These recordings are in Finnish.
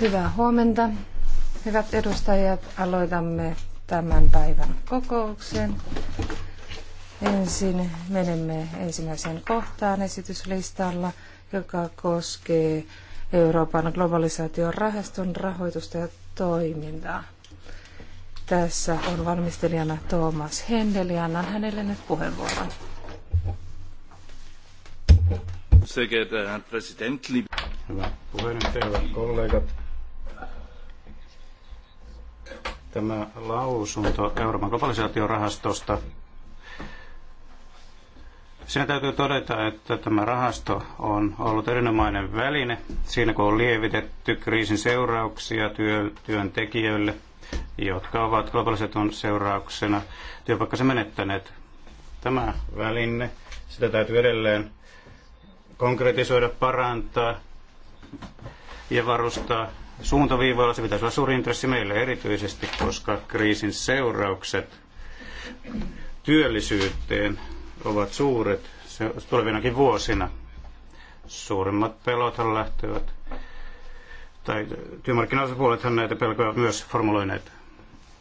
Hyvää huomenta. Hyvät edustajat, aloitamme tämän päivän kokouksen. Ensin menemme ensimmäiseen kohtaan esityslistalla, joka koskee Euroopan globalisaation rahaston rahoitusta ja toimintaa. Tässä on valmistelijana Thomas Hendel ja annan hänelle nyt puheenvuoron. Sehr geehrter Herr Präsident, liebe Hyvä puheenjohtaja, hyvät kollegat. Tämä lausunto Euroopan globalisaatiorahastosta. Sen täytyy todeta, että tämä rahasto on ollut erinomainen väline siinä, kun on lievitetty kriisin seurauksia työ, työntekijöille, jotka ovat globalisaation seurauksena työpaikkansa menettäneet. Tämä väline, sitä täytyy edelleen konkretisoida, parantaa ja varustaa suuntaviivoilla. Se pitäisi olla suuri intressi meille erityisesti, koska kriisin seuraukset työllisyyteen ovat suuret tulevinakin vuosina. Suurimmat pelothan lähtevät, tai työmarkkinaosapuolethan näitä pelkoja myös formuloineet.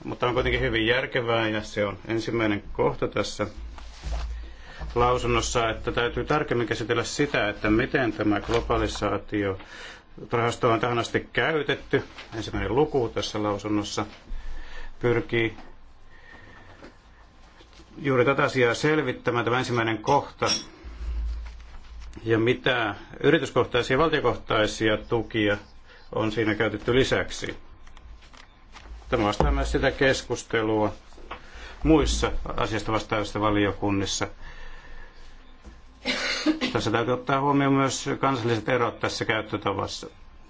Mutta on kuitenkin hyvin järkevää ja se on ensimmäinen kohta tässä lausunnossa, että täytyy tarkemmin käsitellä sitä, että miten tämä globalisaatio rahasto on tähän asti käytetty. Ensimmäinen luku tässä lausunnossa pyrkii juuri tätä asiaa selvittämään, tämä ensimmäinen kohta. Ja mitä yrityskohtaisia ja valtiokohtaisia tukia on siinä käytetty lisäksi. Tämä vastaa myös sitä keskustelua muissa asiasta vastaavissa valiokunnissa – tässä täytyy ottaa huomioon myös kansalliset erot tässä käyttötavassa.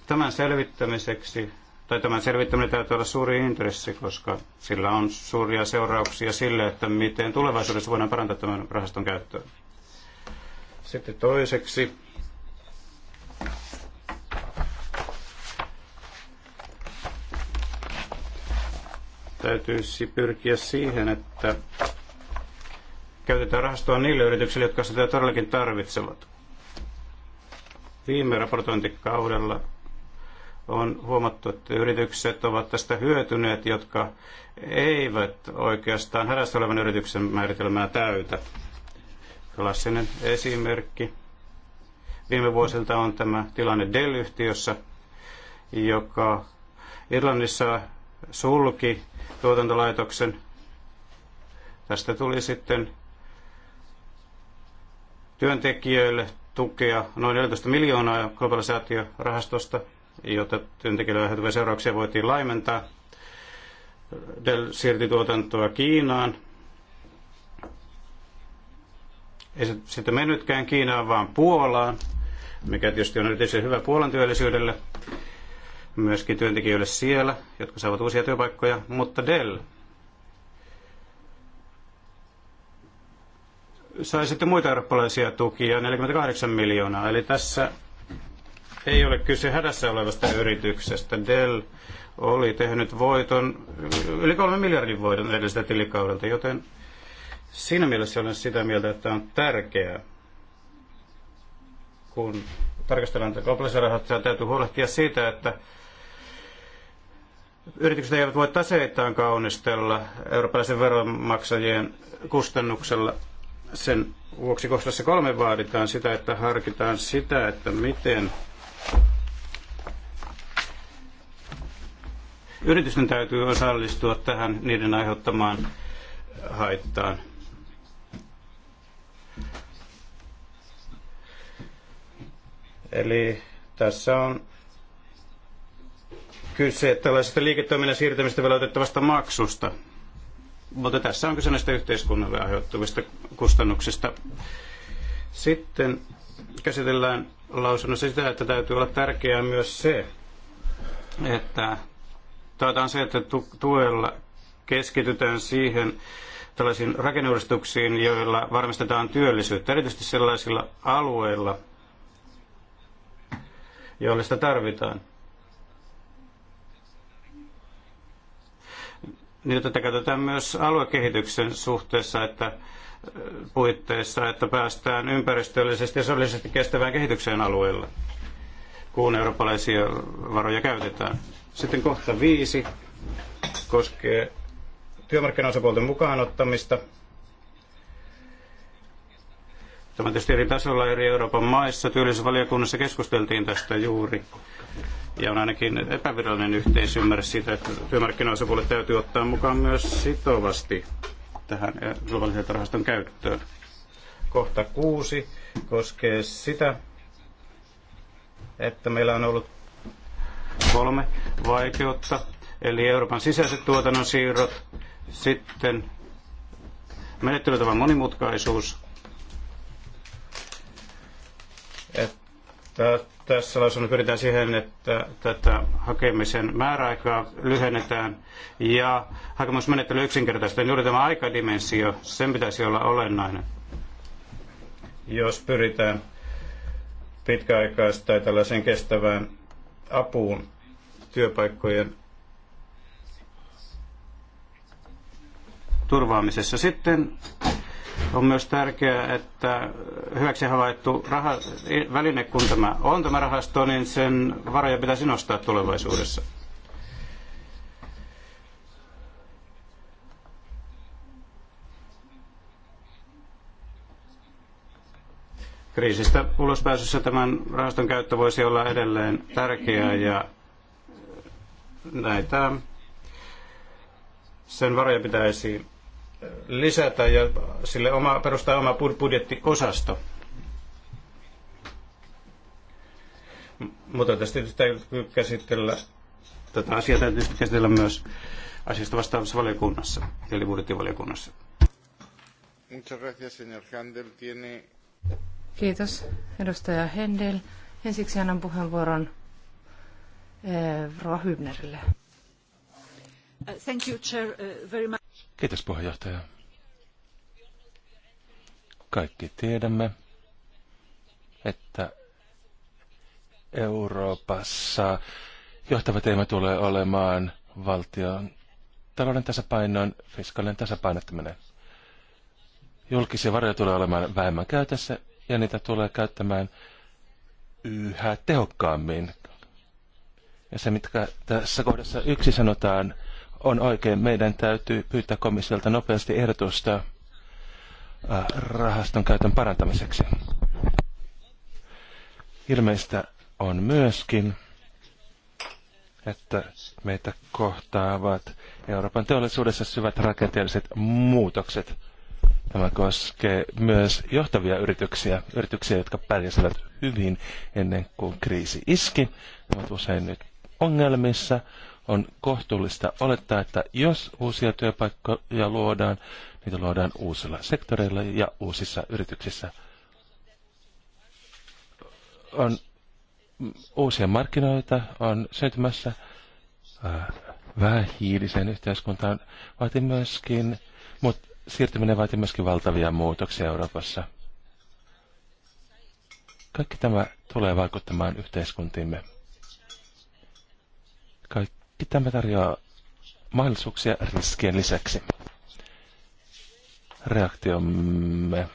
Tämän selvittämiseksi tai tämän selvittäminen täytyy olla suuri intressi, koska sillä on suuria seurauksia sille, että miten tulevaisuudessa voidaan parantaa tämän rahaston käyttöä. Sitten toiseksi täytyisi pyrkiä siihen, että käytetään rahastoa niille yrityksille, jotka sitä todellakin tarvitsevat. Viime raportointikaudella on huomattu, että yritykset ovat tästä hyötyneet, jotka eivät oikeastaan hädässä olevan yrityksen määritelmää täytä. Klassinen esimerkki viime vuosilta on tämä tilanne Dell-yhtiössä, joka Irlannissa sulki tuotantolaitoksen. Tästä tuli sitten työntekijöille tukea noin 14 miljoonaa globalisaatiorahastosta, jotta työntekijöille aiheutuvia seurauksia voitiin laimentaa. Dell siirti tuotantoa Kiinaan. Ei se sitten mennytkään Kiinaan, vaan Puolaan, mikä tietysti on erityisen hyvä Puolan työllisyydelle, myöskin työntekijöille siellä, jotka saavat uusia työpaikkoja, mutta Dell sai sitten muita eurooppalaisia tukia, 48 miljoonaa. Eli tässä ei ole kyse hädässä olevasta yrityksestä. Dell oli tehnyt voiton, yli kolme miljardin voiton edellisestä tilikaudelta, joten siinä mielessä olen sitä mieltä, että on tärkeää, kun tarkastellaan tätä kaupallisia rahoittajia, täytyy huolehtia siitä, että yritykset eivät voi taseitaan kaunistella eurooppalaisen veronmaksajien kustannuksella – sen vuoksi kohdassa kolme vaaditaan sitä, että harkitaan sitä, että miten yritysten täytyy osallistua tähän niiden aiheuttamaan haittaan. Eli tässä on kyse tällaisesta liiketoiminnan siirtämistä veloitettavasta maksusta. Mutta tässä on kyse näistä yhteiskunnalle aiheuttuvista kustannuksista. Sitten käsitellään lausunnossa sitä, että täytyy olla tärkeää myös se, että taataan se, että tuella keskitytään siihen tällaisiin rakenneuudistuksiin, joilla varmistetaan työllisyyttä, erityisesti sellaisilla alueilla, joille sitä tarvitaan. niin tätä käytetään myös aluekehityksen suhteessa, että äh, puitteissa, että päästään ympäristöllisesti ja sosiaalisesti kestävään kehitykseen alueella, kun eurooppalaisia varoja käytetään. Sitten kohta viisi koskee työmarkkinaosapuolten mukaanottamista. Tämä tietysti eri tasolla eri Euroopan maissa. Työllisyysvaliokunnassa keskusteltiin tästä juuri. Ja on ainakin epävirallinen yhteisymmärrys siitä, että työmarkkinaosapuolet täytyy ottaa mukaan myös sitovasti tähän eh, globaalisen rahaston käyttöön. Kohta kuusi koskee sitä, että meillä on ollut kolme vaikeutta, eli Euroopan sisäiset tuotannon siirrot, sitten menettelytavan monimutkaisuus, että tässä lausunnossa pyritään siihen, että tätä hakemisen määräaikaa lyhennetään ja hakemusmenettely yksinkertaistaan. Juuri tämä aikadimensio, sen pitäisi olla olennainen, jos pyritään pitkäaikaista tai tällaiseen kestävään apuun työpaikkojen turvaamisessa. Sitten on myös tärkeää, että hyväksi havaittu raha, väline, kun tämä on tämä rahasto, niin sen varoja pitäisi nostaa tulevaisuudessa. kriisistä ulospääsyssä tämän rahaston käyttö voisi olla edelleen tärkeää ja näitä sen varoja pitäisi lisätä ja sille oma, perustaa oma budjettiosasto. Mutta tästä täytyy käsitellä, tätä asiaa täytyy käsitellä myös asiasta vastaavassa valiokunnassa, eli budjettivaliokunnassa. Kiitos, edustaja Hendel. Ensiksi annan puheenvuoron eh, Roa Hybnerille. Uh, thank uh, Kiitos puheenjohtaja. Kaikki tiedämme, että Euroopassa johtava teema tulee olemaan valtion talouden tasapainon, fiskaalinen tasapainottaminen. Julkisia varoja tulee olemaan vähemmän käytössä ja niitä tulee käyttämään yhä tehokkaammin. Ja se, mitkä tässä kohdassa yksi sanotaan on oikein. Meidän täytyy pyytää komissiolta nopeasti ehdotusta äh, rahaston käytön parantamiseksi. Ilmeistä on myöskin, että meitä kohtaavat Euroopan teollisuudessa syvät rakenteelliset muutokset. Tämä koskee myös johtavia yrityksiä, yrityksiä, jotka pärjäsivät hyvin ennen kuin kriisi iski. Ne ovat usein nyt ongelmissa, on kohtuullista olettaa, että jos uusia työpaikkoja luodaan, niitä luodaan uusilla sektoreilla ja uusissa yrityksissä. On uusia markkinoita, on syntymässä äh, vähähiiliseen yhteiskuntaan, vaatii myöskin, mutta siirtyminen vaatii myöskin valtavia muutoksia Euroopassa. Kaikki tämä tulee vaikuttamaan yhteiskuntiimme. Kaikki Tämä tarjoaa mahdollisuuksia riskien lisäksi. Reaktiomme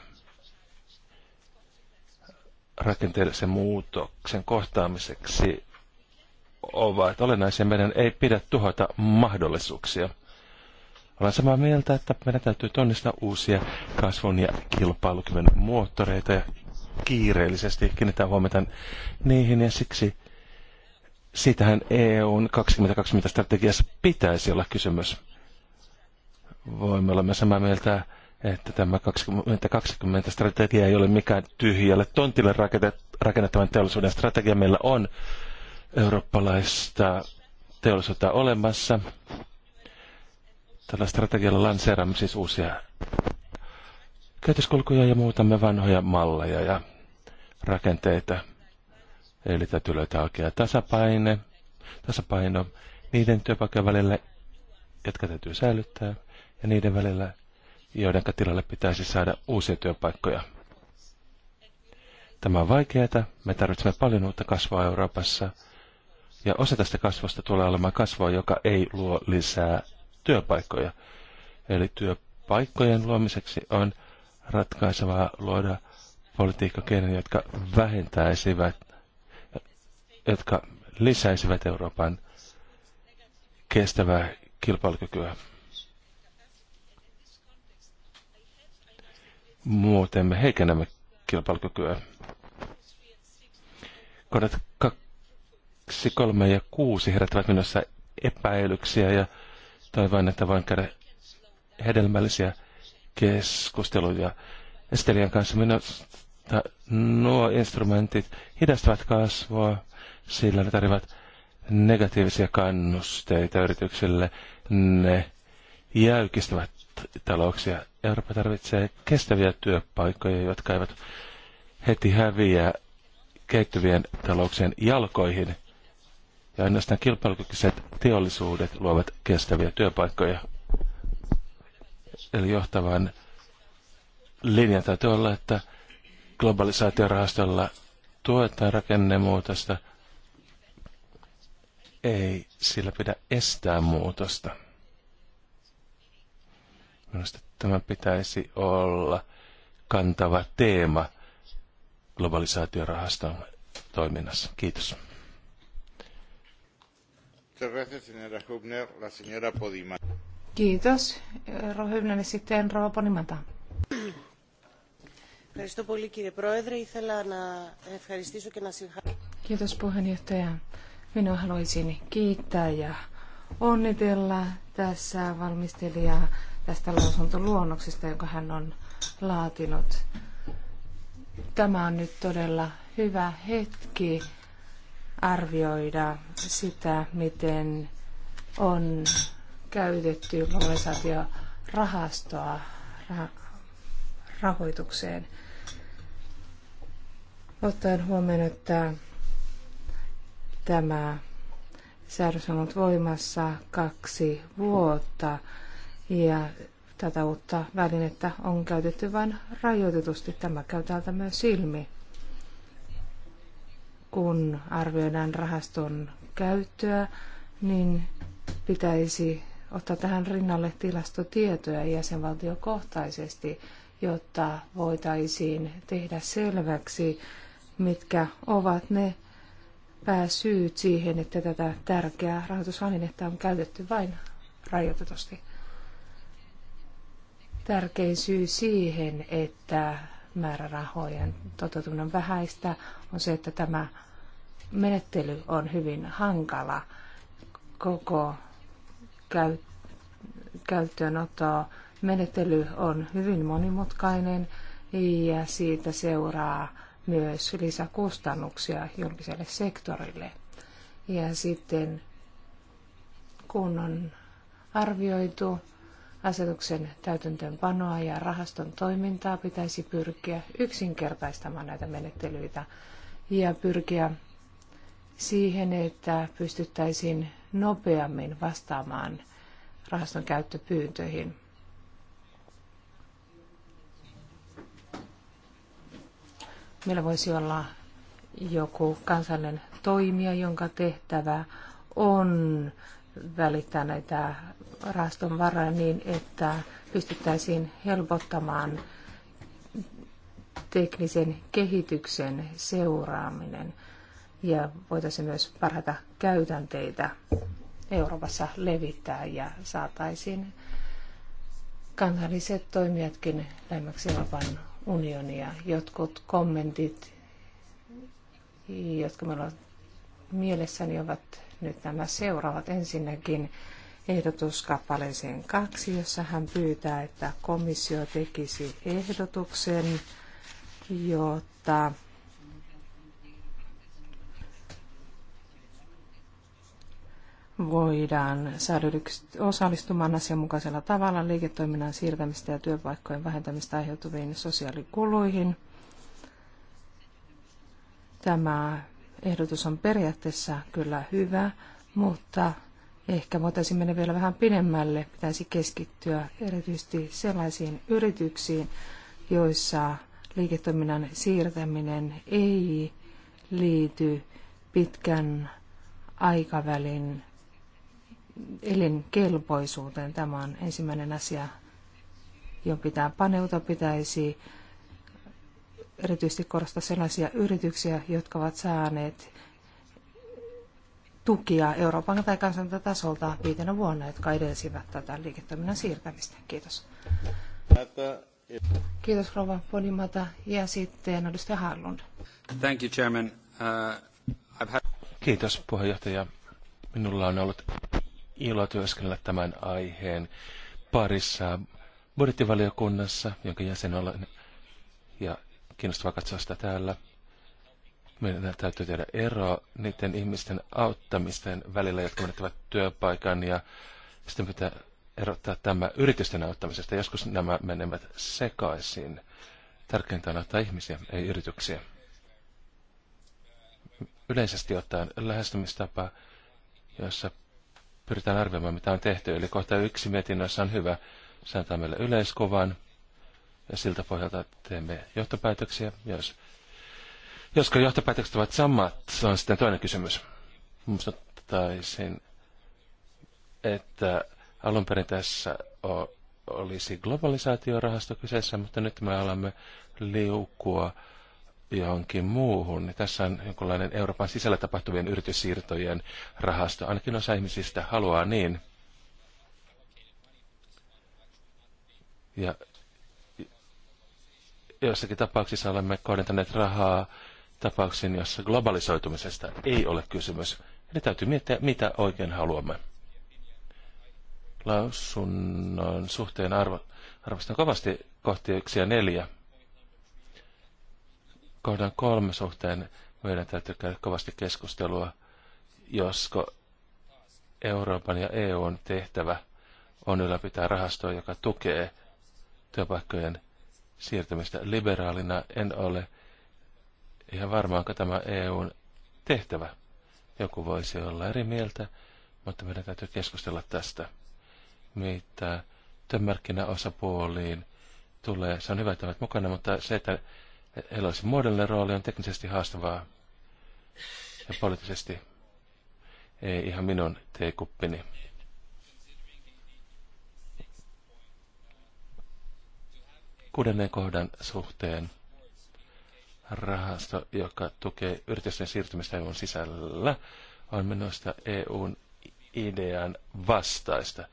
rakenteellisen muutoksen kohtaamiseksi ovat olennaisia. Meidän ei pidä tuhota mahdollisuuksia. Olen samaa mieltä, että meidän täytyy tunnistaa uusia kasvun ja kilpailukyvyn moottoreita ja kiireellisesti kiinnittää huomiota niihin ja siksi Siitähän EUn 2020-strategiassa pitäisi olla kysymys. Voimme olla myös samaa mieltä, että tämä 2020-strategia ei ole mikään tyhjälle tontille rakennettavan teollisuuden strategia. Meillä on eurooppalaista teollisuutta olemassa. Tällä strategialla lanseeraamme siis uusia käytöskulkuja ja muutamme vanhoja malleja ja rakenteita. Eli täytyy löytää oikea tasapaine, tasapaino niiden työpaikkojen välillä, jotka täytyy säilyttää, ja niiden välillä, joiden tilalle pitäisi saada uusia työpaikkoja. Tämä on vaikeaa. Me tarvitsemme paljon uutta kasvua Euroopassa. Ja osa tästä kasvusta tulee olemaan kasvua, joka ei luo lisää työpaikkoja. Eli työpaikkojen luomiseksi on ratkaisevaa luoda politiikkakeinoja, jotka vähentäisivät jotka lisäisivät Euroopan kestävää kilpailukykyä. Muuten me heikennämme kilpailukykyä. Kohdat 2, 3 ja 6 herättävät minussa epäilyksiä ja toivon, että voin käydä hedelmällisiä keskusteluja estelijän kanssa. Minusta nuo instrumentit hidastavat kasvua, sillä ne tarjoavat negatiivisia kannusteita yrityksille. Ne jäykistävät talouksia. Eurooppa tarvitsee kestäviä työpaikkoja, jotka eivät heti häviä keittyvien talouksien jalkoihin. Ja ainoastaan kilpailukykyiset teollisuudet luovat kestäviä työpaikkoja. Eli johtavan linjan täytyy olla, että globalisaatiorahastolla tuetaan rakennemuutosta ei sillä pidä estää muutosta. Minusta tämä pitäisi olla kantava teema globalisaatiorahaston toiminnassa. Kiitos. Kiitos. Rohymnen sitten Rova Ponimata. Kiitos, Puheenjohtaja, minä haluaisin kiittää ja onnitella tässä valmistelijaa tästä lausuntoluonnoksesta, jonka hän on laatinut. Tämä on nyt todella hyvä hetki arvioida sitä, miten on käytetty rahastoa ra- rahoitukseen. Ottaen huomioon, että Tämä säädös on ollut voimassa kaksi vuotta ja tätä uutta välinettä on käytetty vain rajoitetusti. Tämä käy täältä myös silmi, kun arvioidaan rahaston käyttöä, niin pitäisi ottaa tähän rinnalle tilastotietoja jäsenvaltiokohtaisesti, jotta voitaisiin tehdä selväksi, mitkä ovat ne pääsyyt siihen, että tätä tärkeää rahoitusvälinettä on käytetty vain rajoitetusti. Tärkein syy siihen, että määrärahojen toteutuminen vähäistä, on se, että tämä menettely on hyvin hankala. Koko käy, käyttöönotto menettely on hyvin monimutkainen ja siitä seuraa myös lisäkustannuksia julkiselle sektorille. Ja sitten kun on arvioitu asetuksen täytäntöönpanoa ja rahaston toimintaa, pitäisi pyrkiä yksinkertaistamaan näitä menettelyitä ja pyrkiä siihen, että pystyttäisiin nopeammin vastaamaan rahaston käyttöpyyntöihin. Meillä voisi olla joku kansallinen toimija, jonka tehtävä on välittää näitä rahaston varoja niin, että pystyttäisiin helpottamaan teknisen kehityksen seuraaminen ja voitaisiin myös parhaita käytänteitä Euroopassa levittää ja saataisiin kansalliset toimijatkin lähemmäksi Euroopan unionia. Jotkut kommentit, jotka on mielessäni ovat nyt nämä seuraavat. Ensinnäkin ehdotus kappaleeseen kaksi, jossa hän pyytää, että komissio tekisi ehdotuksen, jotta voidaan saada osallistumaan asianmukaisella tavalla liiketoiminnan siirtämistä ja työpaikkojen vähentämistä aiheutuviin sosiaalikuluihin. Tämä ehdotus on periaatteessa kyllä hyvä, mutta ehkä voitaisiin mennä vielä vähän pidemmälle. Pitäisi keskittyä erityisesti sellaisiin yrityksiin, joissa liiketoiminnan siirtäminen ei liity pitkän aikavälin elinkelpoisuuteen. Tämä on ensimmäinen asia, johon pitää paneuta Pitäisi erityisesti korostaa sellaisia yrityksiä, jotka ovat saaneet tukia Euroopan tai kansalta tasolta viitenä vuonna, jotka edelsivät tätä liiketoiminnan siirtämistä. Kiitos. Kiitos Rova Podimata ja sitten edustaja Harlund. Thank you, Chairman. Uh, I've had... Kiitos puheenjohtaja. Minulla on ollut ilo työskennellä tämän aiheen parissa budjettivaliokunnassa, jonka jäsen olen, ja kiinnostavaa katsoa sitä täällä. Meidän täytyy tehdä ero niiden ihmisten auttamisten välillä, jotka menettävät työpaikan, ja sitten pitää erottaa tämä yritysten auttamisesta. Joskus nämä menevät sekaisin. Tärkeintä on auttaa ihmisiä, ei yrityksiä. Yleisesti ottaen lähestymistapa, jossa pyritään arvioimaan, mitä on tehty. Eli kohta yksi mietinnössä on hyvä. Se antaa meille yleiskuvan ja siltä pohjalta teemme johtopäätöksiä. Jos, josko johtopäätökset ovat samat, se on sitten toinen kysymys. Muistuttaisin, että alun perin tässä olisi globalisaatiorahasto kyseessä, mutta nyt me alamme liukua johonkin muuhun. Niin tässä on jonkinlainen Euroopan sisällä tapahtuvien yrityssiirtojen rahasto. Ainakin osa ihmisistä haluaa niin. Ja joissakin tapauksissa olemme kohdentaneet rahaa tapauksiin, jossa globalisoitumisesta ei ole kysymys. Eli täytyy miettiä, mitä oikein haluamme. Lausunnon suhteen arvo, arvostan kovasti kohti 1 ja 4 kohdan kolme suhteen meidän täytyy käydä kovasti keskustelua, josko Euroopan ja EUn tehtävä on ylläpitää rahastoa, joka tukee työpaikkojen siirtymistä liberaalina. En ole ihan varma, onko tämä EUn tehtävä. Joku voisi olla eri mieltä, mutta meidän täytyy keskustella tästä, mitä työmarkkinaosapuoliin tulee. Se on hyvä, että olet mukana, mutta se, että Eloisen muodollinen rooli on teknisesti haastavaa ja poliittisesti ei ihan minun teekuppini. Kuudennen kohdan suhteen rahasto, joka tukee yritysten siirtymistä EUn sisällä, on minusta EUn idean vastaista,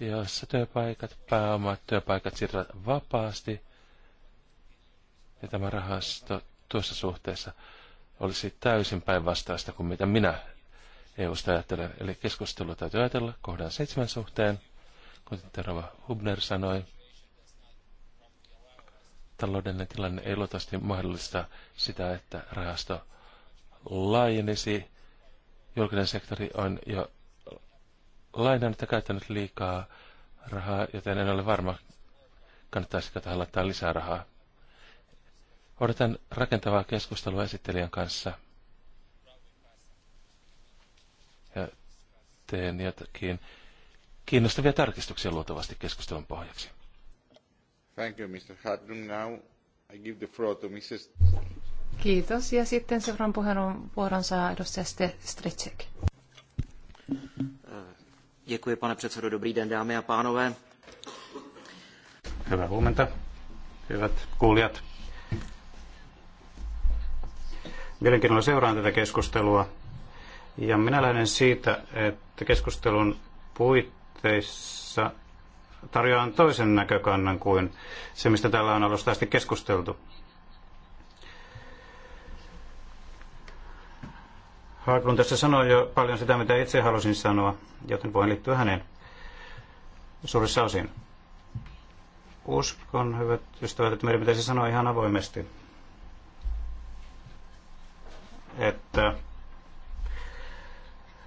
jossa työpaikat, pääomat, työpaikat siirtyvät vapaasti – ja tämä rahasto tuossa suhteessa olisi täysin päinvastaista kuin mitä minä EU-sta ajattelen. Eli keskustelua täytyy ajatella kohdan seitsemän suhteen, kuten Terova Hubner sanoi. Taloudellinen tilanne ei luultavasti mahdollista sitä, että rahasto laajenisi. Julkinen sektori on jo lainannut ja käyttänyt liikaa rahaa, joten en ole varma, kannattaisiko tähän laittaa lisää rahaa. Odotan rakentavaa keskustelua esittelijän kanssa. Ja teen jotakin kiinnostavia tarkistuksia luultavasti keskustelun pohjaksi. Thank you, Mr. Now I give the floor to Mrs. Kiitos. Ja sitten seuraavan puheenvuoron saa edustaja Stricek. Eh, děkuji, pane předsedo. Dobrý den, dámy a pánové. Hyvää huomenta, hyvät kuulijat. Mielenkiinnolla seuraan tätä keskustelua. Ja minä lähden siitä, että keskustelun puitteissa tarjoan toisen näkökannan kuin se, mistä täällä on alusta asti keskusteltu. Haglund tässä sanoi jo paljon sitä, mitä itse halusin sanoa, joten voin liittyä häneen suurissa osin. Uskon, hyvät ystävät, että meidän pitäisi sanoa ihan avoimesti että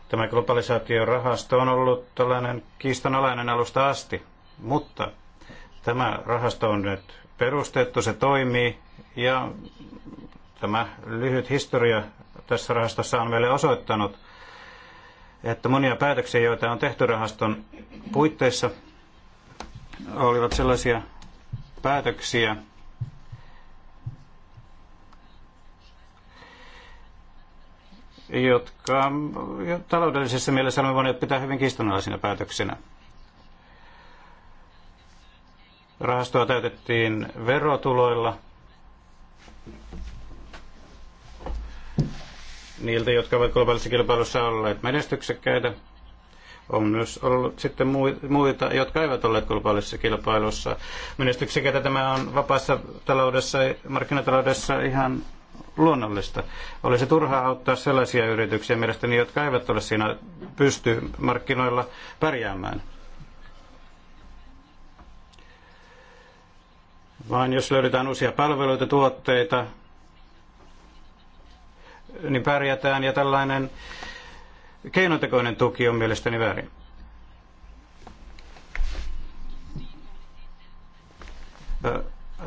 tämä globalisaatiorahasto on ollut tällainen kiistanalainen alusta asti, mutta tämä rahasto on nyt perustettu, se toimii ja tämä lyhyt historia tässä rahastossa on meille osoittanut, että monia päätöksiä, joita on tehty rahaston puitteissa, olivat sellaisia päätöksiä, jotka taloudellisessa mielessä olemme voineet pitää hyvin kiistanalaisina päätöksinä. Rahastoa täytettiin verotuloilla niiltä, jotka ovat globaalissa kilpailussa olleet menestyksekkäitä. On myös ollut sitten muita, jotka eivät olleet globaalissa kilpailussa menestyksekkäitä. Tämä on vapaassa taloudessa, markkinataloudessa ihan luonnollista. Olisi turhaa auttaa sellaisia yrityksiä mielestäni, jotka eivät ole siinä pysty markkinoilla pärjäämään. Vaan jos löydetään uusia palveluita, tuotteita, niin pärjätään ja tällainen keinotekoinen tuki on mielestäni väärin.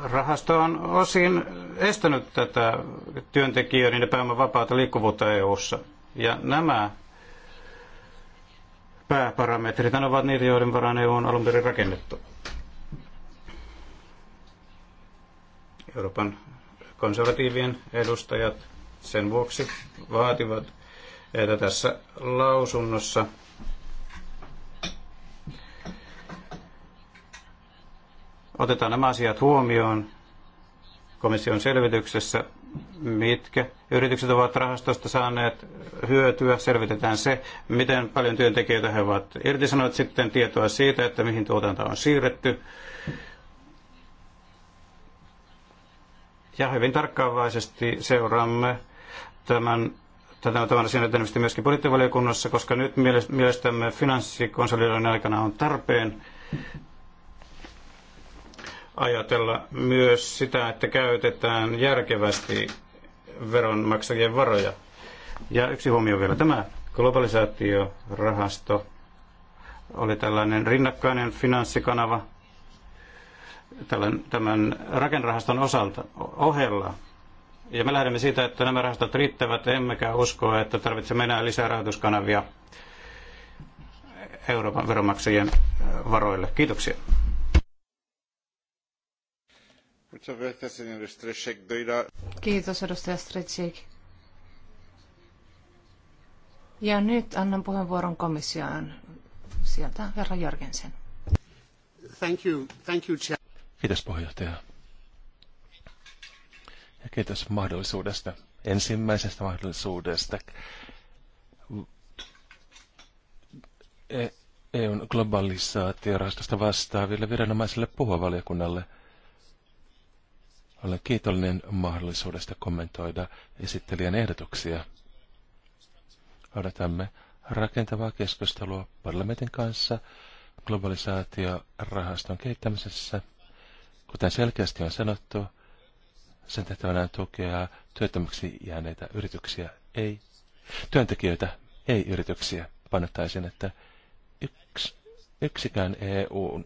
Rahasto on osin estänyt tätä työntekijöiden ja pääoman vapaata liikkuvuutta EU-ssa. Ja nämä pääparametrit ovat niitä, joiden varaan EU on alun perin rakennettu. Euroopan konservatiivien edustajat sen vuoksi vaativat, että tässä lausunnossa otetaan nämä asiat huomioon komission selvityksessä, mitkä yritykset ovat rahastosta saaneet hyötyä. Selvitetään se, miten paljon työntekijöitä he ovat irtisanoneet sitten tietoa siitä, että mihin tuotanto on siirretty. Ja hyvin tarkkaavaisesti seuraamme tämän tätä tämän asian etenemistä myöskin poliittivaliokunnassa, koska nyt mielestämme finanssikonsolidoinnin aikana on tarpeen ajatella myös sitä, että käytetään järkevästi veronmaksajien varoja. Ja yksi huomio vielä. Tämä globalisaatiorahasto oli tällainen rinnakkainen finanssikanava tämän, tämän rakenrahaston osalta, ohella. Ja me lähdemme siitä, että nämä rahastot riittävät, emmekä usko, että tarvitsemme enää lisää rahoituskanavia Euroopan veronmaksajien varoille. Kiitoksia. Muchas gracias, señor Strechek. Doira. Kiitos, edustaja Strechek. Ja nyt annan puheenvuoron komissioon sieltä herra Jörgensen. Thank you. Thank you, chair. Kiitos puheenjohtaja. Ja kiitos mahdollisuudesta, ensimmäisestä mahdollisuudesta EUn e- e globalisaatiorahastosta vastaaville viranomaisille puhuvaliokunnalle – olen kiitollinen mahdollisuudesta kommentoida esittelijän ehdotuksia. Odotamme rakentavaa keskustelua parlamentin kanssa globalisaatiorahaston kehittämisessä. Kuten selkeästi on sanottu, sen tehtävänä on tukea työttömäksi jääneitä yrityksiä, ei työntekijöitä, ei yrityksiä. Painottaisin, että yks, yksikään eu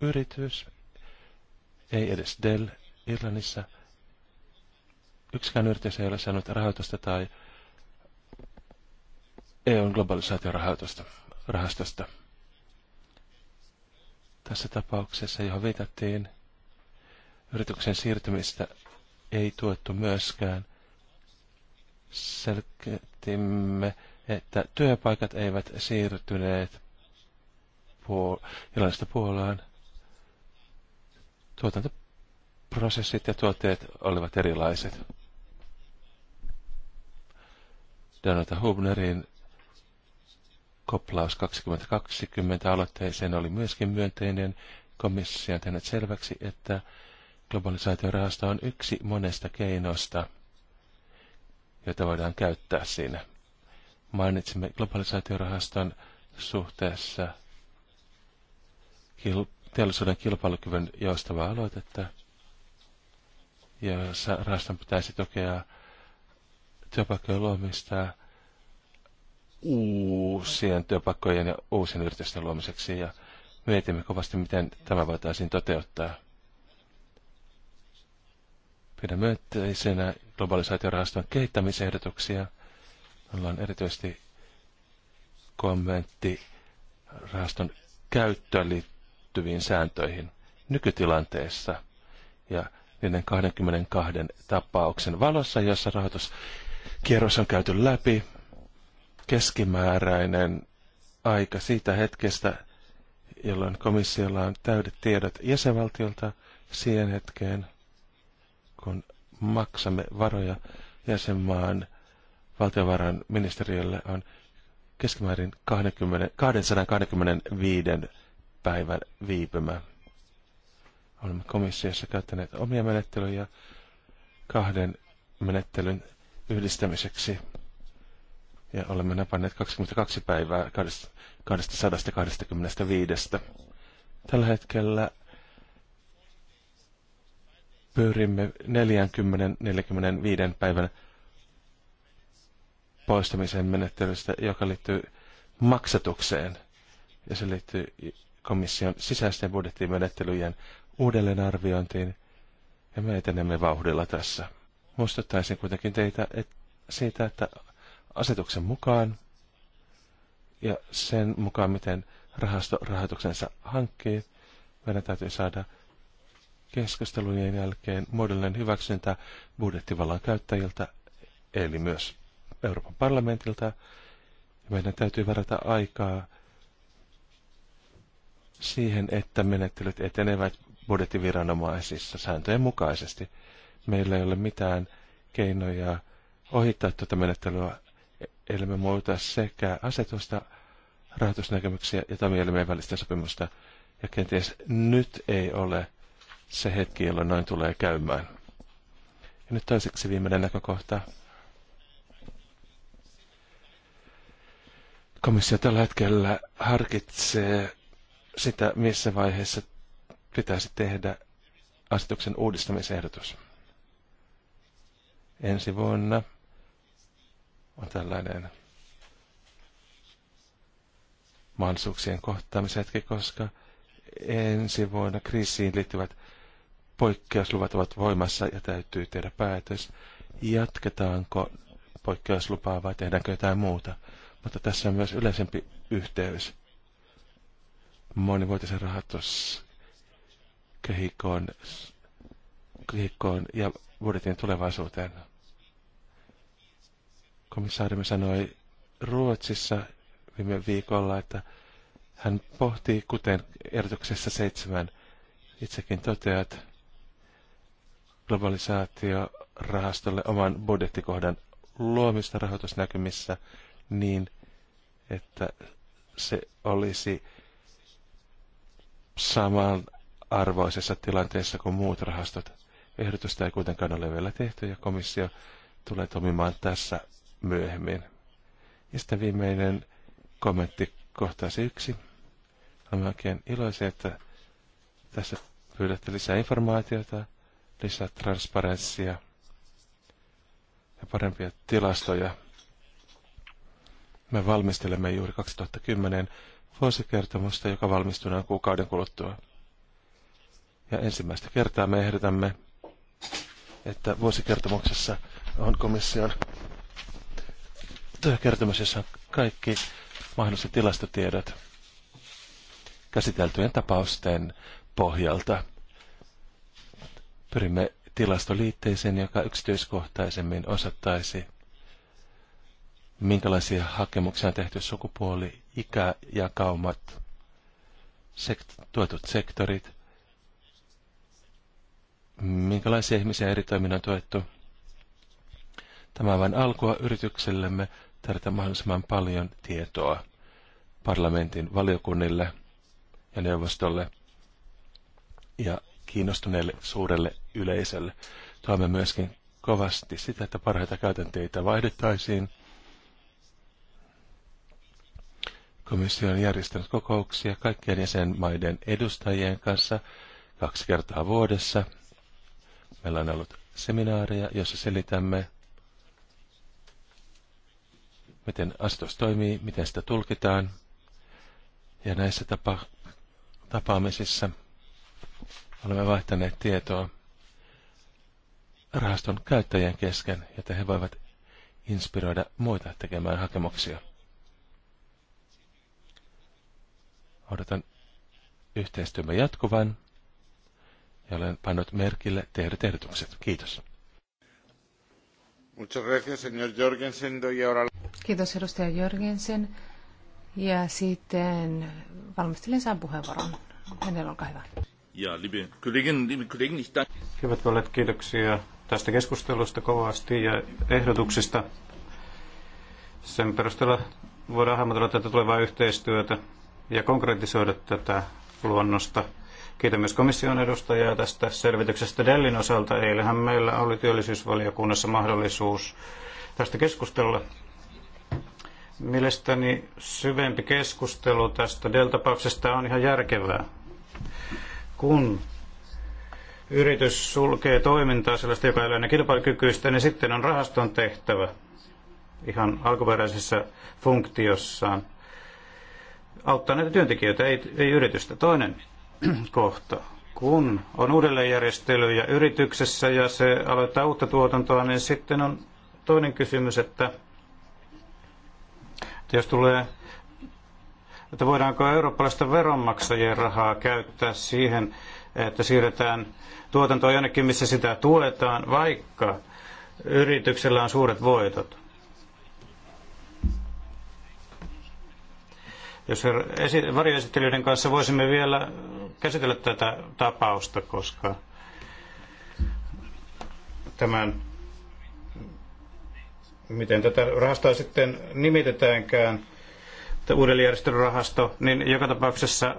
yritys, ei edes Dell, Irlannissa yksikään yritys ei ole saanut rahoitusta tai EUn globalisaatiorahoitusta rahastosta. Tässä tapauksessa, johon viitattiin, yrityksen siirtymistä ei tuettu myöskään. Selketimme, että työpaikat eivät siirtyneet puol- Irlannista Puolaan. Tuotanto prosessit ja tuotteet olivat erilaiset. Donata Hubnerin koplaus 2020 aloitteeseen oli myöskin myönteinen. Komissio on tehnyt selväksi, että globalisaatiorahasto on yksi monesta keinosta, jota voidaan käyttää siinä. Mainitsimme globalisaatiorahaston suhteessa kil- teollisuuden kilpailukyvyn joustavaa aloitetta – jossa Rastan pitäisi tukea työpaikkojen luomista uusien työpaikkojen ja uusien yritysten luomiseksi ja mietimme kovasti, miten tämä voitaisiin toteuttaa. Pidän myönteisenä globalisaatiorahaston kehittämisehdotuksia. Meillä on erityisesti kommentti rahaston käyttöön liittyviin sääntöihin nykytilanteessa ja niiden 22 tapauksen valossa, jossa rahoituskierros on käyty läpi. Keskimääräinen aika siitä hetkestä, jolloin komissiolla on täydet tiedot jäsenvaltiolta siihen hetkeen, kun maksamme varoja jäsenmaan valtiovarainministeriölle on keskimäärin 20, 225 päivän viipymä. Olemme komissiossa käyttäneet omia menettelyjä kahden menettelyn yhdistämiseksi. Ja olemme napanneet 22 päivää 225. Tällä hetkellä pyrimme 40-45 päivän poistamisen menettelystä, joka liittyy maksatukseen. Ja se liittyy komission sisäisten budjettimenettelyjen uudelleenarviointiin, ja me etenemme vauhdilla tässä. Muistuttaisin kuitenkin teitä et, siitä, että asetuksen mukaan ja sen mukaan, miten rahasto rahoituksensa hankkii, meidän täytyy saada keskustelujen jälkeen muodollinen hyväksyntä budjettivallan käyttäjiltä, eli myös Euroopan parlamentilta. Meidän täytyy varata aikaa siihen, että menettelyt etenevät budjettiviranomaisissa sääntöjen mukaisesti. Meillä ei ole mitään keinoja ohittaa tuota menettelyä, ellei muuta sekä asetusta, rahoitusnäkemyksiä ja toimielimien välistä sopimusta. Ja kenties nyt ei ole se hetki, jolloin noin tulee käymään. Ja nyt toiseksi viimeinen näkökohta. Komissio tällä hetkellä harkitsee sitä, missä vaiheessa pitäisi tehdä asetuksen uudistamisehdotus. Ensi vuonna on tällainen mahdollisuuksien kohtaamishetki, koska ensi vuonna kriisiin liittyvät poikkeusluvat ovat voimassa ja täytyy tehdä päätös, jatketaanko poikkeuslupaa vai tehdäänkö jotain muuta. Mutta tässä on myös yleisempi yhteys monivuotisen rahoitus kehikkoon ja budjetin tulevaisuuteen. Komissaarimme sanoi Ruotsissa viime viikolla, että hän pohti, kuten erityksessä seitsemän itsekin toteat, rahastolle oman budjettikohdan luomista rahoitusnäkymissä niin, että se olisi samanarvoisessa tilanteessa kuin muut rahastot. Ehdotusta ei kuitenkaan ole vielä tehty ja komissio tulee toimimaan tässä myöhemmin. Ja sitten viimeinen kommentti kohtaisi yksi. Olen oikein iloisia, että tässä pyydätte lisää informaatiota, lisää transparenssia ja parempia tilastoja. Me valmistelemme juuri 2010 vuosikertomusta, joka valmistuu noin kuukauden kuluttua. Ja ensimmäistä kertaa me ehdotamme, että vuosikertomuksessa on komission työkertomus, jossa on kaikki mahdolliset tilastotiedot käsiteltyjen tapausten pohjalta. Pyrimme tilastoliitteeseen, joka yksityiskohtaisemmin osoittaisi, minkälaisia hakemuksia on tehty sukupuoli- ikäjakaumat, sekt- tuetut sektorit, minkälaisia ihmisiä eri toiminnan tuettu. Tämä on vain alkua yrityksellemme tarjota mahdollisimman paljon tietoa parlamentin valiokunnille ja neuvostolle ja kiinnostuneelle suurelle yleisölle. Tuomme myöskin kovasti sitä, että parhaita käytänteitä vaihdettaisiin – Komissio on järjestänyt kokouksia kaikkien jäsenmaiden edustajien kanssa kaksi kertaa vuodessa. Meillä on ollut seminaareja, jossa selitämme, miten asetus toimii, miten sitä tulkitaan. Ja näissä tapa- tapaamisissa olemme vaihtaneet tietoa rahaston käyttäjien kesken, jotta he voivat inspiroida muita tekemään hakemuksia. Odotan yhteistyömme jatkuvan ja olen pannut merkille tehdyt ehdotukset. Kiitos. Kiitos edustaja Jörgensen. Ja sitten valmistelin saan puheenvuoron. Hänellä olkaa hyvä. Ja, liebe Kollegen, liebe Kollegen, ich danke. Hyvät kollegat, kiitoksia tästä keskustelusta kovasti ja ehdotuksista. Sen perusteella voidaan hahmotella tätä tulevaa yhteistyötä ja konkretisoida tätä luonnosta. Kiitän myös komission edustajaa tästä selvityksestä Dellin osalta. Eilähän meillä oli työllisyysvaliokunnassa mahdollisuus tästä keskustella. Mielestäni syvempi keskustelu tästä Dell-tapauksesta on ihan järkevää. Kun yritys sulkee toimintaa sellaista, joka ei ole enää kilpailukykyistä, niin sitten on rahaston tehtävä ihan alkuperäisessä funktiossaan auttaa näitä työntekijöitä, ei, ei yritystä. Toinen kohta. Kun on uudelleenjärjestelyjä yrityksessä ja se aloittaa uutta tuotantoa, niin sitten on toinen kysymys, että, että jos tulee että voidaanko eurooppalaista veronmaksajien rahaa käyttää siihen, että siirretään tuotantoa jonnekin, missä sitä tuetaan, vaikka yrityksellä on suuret voitot. Jos varjoesittelijöiden kanssa voisimme vielä käsitellä tätä tapausta, koska tämän, miten tätä rahastoa sitten nimitetäänkään, uudelleenjärjestelyrahasto, niin joka tapauksessa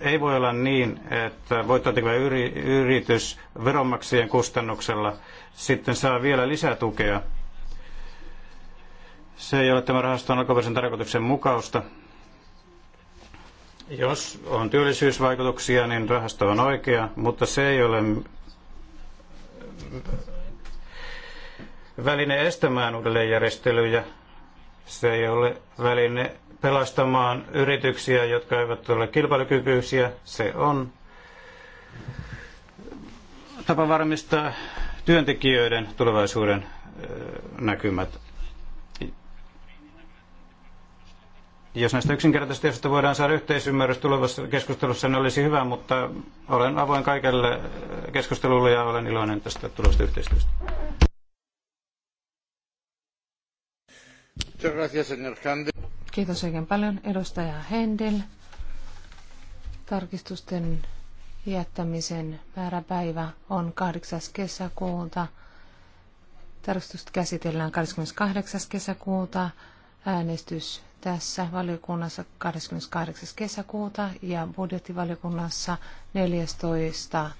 ei voi olla niin, että voittotekevä yri, yritys veronmaksajien kustannuksella sitten saa vielä lisää tukea. Se ei ole tämän rahaston alkuperäisen tarkoituksen mukausta. Jos on työllisyysvaikutuksia, niin rahasto on oikea, mutta se ei ole väline estämään uudelleenjärjestelyjä. Se ei ole väline pelastamaan yrityksiä, jotka eivät ole kilpailukykyisiä. Se on tapa varmistaa työntekijöiden tulevaisuuden näkymät. Jos näistä yksinkertaisesti josta voidaan saada yhteisymmärrys tulevassa keskustelussa, niin olisi hyvä, mutta olen avoin kaikelle keskustelulle ja olen iloinen tästä tulevasta yhteistyöstä. Kiitos oikein paljon edustaja Hendel. Tarkistusten jättämisen määräpäivä on 8. kesäkuuta. Tarkistust käsitellään 28. kesäkuuta. Äänestys tässä valiokunnassa 28. kesäkuuta ja budjettivaliokunnassa 14.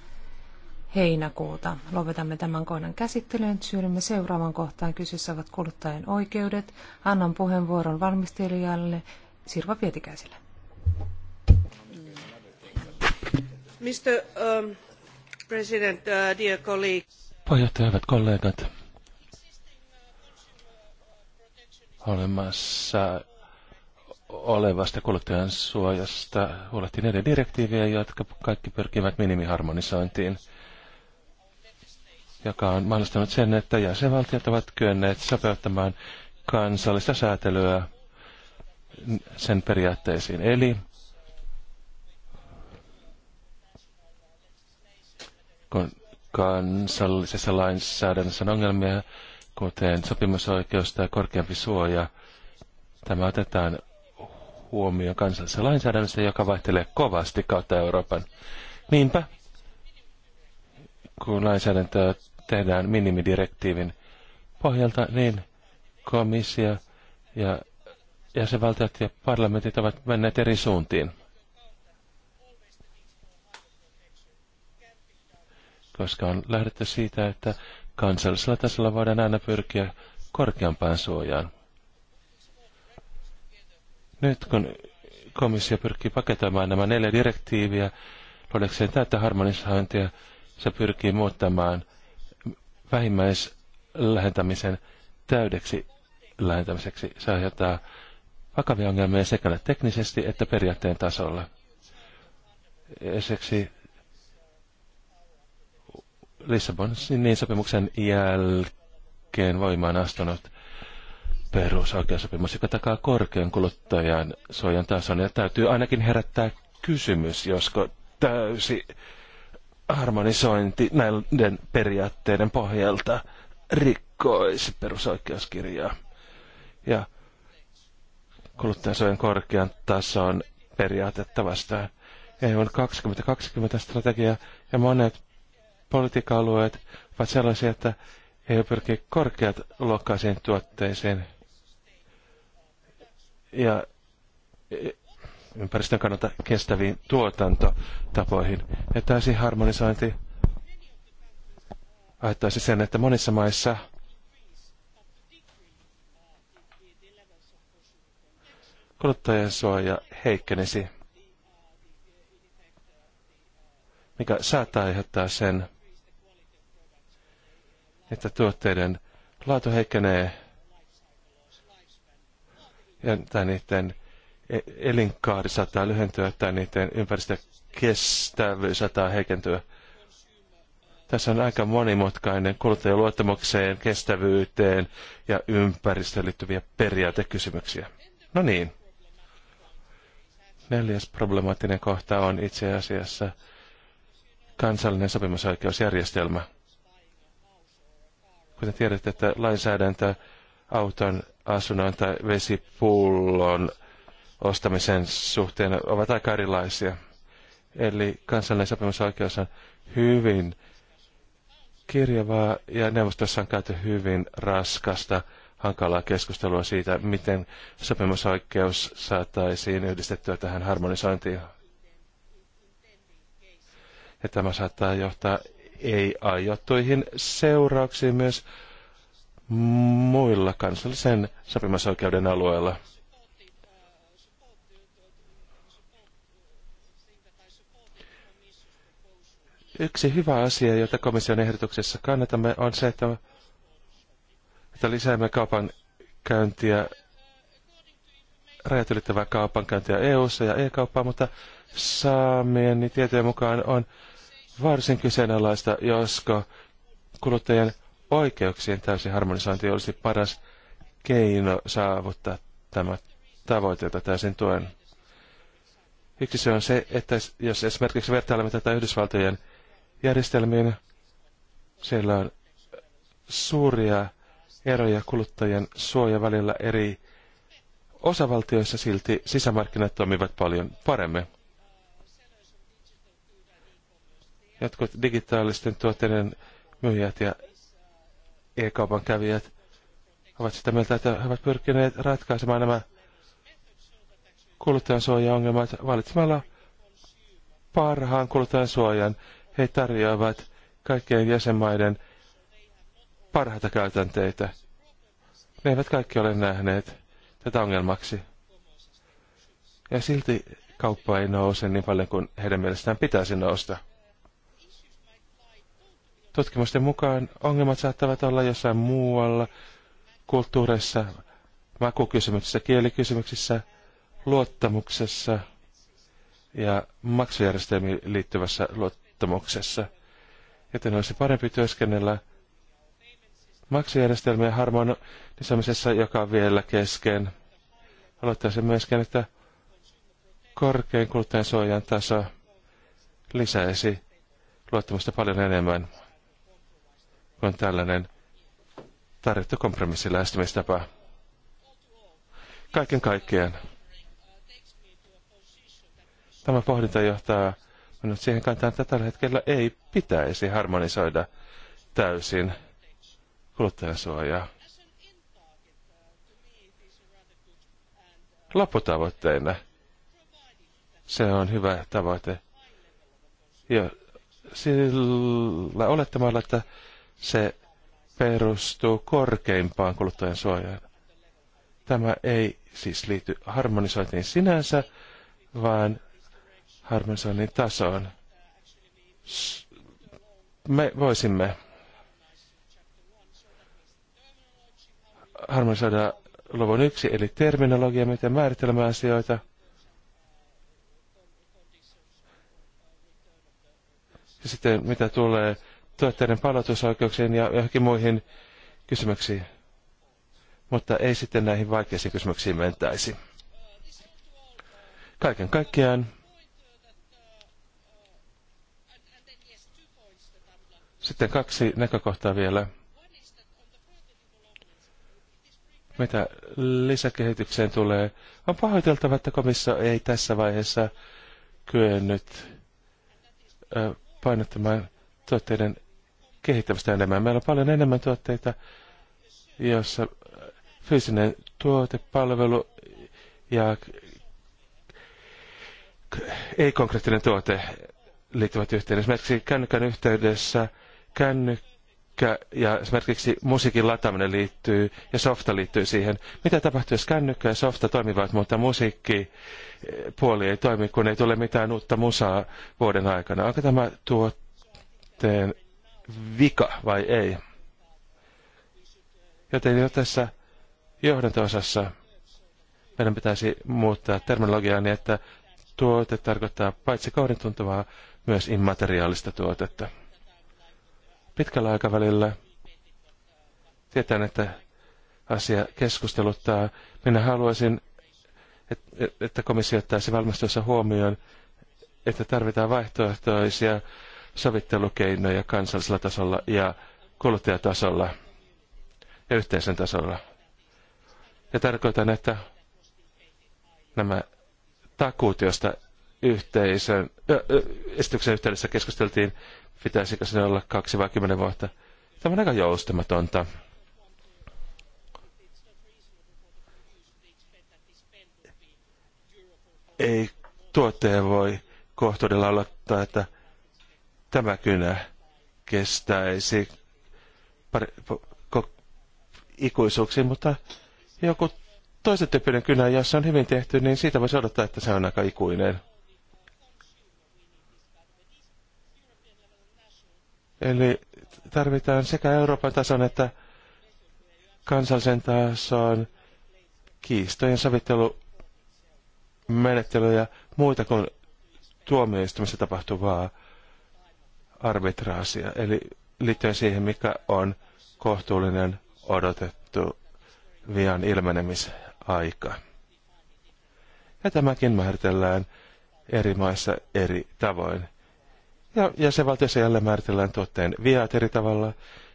heinäkuuta. Lopetamme tämän kohdan käsittelyyn. Siirrymme seuraavan kohtaan. Kyseessä ovat kuluttajien oikeudet. Annan puheenvuoron valmistelijalle Sirva Pietikäiselle. Mr. Um, President, uh, dear colleagues. Puheenjohtaja, hyvät kollegat. Olemassa olevasta kuluttajan suojasta huolehtii neljä direktiiviä, jotka kaikki pyrkivät minimiharmonisointiin, joka on mahdollistanut sen, että jäsenvaltiot ovat kyenneet sopeuttamaan kansallista säätelyä sen periaatteisiin. Eli kun kansallisessa lainsäädännössä on ongelmia, kuten sopimusoikeus tai korkeampi suoja, tämä otetaan huomio kansallisessa lainsäädännössä, joka vaihtelee kovasti kautta Euroopan. Niinpä, kun lainsäädäntöä tehdään minimidirektiivin pohjalta, niin komissio ja jäsenvaltiot ja parlamentit ovat menneet eri suuntiin. Koska on lähdetty siitä, että kansallisella tasolla voidaan aina pyrkiä korkeampaan suojaan. Nyt kun komissio pyrkii paketoimaan nämä neljä direktiiviä, luodakseen täyttä harmonisointia, se pyrkii muuttamaan vähimmäislähentämisen täydeksi lähentämiseksi. Se aiheuttaa vakavia ongelmia sekä teknisesti että periaatteen tasolla. Esimerkiksi Lissabonin niin sopimuksen jälkeen voimaan astunut perusoikeusopimus, joka takaa korkean kuluttajan suojan tason. Ja täytyy ainakin herättää kysymys, josko täysi harmonisointi näiden periaatteiden pohjalta rikkoisi perusoikeuskirjaa. Ja kuluttajansuojan korkean tason periaatetta vastaan. EUn 2020-strategia ja monet politiikka-alueet ovat sellaisia, että EU pyrkii korkeat luokkaisiin tuotteisiin – ja e, ympäristön kannalta kestäviin tuotantotapoihin. Ja täysi harmonisointi aiheuttaisi sen, että monissa maissa kuluttajien suoja heikkenisi, mikä saattaa aiheuttaa sen, että tuotteiden laatu heikkenee tai niiden e- elinkaari saattaa lyhentyä tai niiden ympäristökestävyys saattaa heikentyä. Tässä on aika monimutkainen kuluttajaluottamukseen, kestävyyteen ja ympäristöön liittyviä periaatekysymyksiä. No niin. Neljäs problemaattinen kohta on itse asiassa kansallinen sopimusoikeusjärjestelmä. Kuten tiedätte, että lainsäädäntö auton asunnon tai vesipullon ostamisen suhteen ovat aika erilaisia. Eli kansallinen sopimusoikeus on hyvin kirjavaa ja neuvostossa on käyty hyvin raskasta, hankalaa keskustelua siitä, miten sopimusoikeus saataisiin yhdistettyä tähän harmonisointiin. Ja tämä saattaa johtaa ei-aiottuihin seurauksiin myös muilla kansallisen sopimusoikeuden alueilla. Yksi hyvä asia, jota komission ehdotuksessa kannatamme, on se, että, että lisäämme kaupan käyntiä, rajat ylittävää käyntiä EU-ssa ja e-kauppaa, mutta saamieni tietojen mukaan on varsin kyseenalaista, josko kuluttajien oikeuksien täysi harmonisointi olisi paras keino saavuttaa tämä tavoite, jota täysin tuen. Yksi se on se, että jos esimerkiksi vertailemme tätä Yhdysvaltojen järjestelmiin, siellä on suuria eroja kuluttajien suoja välillä eri osavaltioissa silti sisämarkkinat toimivat paljon paremmin. Jotkut digitaalisten tuotteiden myyjät ja e-kaupan kävijät ovat sitä mieltä, että he ovat pyrkineet ratkaisemaan nämä kuluttajansuoja-ongelmat valitsemalla parhaan kuluttajansuojan. He tarjoavat kaikkien jäsenmaiden parhaita käytänteitä. Ne eivät kaikki ole nähneet tätä ongelmaksi. Ja silti kauppa ei nouse niin paljon kuin heidän mielestään pitäisi nousta. Tutkimusten mukaan ongelmat saattavat olla jossain muualla, kulttuureissa, makukysymyksissä, kielikysymyksissä, luottamuksessa ja maksujärjestelmiin liittyvässä luottamuksessa. Joten olisi parempi työskennellä maksujärjestelmien harmonisoimisessa, joka on vielä kesken. Aloittaisin myöskin, että korkein suojan taso lisäisi luottamusta paljon enemmän kuin tällainen tarjottu kompromissi lähestymistapa. Kaiken kaikkiaan. Tämä pohdinta johtaa minut siihen kantaan, että tällä hetkellä ei pitäisi harmonisoida täysin kuluttajansuojaa. Lopputavoitteena se on hyvä tavoite. Ja sillä olettamalla, että se perustuu korkeimpaan kuluttajan suojaan. Tämä ei siis liity harmonisointiin sinänsä, vaan harmonisoinnin tasoon. Me voisimme harmonisoida luvun yksi, eli terminologia, miten määritelmä asioita. Ja sitten mitä tulee tuotteiden palautusoikeuksiin ja johonkin muihin kysymyksiin, mutta ei sitten näihin vaikeisiin kysymyksiin mentäisi. Kaiken kaikkiaan Sitten kaksi näkökohtaa vielä. Mitä lisäkehitykseen tulee, on pahoiteltava, että komissio ei tässä vaiheessa kyennyt painottamaan tuotteiden kehittämistä enemmän. Meillä on paljon enemmän tuotteita, joissa fyysinen tuote, palvelu ja ei-konkreettinen tuote liittyvät yhteen. Esimerkiksi kännykän yhteydessä kännykkä ja esimerkiksi musiikin lataaminen liittyy ja softa liittyy siihen. Mitä tapahtuu, jos kännykkä ja softa toimivat, mutta musiikki ei toimi, kun ei tule mitään uutta musaa vuoden aikana? Onko tämä tuotteen vika vai ei. Joten jo tässä johdanto-osassa meidän pitäisi muuttaa terminologiaa niin, että tuote tarkoittaa paitsi kourin tuntuvaa, myös immateriaalista tuotetta. Pitkällä aikavälillä tietän, että asia keskusteluttaa. Minä haluaisin, että komissio ottaisi valmistuessa huomioon, että tarvitaan vaihtoehtoisia sovittelukeinoja kansallisella tasolla ja kuluttajatasolla ja yhteisön tasolla. Ja tarkoitan, että nämä takuut, joista yhteisön, esityksen yhteydessä keskusteltiin, pitäisikö se olla kaksi vai kymmenen vuotta. Tämä on aika joustamatonta. Ei tuotteen voi kohtuudella aloittaa, että Tämä kynä kestäisi pari, po, ko, ikuisuuksiin, mutta joku toisen tyyppinen kynä, se on hyvin tehty, niin siitä voisi odottaa, että se on aika ikuinen. Eli tarvitaan sekä Euroopan tason että kansallisen tason kiistojen sovittelumenettelyjä muita kuin tuomioistumissa tapahtuvaa arbitraasia, eli liittyen siihen, mikä on kohtuullinen odotettu vian ilmenemisaika. Ja tämäkin määritellään eri maissa eri tavoin. Ja jäsenvaltiossa jälleen määritellään tuotteen viat eri tavalla,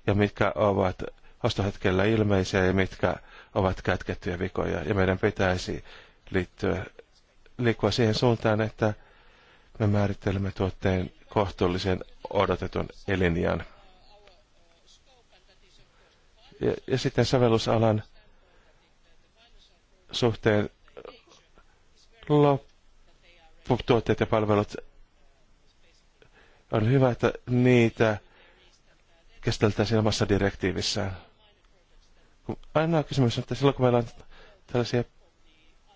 ja mitkä ovat ostohetkellä ilmeisiä ja mitkä ovat kätkettyjä vikoja. Ja meidän pitäisi liittyä, liikkua siihen suuntaan, että me määrittelemme tuotteen kohtuullisen odotetun elinjään. Ja, ja sitten sovellusalan suhteen lopputuotteet ja palvelut on hyvä, että niitä käsiteltäisiin omassa direktiivissään. Ainoa kysymys on, että silloin kun meillä on tällaisia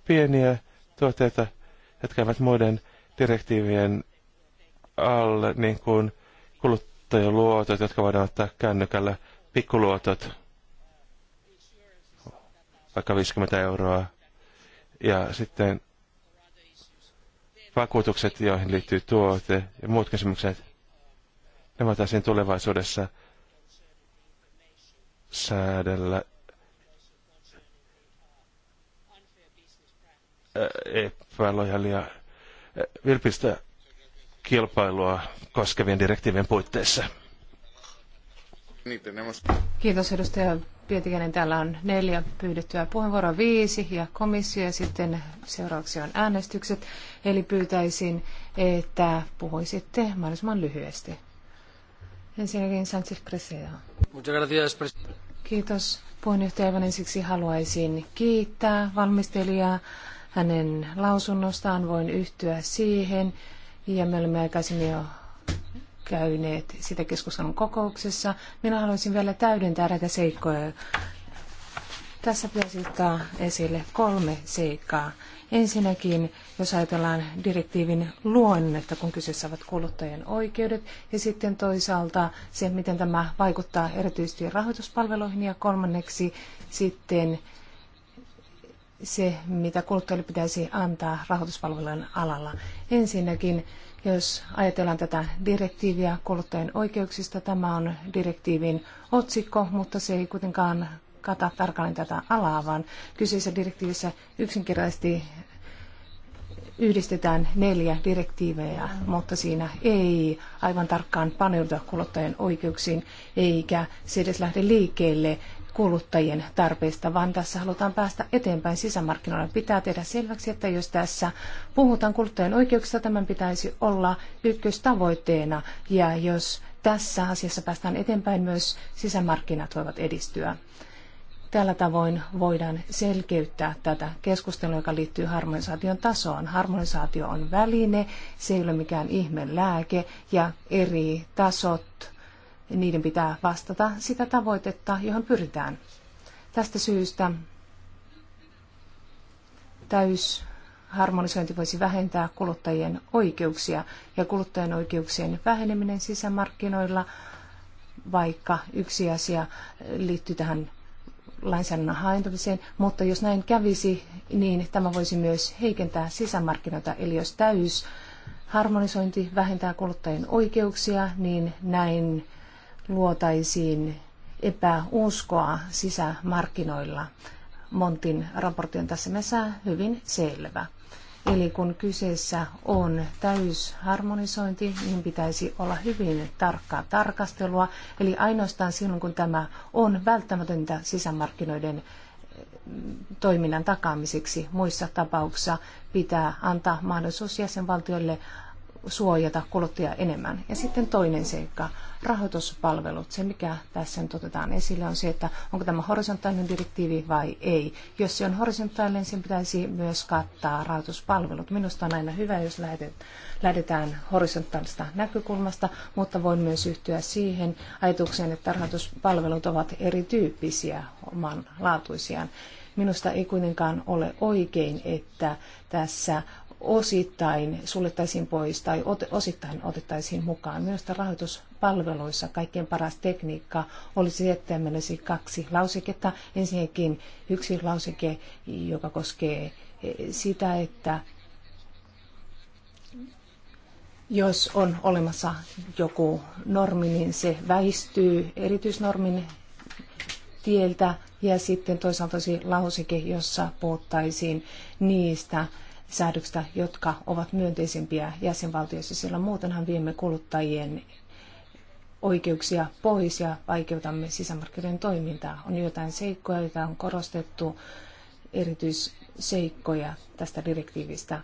pieniä tuotteita, jotka ovat muiden direktiivien alle, niin kuin kuluttajaluotot, jotka voidaan ottaa kännykällä, pikkuluotot, vaikka 50 euroa, ja sitten vakuutukset, joihin liittyy tuote ja muut kysymykset, ne voitaisiin tulevaisuudessa säädellä epälojalia vilpistä kilpailua koskevien direktiivien puitteissa. Kiitos edustaja Pietikäinen. Täällä on neljä pyydettyä puheenvuoroa, viisi ja komissio ja sitten seuraavaksi on äänestykset. Eli pyytäisin, että puhuisitte mahdollisimman lyhyesti. Ensinnäkin Sanchez Preseda. Kiitos puheenjohtaja. Aivan ensiksi haluaisin kiittää valmistelijaa hänen lausunnostaan. Voin yhtyä siihen, ja me olemme aikaisemmin jo käyneet sitä keskustelun kokouksessa. Minä haluaisin vielä täydentää näitä seikkoja. Tässä pitäisi ottaa esille kolme seikkaa. Ensinnäkin, jos ajatellaan direktiivin luonnetta, kun kyseessä ovat kuluttajien oikeudet, ja sitten toisaalta se, miten tämä vaikuttaa erityisesti rahoituspalveluihin, ja kolmanneksi sitten se, mitä kuluttajille pitäisi antaa rahoituspalvelujen alalla. Ensinnäkin, jos ajatellaan tätä direktiiviä kuluttajien oikeuksista, tämä on direktiivin otsikko, mutta se ei kuitenkaan kata tarkalleen tätä alaa, vaan kyseisessä direktiivissä yksinkertaisesti yhdistetään neljä direktiivejä, mutta siinä ei aivan tarkkaan paneuduta kuluttajien oikeuksiin, eikä se edes lähde liikkeelle kuluttajien tarpeista, vaan tässä halutaan päästä eteenpäin sisämarkkinoilla. Pitää tehdä selväksi, että jos tässä puhutaan kuluttajien oikeuksista, tämän pitäisi olla ykköstavoitteena. Ja jos tässä asiassa päästään eteenpäin, myös sisämarkkinat voivat edistyä. Tällä tavoin voidaan selkeyttää tätä keskustelua, joka liittyy harmonisaation tasoon. Harmonisaatio on väline, se ei ole mikään ihme lääke ja eri tasot niiden pitää vastata sitä tavoitetta, johon pyritään. Tästä syystä täysharmonisointi voisi vähentää kuluttajien oikeuksia ja kuluttajien oikeuksien väheneminen sisämarkkinoilla, vaikka yksi asia liittyy tähän lainsäädännön haentamiseen, mutta jos näin kävisi, niin tämä voisi myös heikentää sisämarkkinoita. Eli jos täys harmonisointi vähentää kuluttajien oikeuksia, niin näin luotaisiin epäuskoa sisämarkkinoilla. Montin raportti on tässä mielessä hyvin selvä. Eli kun kyseessä on täysharmonisointi, niin pitäisi olla hyvin tarkkaa tarkastelua. Eli ainoastaan silloin, kun tämä on välttämätöntä sisämarkkinoiden mm, toiminnan takaamiseksi. Muissa tapauksissa pitää antaa mahdollisuus jäsenvaltioille suojata kuluttajia enemmän. Ja sitten toinen seikka, rahoituspalvelut. Se, mikä tässä nyt otetaan esille, on se, että onko tämä horisontaalinen direktiivi vai ei. Jos se on horisontaalinen, sen pitäisi myös kattaa rahoituspalvelut. Minusta on aina hyvä, jos lähdetään horisontaalista näkökulmasta, mutta voin myös yhtyä siihen ajatukseen, että rahoituspalvelut ovat erityyppisiä omanlaatuisiaan. Minusta ei kuitenkaan ole oikein, että tässä osittain suljettaisiin pois tai osittain otettaisiin mukaan. Minusta rahoituspalveluissa kaikkein paras tekniikka olisi se, että meillä olisi kaksi lauseketta. Ensinnäkin yksi lauseke, joka koskee eh, sitä, että jos on olemassa joku normi, niin se väistyy erityisnormin tieltä ja sitten toisaalta olisi lauseke, jossa puhuttaisiin niistä säädöksistä, jotka ovat myönteisempiä jäsenvaltioissa, sillä muutenhan viemme kuluttajien oikeuksia pois ja vaikeutamme sisämarkkinoiden toimintaa. On jotain seikkoja, joita on korostettu, erityisseikkoja tästä direktiivistä.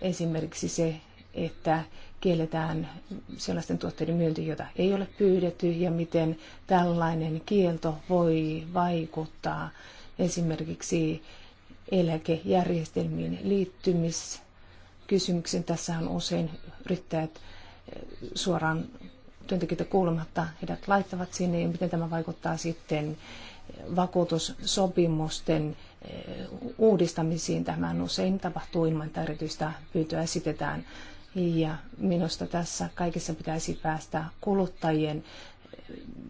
Esimerkiksi se, että kielletään sellaisten tuotteiden myynti, joita ei ole pyydetty, ja miten tällainen kielto voi vaikuttaa esimerkiksi eläkejärjestelmiin liittymiskysymyksen. on usein yrittäjät eh, suoraan työntekijöitä kuulematta heidät laittavat sinne ja miten tämä vaikuttaa sitten eh, vakuutussopimusten eh, uudistamisiin. Tämä usein tapahtuu ilman, että erityistä pyytöä esitetään. Ja minusta tässä kaikessa pitäisi päästä kuluttajien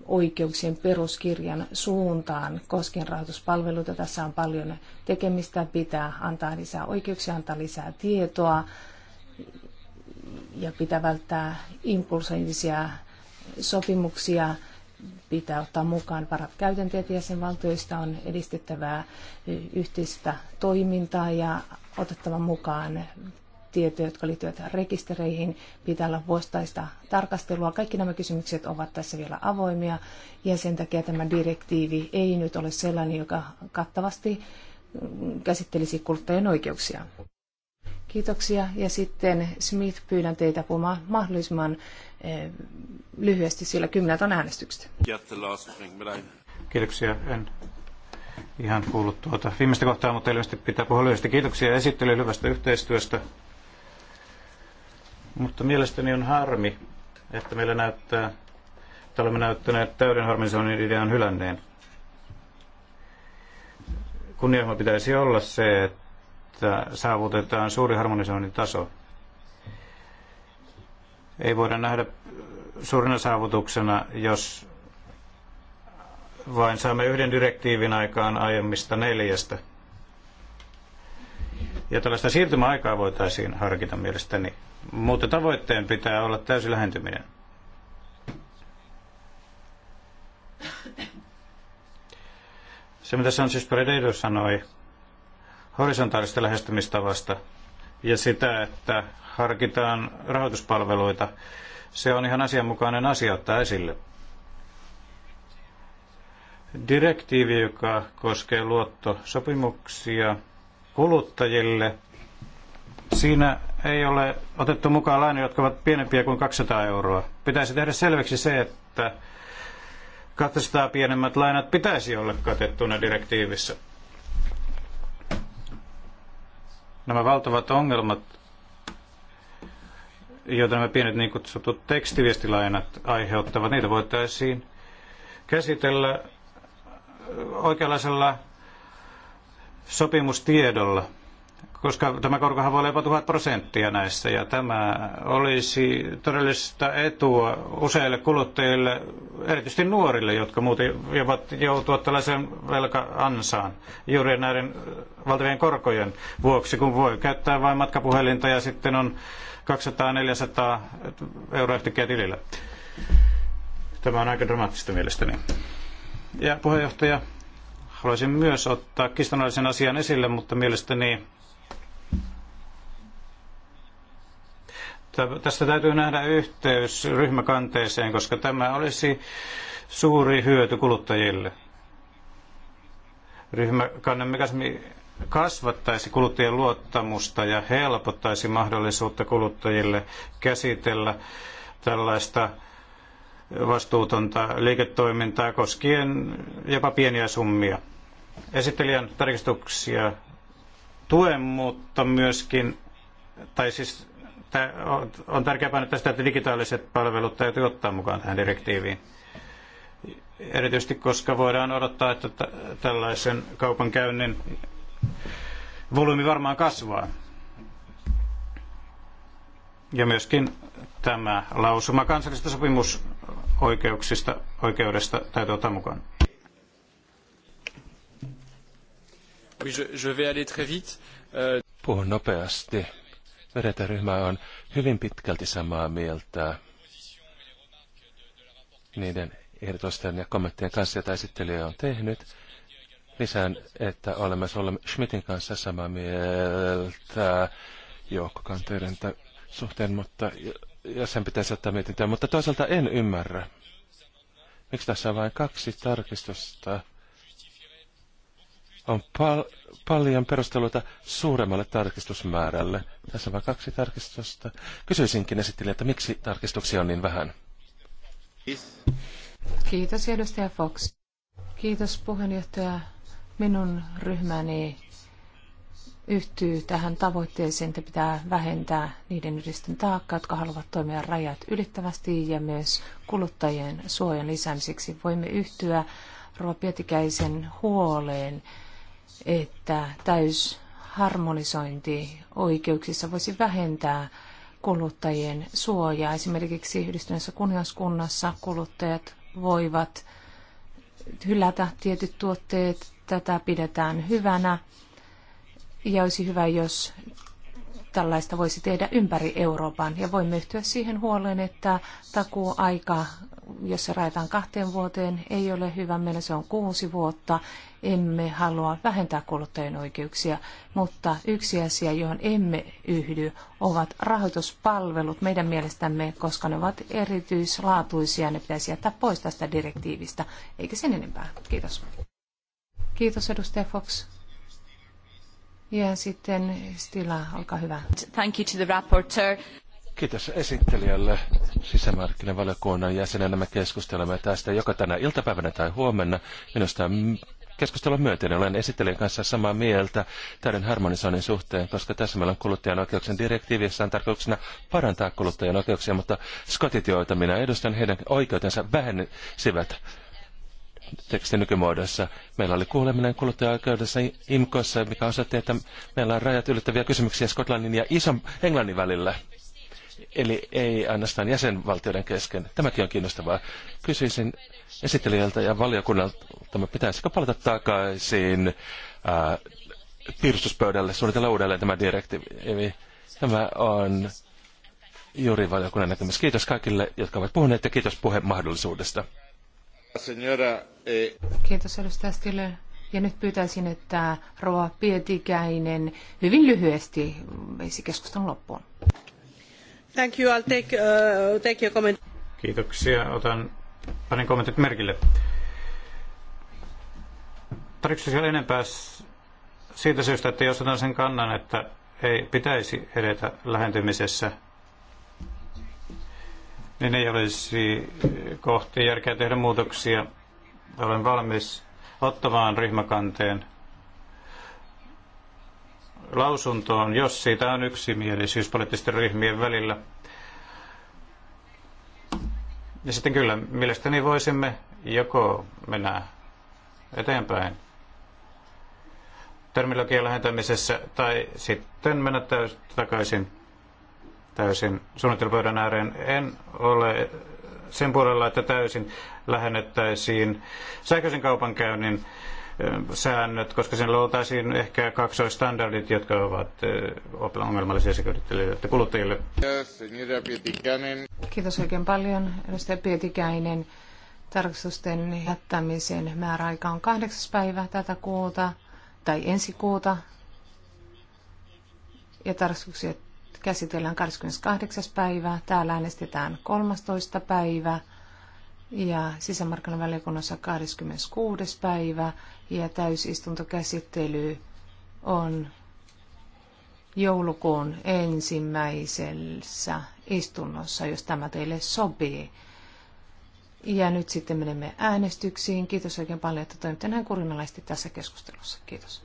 oikeuksien peruskirjan suuntaan koskien rahoituspalveluita. Tässä on paljon tekemistä, pitää antaa lisää oikeuksia, antaa lisää tietoa ja pitää välttää impulsiivisia sopimuksia pitää ottaa mukaan parat käytänteet jäsenvaltioista on edistettävää yhteistä toimintaa ja otettava mukaan tietoja, jotka liittyvät rekistereihin, pitää olla vuostaista tarkastelua. Kaikki nämä kysymykset ovat tässä vielä avoimia ja sen takia tämä direktiivi ei nyt ole sellainen, joka kattavasti käsittelisi kuluttajien oikeuksia. Kiitoksia ja sitten Smith pyydän teitä puhumaan mahdollisimman eh, lyhyesti, sillä kymmenet on äänestykset. Kiitoksia. En ihan kuullut tuota viimeistä kohtaa, mutta ilmeisesti pitää puhua lyhyesti. Kiitoksia esittelyyn hyvästä yhteistyöstä. Mutta mielestäni on harmi, että meillä näyttää, että olemme näyttäneet täyden harmonisoinnin idean hylänneen. Kunnianhimo pitäisi olla se, että saavutetaan suuri harmonisoinnin taso. Ei voida nähdä suurena saavutuksena, jos vain saamme yhden direktiivin aikaan aiemmista neljästä. Ja tällaista siirtymäaikaa voitaisiin harkita mielestäni mutta tavoitteen pitää olla täysi lähentyminen. Se, mitä Sanchez Pereiro sanoi horisontaalista lähestymistavasta ja sitä, että harkitaan rahoituspalveluita, se on ihan asianmukainen asia ottaa esille. Direktiivi, joka koskee luottosopimuksia kuluttajille, siinä ei ole otettu mukaan lainoja, jotka ovat pienempiä kuin 200 euroa. Pitäisi tehdä selväksi se, että 200 pienemmät lainat pitäisi olla katettuna direktiivissä. Nämä valtavat ongelmat, joita nämä pienet niin kutsutut tekstiviestilainat aiheuttavat, niitä voitaisiin käsitellä oikeanlaisella sopimustiedolla – koska tämä korkohan voi olla jopa tuhat prosenttia näissä ja tämä olisi todellista etua useille kuluttajille, erityisesti nuorille, jotka muuten voivat joutua tällaiseen velka-ansaan juuri näiden valtavien korkojen vuoksi, kun voi käyttää vain matkapuhelinta ja sitten on 200-400 euroa yhtäkkiä tilillä. Tämä on aika dramaattista mielestäni. Ja puheenjohtaja, haluaisin myös ottaa kistanallisen asian esille, mutta mielestäni Tästä täytyy nähdä yhteys ryhmäkanteeseen, koska tämä olisi suuri hyöty kuluttajille. Ryhmäkannemekanismi kasvattaisi kuluttajien luottamusta ja helpottaisi mahdollisuutta kuluttajille käsitellä tällaista vastuutonta liiketoimintaa koskien jopa pieniä summia. Esittelijän tarkistuksia tuen, mutta myöskin, tai siis on tärkeää painottaa sitä, että digitaaliset palvelut täytyy ottaa mukaan tähän direktiiviin. Erityisesti koska voidaan odottaa, että tällaisen kaupankäynnin volyymi varmaan kasvaa. Ja myöskin tämä lausuma kansallisesta sopimusoikeuksista oikeudesta täytyy ottaa mukaan. Euh, Puhun nopeasti Vedetäryhmä on hyvin pitkälti samaa mieltä niiden ehdotusten ja kommenttien kanssa, joita esittelijä on tehnyt. Lisään, että olemme Solem Schmidtin kanssa samaa mieltä joukkokanteiden suhteen, mutta ja sen pitäisi ottaa mietintöä. Mutta toisaalta en ymmärrä, miksi tässä on vain kaksi tarkistusta on pal- paljon perusteluita suuremmalle tarkistusmäärälle. Tässä on vain kaksi tarkistusta. Kysyisinkin että miksi tarkistuksia on niin vähän? Kiitos edustaja Fox. Kiitos puheenjohtaja. Minun ryhmäni yhtyy tähän tavoitteeseen, että pitää vähentää niiden yritysten taakkaa, jotka haluavat toimia rajat ylittävästi ja myös kuluttajien suojan lisäämiseksi. Voimme yhtyä Pietikäisen huoleen että täysharmonisointi oikeuksissa voisi vähentää kuluttajien suojaa. Esimerkiksi yhdistyneessä kuningaskunnassa kuluttajat voivat hylätä tietyt tuotteet. Tätä pidetään hyvänä. Ja olisi hyvä, jos tällaista voisi tehdä ympäri Euroopan. Ja voimme yhtyä siihen huoleen, että takuaika, jos se raetaan kahteen vuoteen, ei ole hyvä. Meillä se on kuusi vuotta. Emme halua vähentää kuluttajien oikeuksia, mutta yksi asia, johon emme yhdy, ovat rahoituspalvelut meidän mielestämme, koska ne ovat erityislaatuisia. Ne pitäisi jättää pois tästä direktiivistä, eikä sen enempää. Kiitos. Kiitos edustaja Fox. Ja sitten Stila, olkaa hyvä. Thank you to the rapporteur. Kiitos esittelijälle sisämarkkinavaliokunnan jäsenenä. Me keskustelemme tästä joka tänä iltapäivänä tai huomenna. Minusta keskustelu myönteinen. Olen esittelijän kanssa samaa mieltä täyden harmonisoinnin suhteen, koska tässä meillä on kuluttajan oikeuksien direktiivissä on tarkoituksena parantaa kuluttajan oikeuksia, mutta skotit, joita minä edustan, heidän oikeutensa vähenisivät teksti nykymuodossa. Meillä oli kuuleminen kuluttaja-oikeudessa IMKOssa, mikä osoitti, että meillä on rajat ylittäviä kysymyksiä Skotlannin ja Ison Englannin välillä. Eli ei ainoastaan jäsenvaltioiden kesken. Tämäkin on kiinnostavaa. Kysyisin esittelijältä ja valiokunnalta, pitäisikö palata takaisin ää, äh, piirustuspöydälle, suunnitella uudelleen tämä direktiivi. Tämä on juuri valiokunnan näkemys. Kiitos kaikille, jotka ovat puhuneet ja kiitos puheen mahdollisuudesta eh... Kiitos edustaja Ja nyt pyytäisin, että Roa Pietikäinen hyvin lyhyesti veisi keskustelun loppuun. Thank you, I'll take, uh, take your comment. Kiitoksia, otan panen kommentit merkille. Tarvitsetko siellä enempää siitä syystä, että jos otan sen kannan, että ei pitäisi edetä lähentymisessä niin ei olisi eh, kohti järkeä tehdä muutoksia. Olen valmis ottamaan ryhmäkanteen lausuntoon, jos siitä on yksimielisyys poliittisten ryhmien välillä. Ja sitten kyllä, mielestäni voisimme joko mennä eteenpäin terminologian lähentämisessä tai sitten mennä täys, takaisin täysin suunnittelupöydän ääreen. En ole sen puolella, että täysin lähennettäisiin sähköisen kaupankäynnin eh, säännöt, koska sen luotaisiin ehkä kaksoistandardit, jotka ovat eh, ongelmallisia sekä että kuluttajille. Kiitos oikein paljon, edustaja Pietikäinen. Tarkastusten jättämisen määräaika on kahdeksas päivä tätä kuuta tai ensi kuuta. Ja tarkastukset käsitellään 28. päivä, täällä äänestetään 13. päivä ja sisämarkkinavaliokunnassa 26. päivä ja täysistuntokäsittely on joulukuun ensimmäisessä istunnossa, jos tämä teille sopii. Ja nyt sitten menemme äänestyksiin. Kiitos oikein paljon, että toimitte näin kurinalaisesti tässä keskustelussa. Kiitos.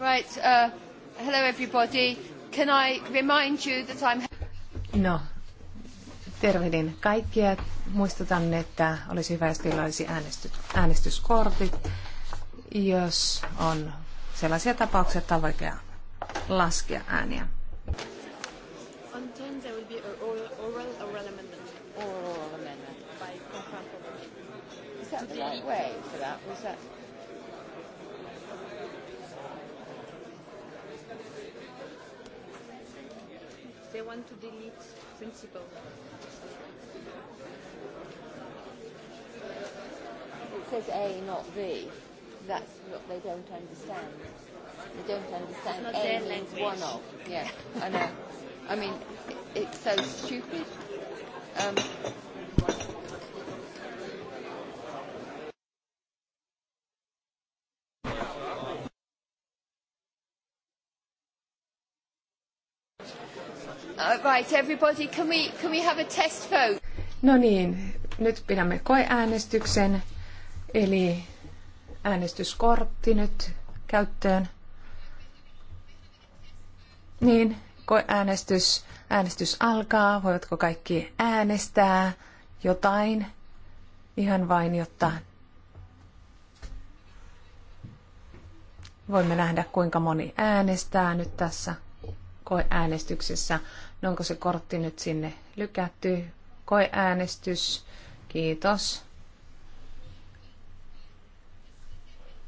Right, uh, hello everybody. Can I remind you that I'm... No, tervehdin kaikkia. Muistutan, että olisi hyvä, jos teillä olisi äänestyskortit, jos on sellaisia tapauksia, että on vaikea laskea ääniä. Is that the right way for that? Was that... they want to delete principle. It says A, not B. That's what they don't understand. They don't understand. It's not A means language. one of. Yeah, I know. I mean, it, it's so stupid. Um, Uh, right, everybody, can we, can we have a test vote? No niin, nyt pidämme koeäänestyksen, eli äänestyskortti nyt käyttöön. Niin, koeäänestys, äänestys alkaa, voivatko kaikki äänestää jotain, ihan vain jotta voimme nähdä kuinka moni äänestää nyt tässä koeäänestyksessä. No onko se kortti nyt sinne lykätty? Koeäänestys. Kiitos.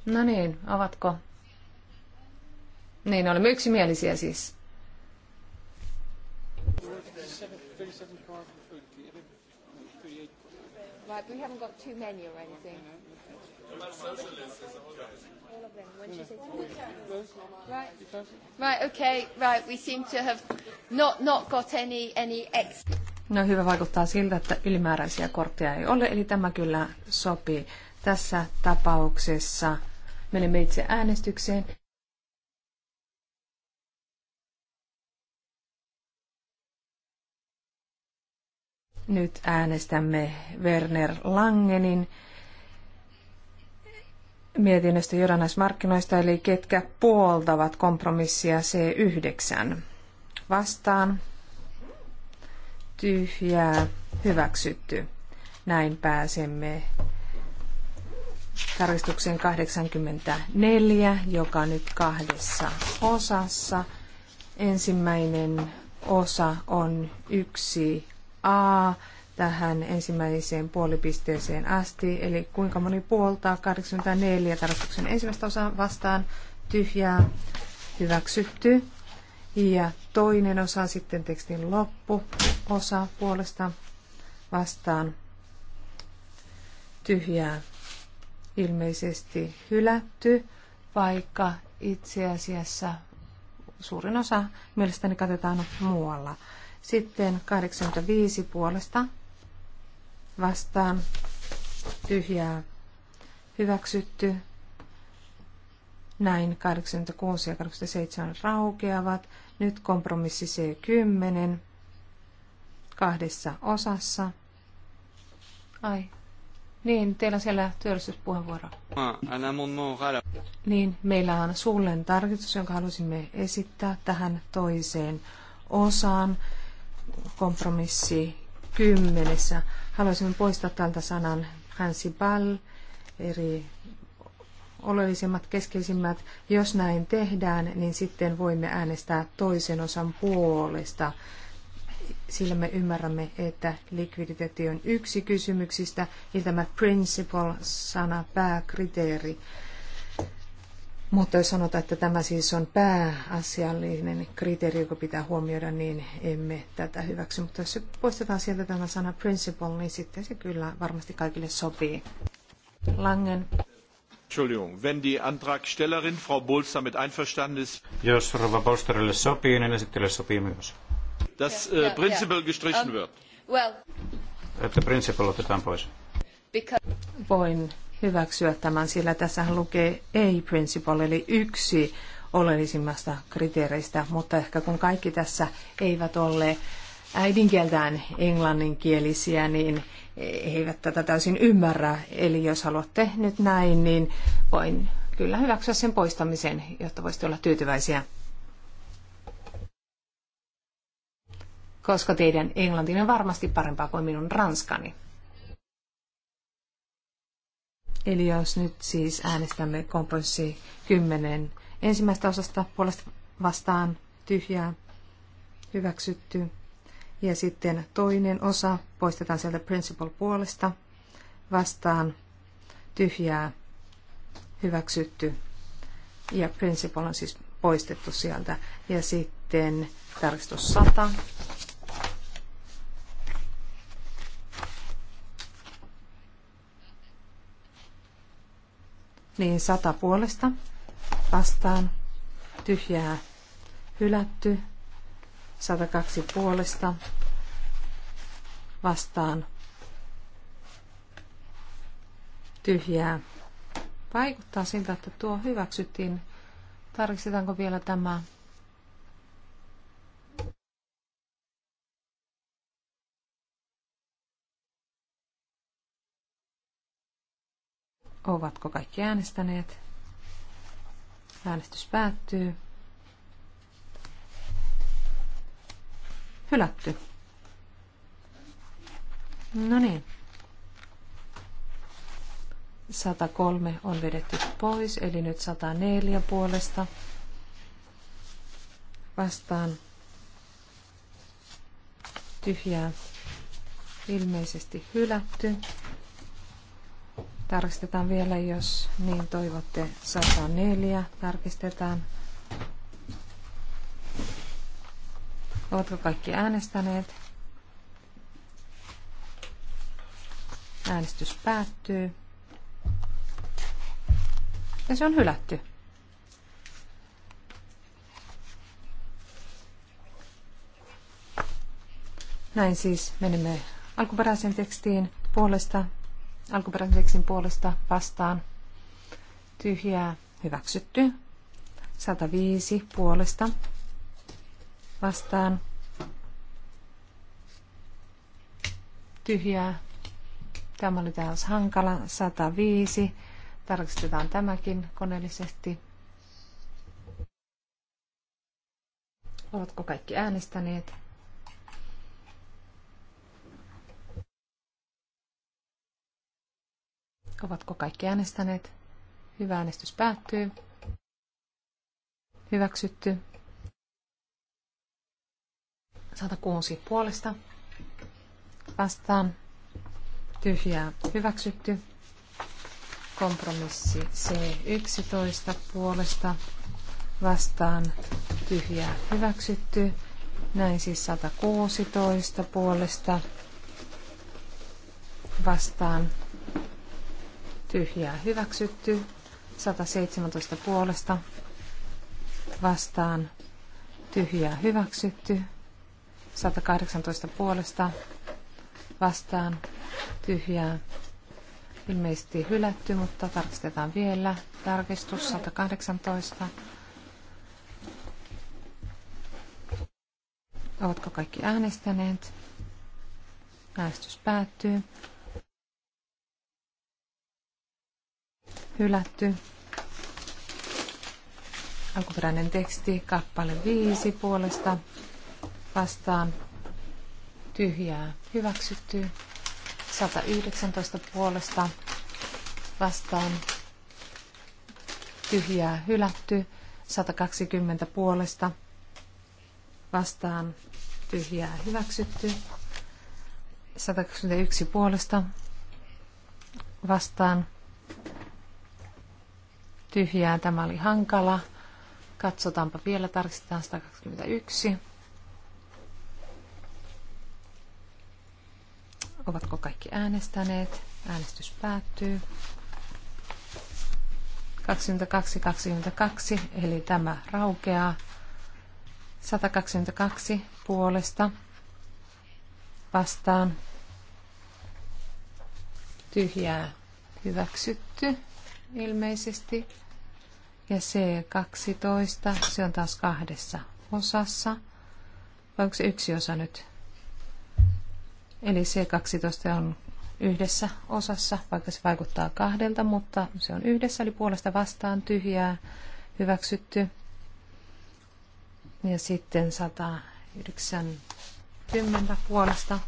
No niin, avatko? Niin, olemme yksimielisiä siis. Right, we haven't got too many or anything. Okay, no all of them when she right okay right we seem to have not not got any any ex. No hyvä vaikuttaa siltä, että ylimääräisiä kortteja ei ole, eli tämä kyllä sopii. Tässä tapauksessa menemme itse äänestykseen. Nyt äänestämme Werner Langenin mietinnöstä johdannaismarkkinoista, eli ketkä puoltavat kompromissia C9. Vastaan tyhjää hyväksytty. Näin pääsemme tarkistuksen 84, joka nyt kahdessa osassa. Ensimmäinen osa on 1a tähän ensimmäiseen puolipisteeseen asti. Eli kuinka moni puoltaa 84 tarkoituksen ensimmäistä osaa vastaan tyhjää hyväksytty. Ja toinen osa sitten tekstin loppu osa puolesta vastaan tyhjää ilmeisesti hylätty, vaikka itse asiassa suurin osa mielestäni katsotaan muualla. Sitten 85 puolesta vastaan tyhjää hyväksytty. Näin 86 ja 87 raukeavat. Nyt kompromissi C10 kahdessa osassa. Ai, niin, teillä siellä työllisyyspuheenvuoro. Ah, niin, meillä on suullinen tarkistus, jonka halusimme esittää tähän toiseen osaan. Kompromissi kymmenessä. Haluaisimme poistaa tältä sanan principal, eri oleellisimmat, keskeisimmät. Jos näin tehdään, niin sitten voimme äänestää toisen osan puolesta. Sillä me ymmärrämme, että likviditeetti on yksi kysymyksistä ja tämä principal-sana pääkriteeri. Mutta jos sanotaan, että tämä siis on pääasiallinen kriteeri, joka pitää huomioida, niin emme tätä hyväksy. Mutta jos poistetaan sieltä tämä sana principle, niin sitten se kyllä varmasti kaikille sopii. Langen. Entschuldigung, wenn die Antragstellerin Frau Bulz damit einverstanden ist. Jos Rova Bolsterille sopii, niin esittelijä sopii myös. Das äh, principle gestrichen ähm, wird. Well. Että principle otetaan pois. Because... Voin hyväksyä tämän, sillä tässä lukee ei principle eli yksi oleellisimmasta kriteereistä, mutta ehkä kun kaikki tässä eivät ole äidinkieltään englanninkielisiä, niin eivät tätä täysin ymmärrä. Eli jos haluatte nyt näin, niin voin kyllä hyväksyä sen poistamisen, jotta voisitte olla tyytyväisiä. Koska teidän englantinen on varmasti parempaa kuin minun ranskani. Eli jos nyt siis äänestämme komponssi 10 ensimmäistä osasta puolesta vastaan tyhjää hyväksytty. Ja sitten toinen osa poistetaan sieltä principal puolesta vastaan tyhjää hyväksytty. Ja principal on siis poistettu sieltä. Ja sitten tarkistus 100 niin sata puolesta vastaan tyhjää hylätty, 102 puolesta vastaan tyhjää. Vaikuttaa siltä, että tuo hyväksyttiin. Tarkistetaanko vielä tämä Ovatko kaikki äänestäneet? Äänestys päättyy. Hylätty. No niin. 103 on vedetty pois, eli nyt 104 puolesta vastaan tyhjää ilmeisesti hylätty. Tarkistetaan vielä, jos niin toivotte. 104 tarkistetaan. Ovatko kaikki äänestäneet? Äänestys päättyy. Ja se on hylätty. Näin siis menemme alkuperäiseen tekstiin puolesta alkuperäisen tekstin puolesta vastaan tyhjää hyväksytty. 105 puolesta vastaan tyhjää. Tämä oli taas hankala. 105. Tarkistetaan tämäkin koneellisesti. Ovatko kaikki äänestäneet? Ovatko kaikki äänestäneet? Hyvä äänestys päättyy. Hyväksytty. 106 puolesta. Vastaan. Tyhjää. Hyväksytty. Kompromissi C11 puolesta. Vastaan. Tyhjää. Hyväksytty. Näin siis 116 puolesta. Vastaan tyhjää hyväksytty. 117 puolesta vastaan tyhjää hyväksytty. 118 puolesta vastaan tyhjää ilmeisesti hylätty, mutta tarkistetaan vielä. Tarkistus 118. Ovatko kaikki äänestäneet? Äänestys päättyy. hylätty. Alkuperäinen teksti, kappale 5 puolesta vastaan tyhjää hyväksytty. 119 puolesta vastaan tyhjää hylätty. 120 puolesta vastaan tyhjää hyväksytty. 121 puolesta vastaan tyhjää. Tämä oli hankala. Katsotaanpa vielä, tarkistetaan 121. Ovatko kaikki äänestäneet? Äänestys päättyy. 22, 22, eli tämä raukeaa. 122 puolesta vastaan tyhjää hyväksytty ilmeisesti. Ja C12, se on taas kahdessa osassa. Vai onko se yksi osa nyt? Eli C12 on yhdessä osassa, vaikka se vaikuttaa kahdelta, mutta se on yhdessä, eli puolesta vastaan tyhjää hyväksytty. Ja sitten 190 puolesta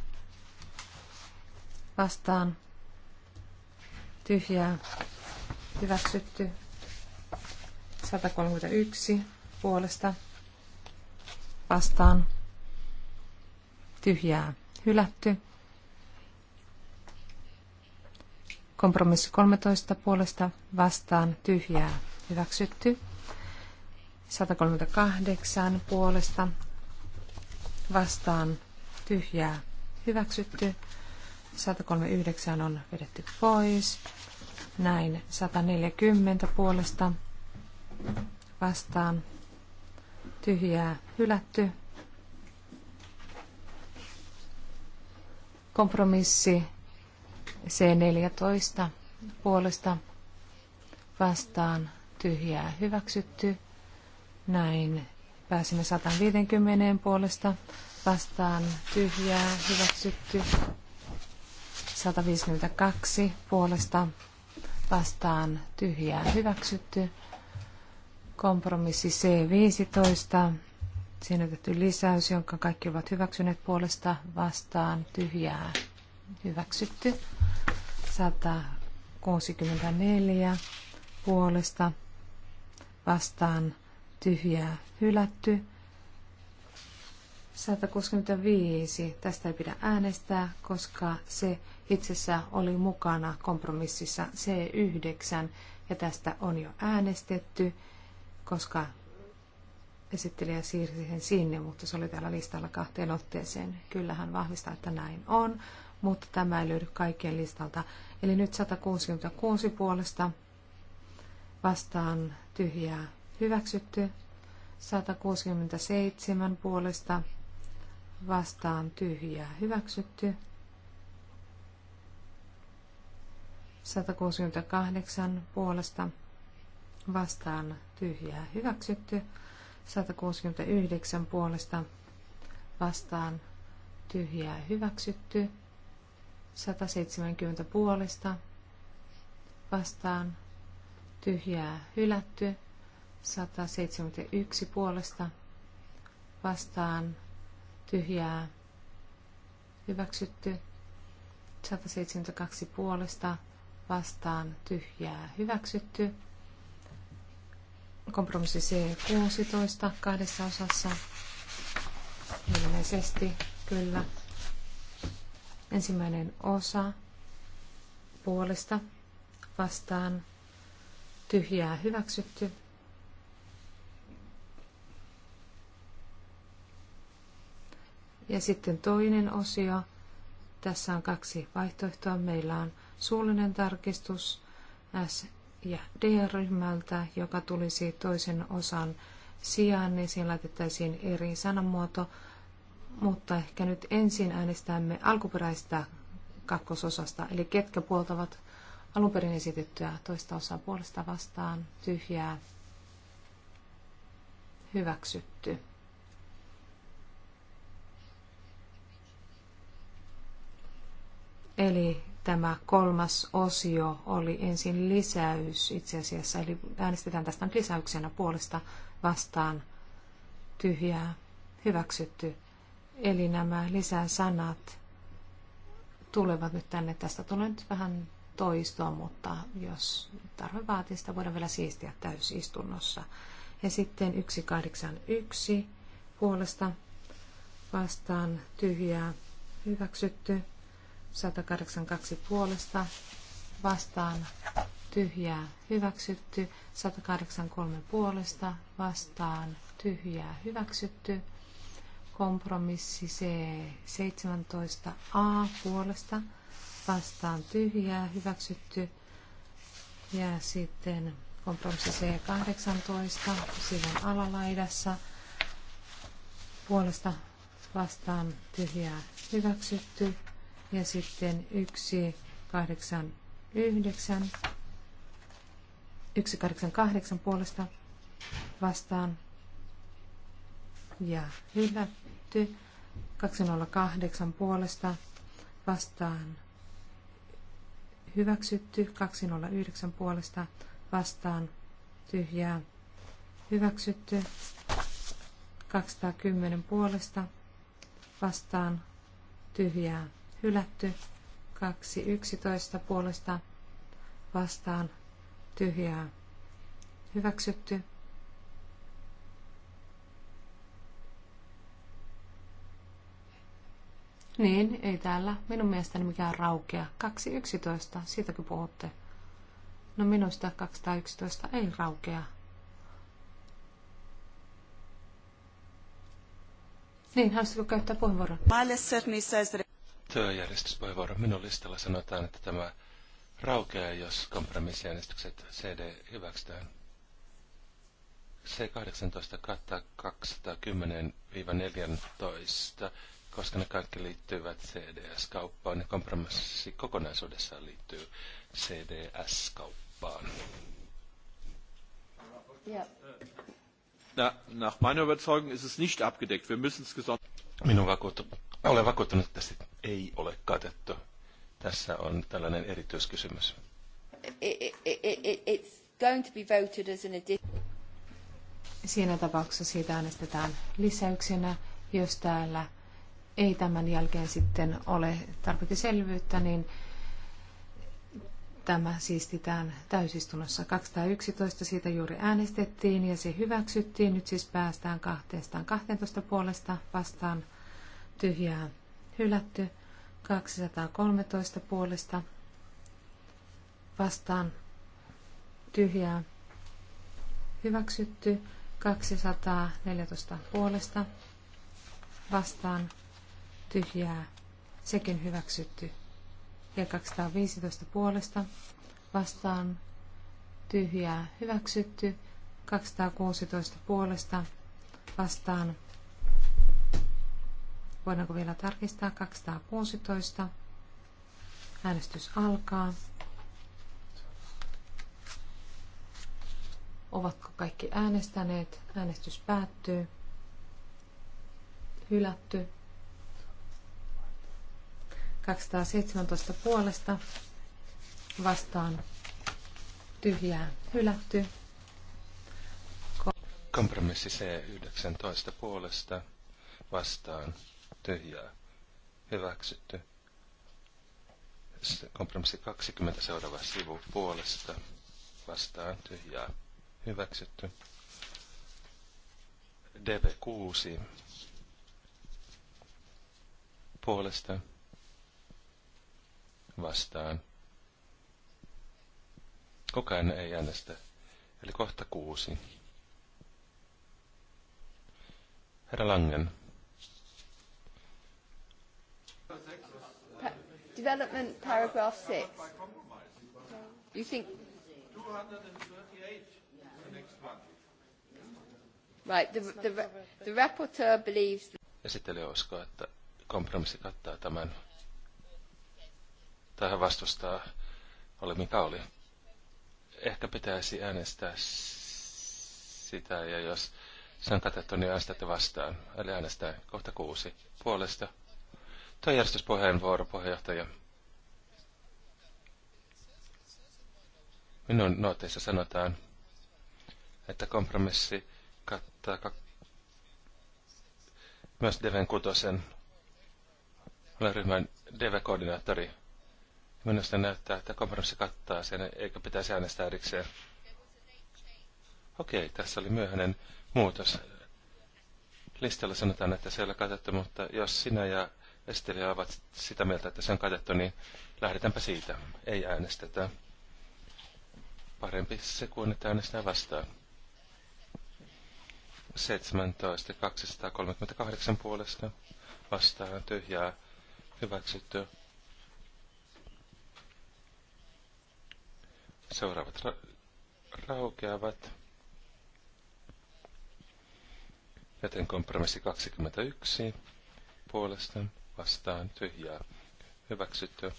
vastaan tyhjää hyväksytty. 131 puolesta vastaan tyhjää hylätty. Kompromissi 13 puolesta vastaan tyhjää hyväksytty. 138 puolesta vastaan tyhjää hyväksytty. 139 on vedetty pois. Näin 140 puolesta vastaan tyhjää hylätty. Kompromissi C14 puolesta vastaan tyhjää hyväksytty. Näin pääsimme 150 puolesta vastaan tyhjää hyväksytty. 152 puolesta vastaan tyhjää hyväksytty. Kompromissi C15. Siinä on lisäys, jonka kaikki ovat hyväksyneet puolesta vastaan tyhjää hyväksytty. 164 puolesta vastaan tyhjää hylätty. 165. Tästä ei pidä äänestää, koska se itsessä oli mukana kompromississa C9 ja tästä on jo äänestetty, koska esittelijä siirsi sen sinne, mutta se oli täällä listalla kahteen otteeseen. Kyllähän vahvistaa, että näin on, mutta tämä ei löydy kaikkien listalta. Eli nyt 166 puolesta vastaan tyhjää hyväksytty, 167 puolesta vastaan tyhjää hyväksytty. 168 puolesta vastaan tyhjää hyväksytty. 169 puolesta vastaan tyhjää hyväksytty. 170 puolesta vastaan tyhjää hylätty. 171 puolesta vastaan tyhjää hyväksytty. 172 puolesta vastaan tyhjää hyväksytty. Kompromissi C16 kahdessa osassa. Ilmeisesti kyllä. Ensimmäinen osa puolesta vastaan tyhjää hyväksytty. Ja sitten toinen osio. Tässä on kaksi vaihtoehtoa. Meillä on suullinen tarkistus S- ja D-ryhmältä, joka tulisi toisen osan sijaan, niin siihen laitettaisiin eri sanamuoto. Mutta ehkä nyt ensin äänestämme alkuperäistä kakkososasta, eli ketkä puoltavat alun perin esitettyä toista osaa puolesta vastaan, tyhjää, hyväksytty. Eli tämä kolmas osio oli ensin lisäys itse asiassa, eli äänestetään tästä nyt lisäyksenä puolesta vastaan tyhjää hyväksytty. Eli nämä lisäsanat tulevat nyt tänne. Tästä tulee nyt vähän toistoa, mutta jos tarve vaatii, sitä voidaan vielä siistiä täysistunnossa. Ja sitten 181 puolesta vastaan tyhjää hyväksytty. 182 puolesta vastaan tyhjää hyväksytty. 183 puolesta vastaan tyhjää hyväksytty. Kompromissi C17a puolesta vastaan tyhjää hyväksytty. Ja sitten kompromissi C18 sivun alalaidassa puolesta vastaan tyhjää hyväksytty. Ja sitten 1, 1, 8, 9. 8, 8 puolesta vastaan ja hylätty. 208 puolesta vastaan hyväksytty. 209 puolesta vastaan tyhjää hyväksytty. 210 puolesta vastaan tyhjää hylätty. 2.11 puolesta vastaan tyhjää hyväksytty. Niin, ei täällä minun mielestäni mikään raukea. 2.11, siitäkö puhutte? No minusta 211 ei raukea. Niin, haluaisitko käyttää puheenvuoron? työjärjestyspuheenvuoro minun listalla sanotaan, että tämä raukeaa, jos kompromissijärjestykset CD hyväksytään. C18 kattaa 210-14, koska ne kaikki liittyvät CDS-kauppaan ja kompromissi kokonaisuudessaan liittyy CDS-kauppaan. Ja, nach meiner Überzeugung ist es nicht abgedeckt. Wir müssen es Minun vakuuttu, olen vakuuttunut, että ei ole katettu. Tässä on tällainen erityiskysymys. It, it, it, going to be voted as an addition. Siinä tapauksessa siitä äänestetään lisäyksenä, jos täällä ei tämän jälkeen sitten ole tarpeeksi selvyyttä, niin tämä siistitään täysistunnossa. 211 siitä juuri äänestettiin ja se hyväksyttiin. Nyt siis päästään 212 puolesta vastaan tyhjään hylätty 213 puolesta vastaan tyhjää hyväksytty 214 puolesta vastaan tyhjää sekin hyväksytty ja 215 puolesta vastaan tyhjää hyväksytty 216 puolesta vastaan Voidaanko vielä tarkistaa? 216. Äänestys alkaa. Ovatko kaikki äänestäneet? Äänestys päättyy. Hylätty. 217 puolesta vastaan tyhjää hylätty. Kompromissi C19 puolesta vastaan tyhjää, hyväksytty. Sitten kompromissi 20 seuraava sivu puolesta vastaan tyhjää, hyväksytty. DV6 puolesta vastaan. Kukaan ei äänestä. Eli kohta kuusi. Herra Langen. Development paragraph six. You think? 238, the next one. Right, the, the, the rapporteur believes... That... Esittelijä uskoo, että kompromissi kattaa tämän. Tähän vastustaa, oli mikä oli. Ehkä pitäisi äänestää sitä, ja jos sen katettu, niin äänestätte vastaan. Eli äänestää kohta kuusi puolesta Tuo järjestyspuheenvuoro, puheenjohtaja. Minun nooteissa sanotaan, että kompromissi kattaa kak... myös Deven kutosen. Olen ryhmän Deve-koordinaattori. Minusta näyttää, että kompromissi kattaa sen, eikä pitäisi äänestää erikseen. Okei, tässä oli myöhäinen muutos. Listalla sanotaan, että se ei ole katettu, mutta jos sinä ja esittelijä ovat sitä mieltä, että se on katettu, niin lähdetäänpä siitä. Ei äänestetä. Parempi se kuin, että äänestää vastaan. 17, 238 puolesta vastaan tyhjää hyväksytty. Seuraavat ra- raukeavat. Joten kompromissi 21 puolesta vastaan tyhjää hyväksytty.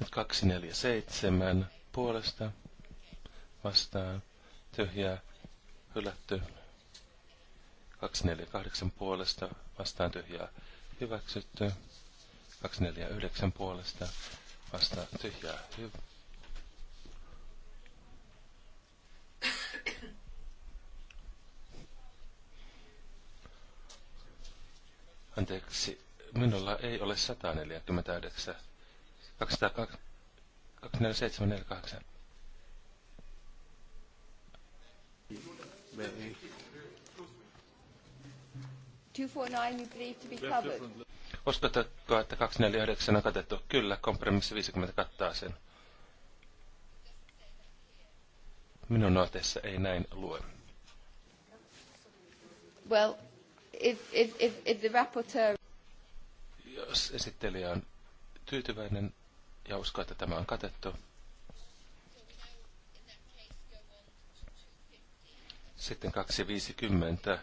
Nyt 247 puolesta vastaan tyhjää hylätty. 248 puolesta vastaan tyhjää hyväksytty. 249 puolesta vastaan tyhjää hyväksytty. Anteeksi, minulla ei ole 149. 24748. Uskotatko, että 249 on katettu? Kyllä, kompromissi 50 kattaa sen. Minun noteissa ei näin lue. Well, if, if, if, the rapporteur... Jos esittelijä on tyytyväinen ja uskoo, että tämä on katettu, sitten 250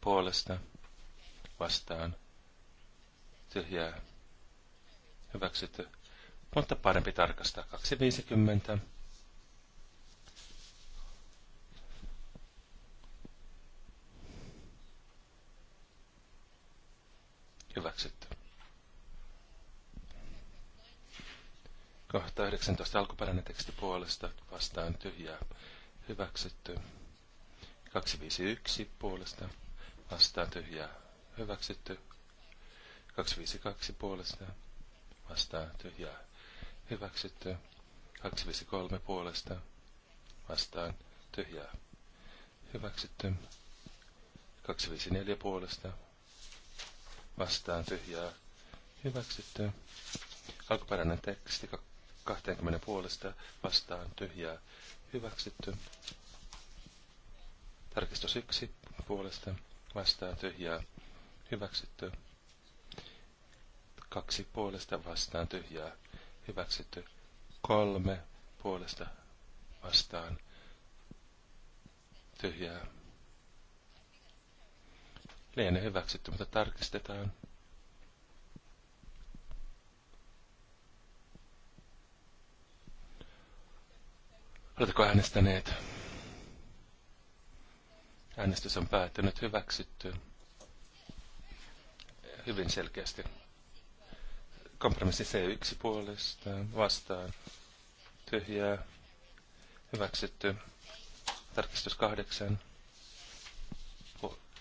puolesta vastaan tyhjää hyväksytty, mutta parempi tarkastaa 250. Hyväksytty. Kohta 19 alkuperäinen teksti puolesta vastaan tyhjää. Hyväksytty. 251 puolesta vastaan tyhjää. Hyväksytty. 252 puolesta vastaan tyhjää. Hyväksytty. 253 puolesta vastaan tyhjää. Hyväksytty. 254 puolesta vastaan tyhjää hyväksytty. Alkuperäinen teksti 20 puolesta vastaan tyhjää hyväksytty. Tarkistus 1 puolesta vastaan tyhjää hyväksytty. Kaksi puolesta vastaan tyhjää hyväksytty. Kolme puolesta vastaan tyhjää Lienee hyväksytty, mutta tarkistetaan. Oletko äänestäneet? Äänestys on päättynyt hyväksytty. Hyvin selkeästi. Kompromissi C1 puolesta vastaan. Tyhjää. Hyväksytty. Tarkistus kahdeksan.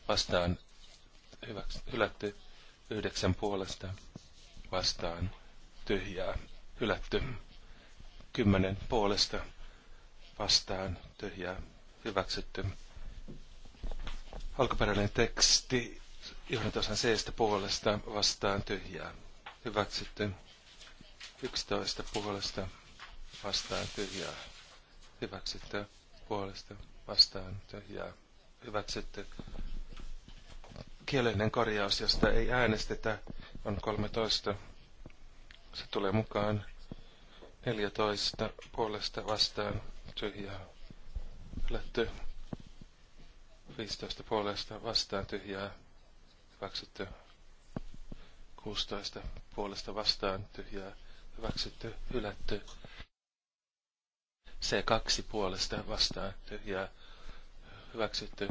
Vastaan hylätty. Yhdeksän puolesta vastaan tyhjää hylätty. Kymmenen puolesta vastaan tyhjää hyväksytty. Alkuperäinen teksti johdantosan seestä puolesta vastaan tyhjää hyväksytty. Yksitoista puolesta vastaan tyhjää hyväksytty. Puolesta vastaan tyhjää hyväksytty kielinen korjaus, josta ei äänestetä, on 13. Se tulee mukaan 14 puolesta vastaan tyhjää hylätty. 15 puolesta vastaan tyhjää hyväksytty. 16 puolesta vastaan tyhjää hyväksytty hylätty. C2 puolesta vastaan tyhjää hyväksytty.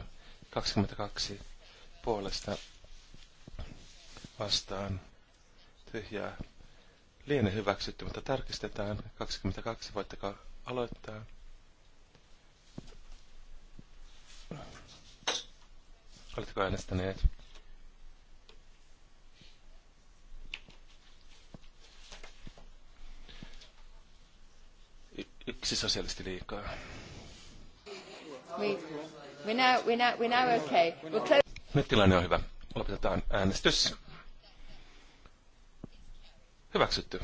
22 puolesta vastaan tyhjää. Liene hyväksytty, mutta tarkistetaan. 22, voitteko aloittaa? Oletko äänestäneet? yksi sosiaalisti liikaa. We, we're now, we're now, we're now okay. We're nyt tilanne on hyvä. Lopetetaan äänestys. Hyväksytty.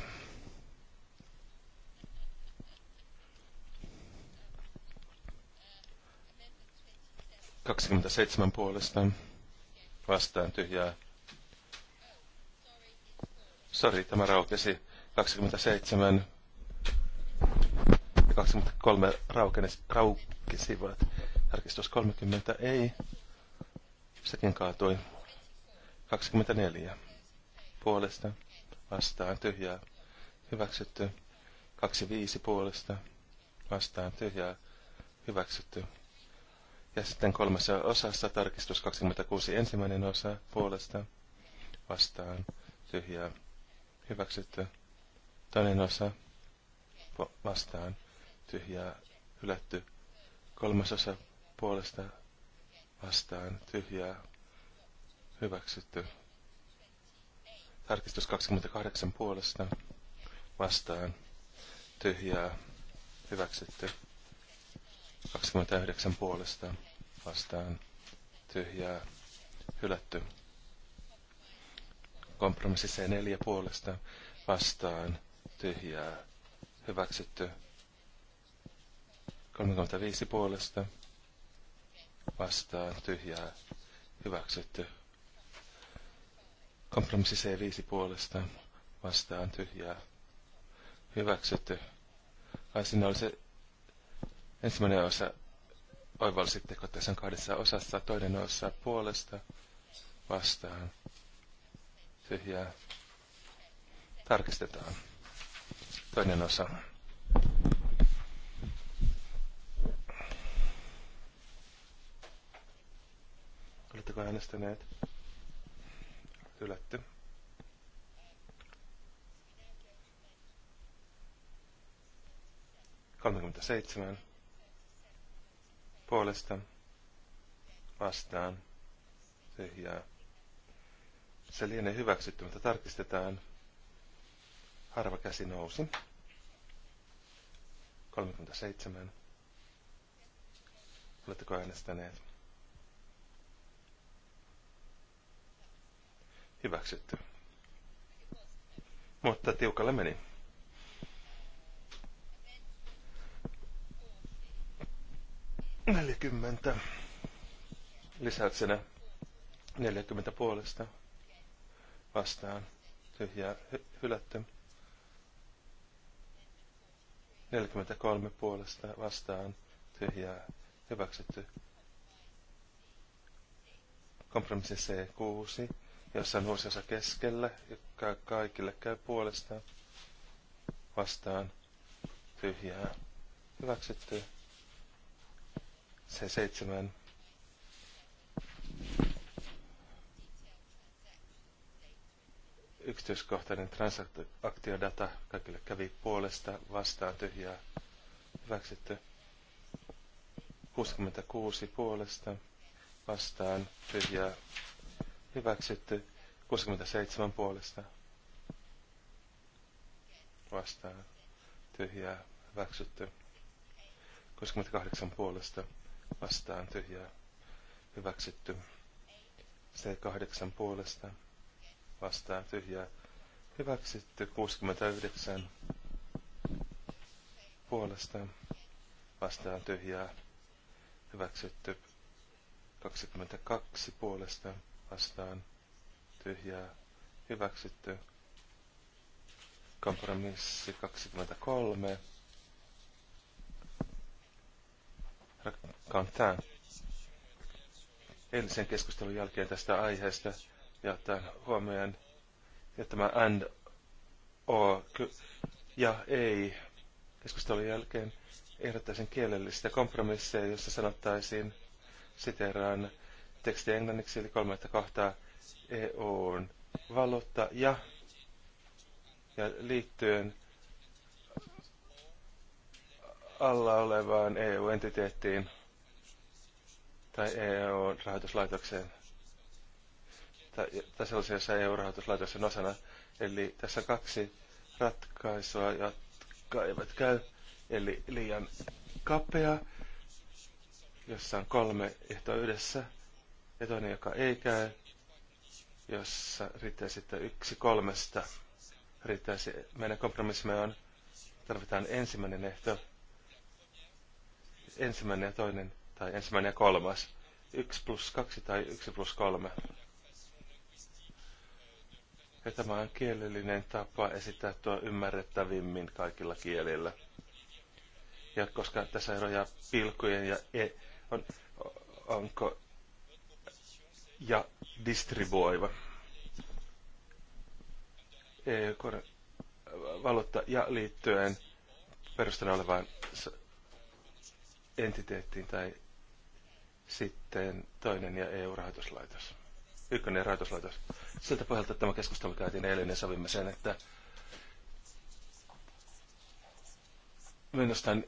seitsemän puolesta vastaan tyhjää. Sori, tämä raukesi. 27 ja 23 raukesivat. Tarkistus 30 ei. Sekin kaatui. 24. Puolesta vastaan tyhjää. Hyväksytty. 25 puolesta vastaan tyhjää. Hyväksytty. Ja sitten kolmessa osassa tarkistus 26 ensimmäinen osa puolesta vastaan tyhjää. Hyväksytty. Toinen osa vastaan tyhjää. Hylätty. Kolmas osa puolesta vastaan tyhjää hyväksytty. Tarkistus 28 puolesta vastaan tyhjää hyväksytty. 29 puolesta vastaan tyhjää hylätty. Kompromissi C4 puolesta vastaan tyhjää hyväksytty. 35 puolesta Vastaa tyhjää hyväksytty. Kompromissi C5 puolesta vastaan tyhjää hyväksytty. Ai siinä oli se ensimmäinen osa, oivalsitteko tässä on kahdessa osassa, toinen osa puolesta vastaan tyhjää tarkistetaan. Toinen osa. Oletteko äänestäneet? Hylätty. seitsemän. Puolesta. Vastaan. Tyhjää. Se lienee hyväksytty, mutta tarkistetaan. Harva käsi nousi. 37. Oletteko äänestäneet? Hyväksytty. Mutta tiukalle meni. Neljäkymmentä. Lisäyksenä neljäkymmentä puolesta vastaan tyhjää hy- hylätty. 43 puolesta vastaan tyhjää hyväksytty. Kompromissi C6 jossa on vuosiosa keskellä, joka kaikille käy puolestaan vastaan tyhjää. Hyväksytty. Se seitsemän. Yksityiskohtainen transaktiodata kaikille kävi puolesta vastaan tyhjää. Hyväksytty. 66 puolesta vastaan tyhjää Hyväksytty 67 puolesta. Vastaan. Tyhjää. Hyväksytty. 68 puolesta. Vastaan. Tyhjää. Hyväksytty. C8 puolesta. Vastaan. Tyhjää. Hyväksytty 69 puolesta vastaan tyhjää. Hyväksytty 22 puolesta vastaan tyhjää hyväksytty. Kompromissi 23. Rakkaan eilisen keskustelun jälkeen tästä aiheesta ja ottaen huomioon ja tämä and o ja ei keskustelun jälkeen ehdottaisin kielellistä kompromisseja, jossa sanottaisiin siteraan teksti englanniksi, eli kolmatta kohtaa e EUn valuutta ja, ja liittyen alla olevaan EU-entiteettiin tai EU-rahoituslaitokseen tai, tai sellaisen, jossa EU-rahoituslaitoksen osana. Eli tässä on kaksi ratkaisua, jotka eivät käy. Eli liian kapea, jossa on kolme ehtoa yhdessä, ja toinen, joka ei käy, jossa riittää sitten yksi kolmesta. Riittäisi, meidän kompromissimme on, tarvitaan ensimmäinen ehto, ensimmäinen ja toinen, tai ensimmäinen ja kolmas. Yksi plus kaksi tai yksi plus kolme. Ja tämä on kielellinen tapa esittää tuo ymmärrettävimmin kaikilla kielillä. Ja koska tässä eroja pilkkujen ja e, on, onko ja distribuoiva valuutta ja liittyen perustana olevaan entiteettiin tai sitten toinen ja EU-rahoituslaitos. Ykkönen rahoituslaitos. Siltä pohjalta tämä keskustelu käytiin eilen ja sovimme sen, että minusta on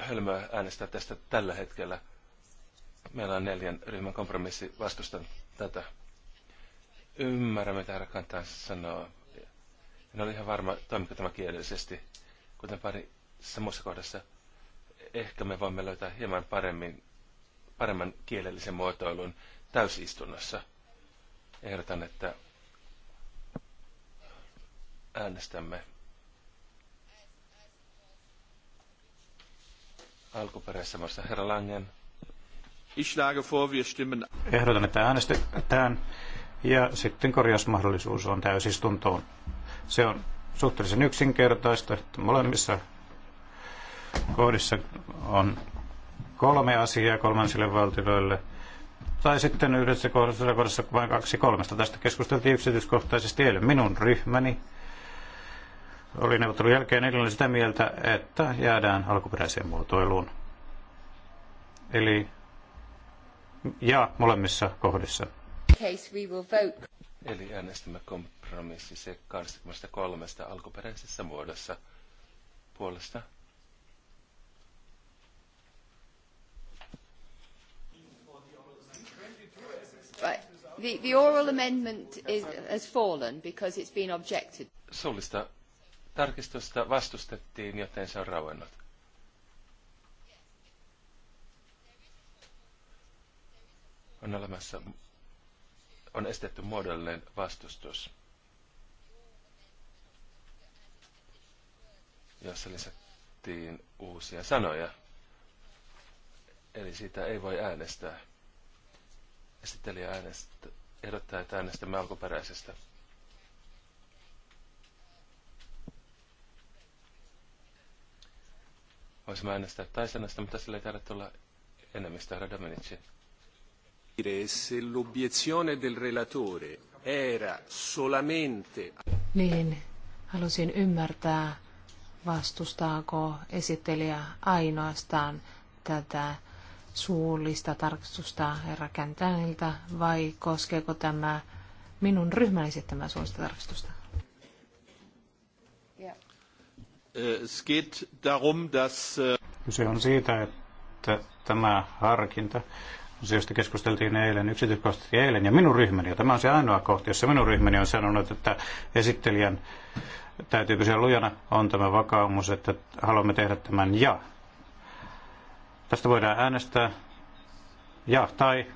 hölmöä äänestää tästä tällä hetkellä Meillä on neljän ryhmän kompromissi. Vastustan tätä. Ymmärrän, mitä herra kantaa sanoa. En ole ihan varma, toimiko tämä kielellisesti. Kuten pari samassa kohdassa, ehkä me voimme löytää hieman paremmin, paremman kielellisen muotoilun täysistunnossa. Ehdotan, että äänestämme alkuperäisessä muassa herra Langen Ich schlage vor, wir stimmen. Ehdotan, että äänestetään ja sitten korjausmahdollisuus on täysistuntoon. Se on suhteellisen yksinkertaista, että molemmissa kohdissa on kolme asiaa kolmansille valtioille. Tai sitten yhdessä kohdassa, kohdassa vain kaksi kolmesta. Tästä keskusteltiin yksityiskohtaisesti eilen. Minun ryhmäni oli neuvottelun jälkeen edelleen sitä mieltä, että jäädään alkuperäiseen muotoiluun. Eli ja molemmissa kohdissa. Case we will vote. Eli äänestämme kompromissi se 23 alkuperäisessä muodossa puolesta. Right. The, the oral amendment is, has fallen because it's been objected. Suullista tarkistusta vastustettiin, joten se on rauennut. on olemassa, on estetty muodollinen vastustus, jossa lisättiin uusia sanoja. Eli siitä ei voi äänestää. Esittelijä äänestä, ehdottaa, että äänestämme alkuperäisestä. Voisimme äänestää taisanasta, mutta sillä ei tarvitse olla enemmistö herra se l'obiezione del relatore era solamente... Niin, halusin ymmärtää, vastustaako esittelijä ainoastaan tätä suullista tarkistusta herra Käntäniltä vai koskeeko tämä minun ryhmäni esittämää suullista tarkistusta? Kyse on siitä, että tämä harkinta asioista keskusteltiin eilen, yksityiskohtaisesti eilen, ja minun ryhmäni, ja tämä on se ainoa kohta, jossa minun ryhmäni on sanonut, että esittelijän täytyy pysyä lujana, on tämä vakaumus, että haluamme tehdä tämän ja. Tästä voidaan äänestää ja tai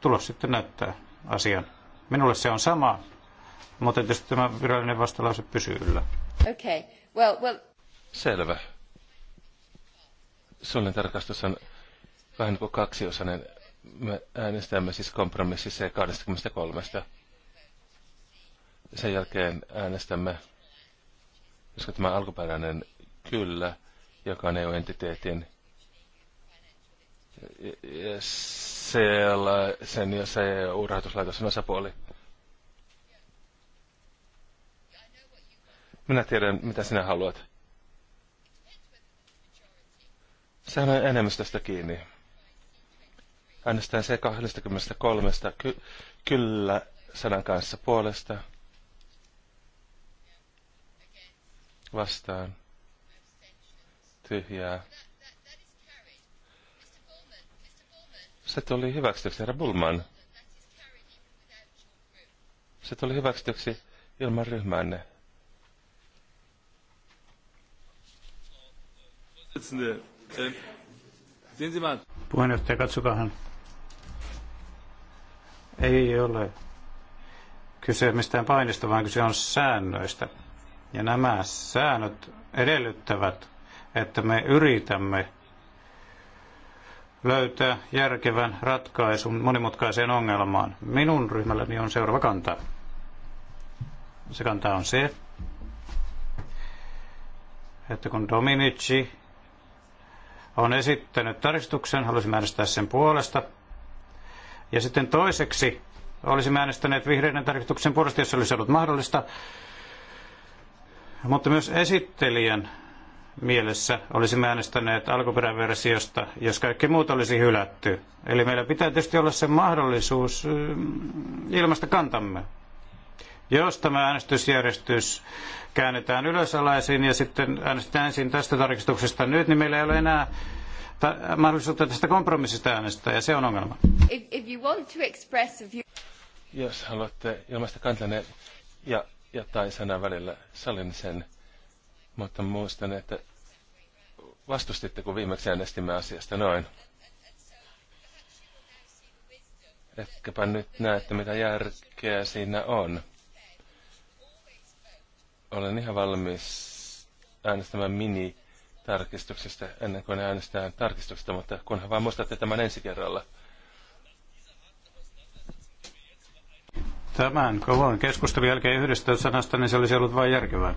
tulos sitten näyttää asian. Minulle se on sama, mutta tietysti tämä virallinen vastalause pysyy yllä. Okay. Well, well... Selvä. Suullinen tarkastus on vähän niin kuin kaksiosainen me äänestämme siis kompromissi C23. Sen jälkeen äänestämme, koska tämä alkuperäinen kyllä, joka on EU-entiteetin siellä sen, ja se EU-rahoituslaitos on osapuoli. Minä tiedän, mitä sinä haluat. Sehän on enemmistöstä kiinni. Äänestään se 23 ky- kyllä sanan kanssa puolesta. Vastaan. Tyhjää. Se tuli hyväksytyksi, herra Bulman. Se tuli hyväksytyksi ilman ryhmäänne. Äh, Puheenjohtaja, katsokahan. Ei ole kyse mistään painista, vaan kyse on säännöistä. Ja nämä säännöt edellyttävät, että me yritämme löytää järkevän ratkaisun monimutkaiseen ongelmaan. Minun ryhmälläni on seuraava kanta. Se kanta on se, että kun Dominici on esittänyt taristuksen, halusin äänestää sen puolesta – ja sitten toiseksi olisimme äänestäneet vihreiden tarkistuksen puolesta, jos olisi ollut mahdollista. Mutta myös esittelijän mielessä olisimme äänestäneet alkuperäversiosta, jos kaikki muut olisi hylätty. Eli meillä pitää tietysti olla se mahdollisuus mm, ilmaista kantamme. Jos tämä äänestysjärjestys käännetään ylösalaisin ja sitten äänestetään ensin tästä tarkistuksesta nyt, niin meillä ei ole enää Äh, mahdollisuutta tästä kompromissista äänestää, ja se on ongelma. View... Jos haluatte ilmaista kantanne ja jotain sanan välillä, salin sen, mutta muistan, että vastustitte, kun viimeksi äänestimme asiasta noin. Ehkäpä nyt näette, mitä järkeä siinä on. Olen ihan valmis äänestämään mini tarkistuksesta ennen kuin äänestää tarkistuksesta, mutta kunhan vain muistatte tämän ensi kerralla. Tämän kovan keskustelun jälkeen yhdestä sanasta, niin se olisi ollut vain järkevää.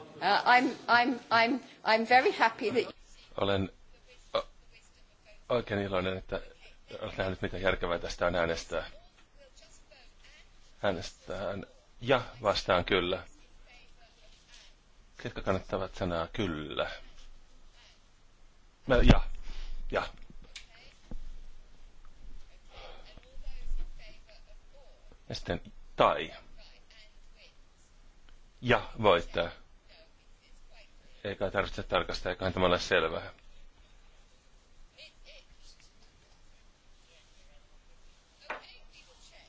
Uh, I'm, I'm, I'm, I'm very happy that... Olen oikein iloinen, että olet nähnyt, mitä järkevää tästä on äänestää. Äänestään ja vastaan kyllä. Ketkä kannattavat sanaa kyllä? Mä, ja, ja. Ja sitten tai. Ja voittaa. Eikä tarvitse tarkastaa, eiköhän tämä ole selvää.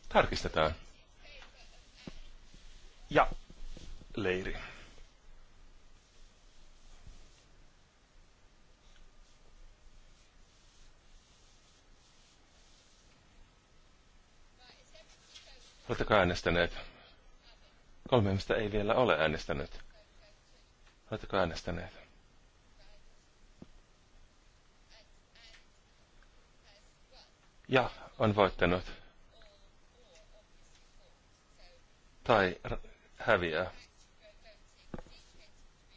Tarkistetaan. Ja leiri. Oletteko äänestäneet? Kolme ihmistä ei vielä ole äänestänyt. Oletteko äänestäneet? Ja on voittanut. Tai häviää.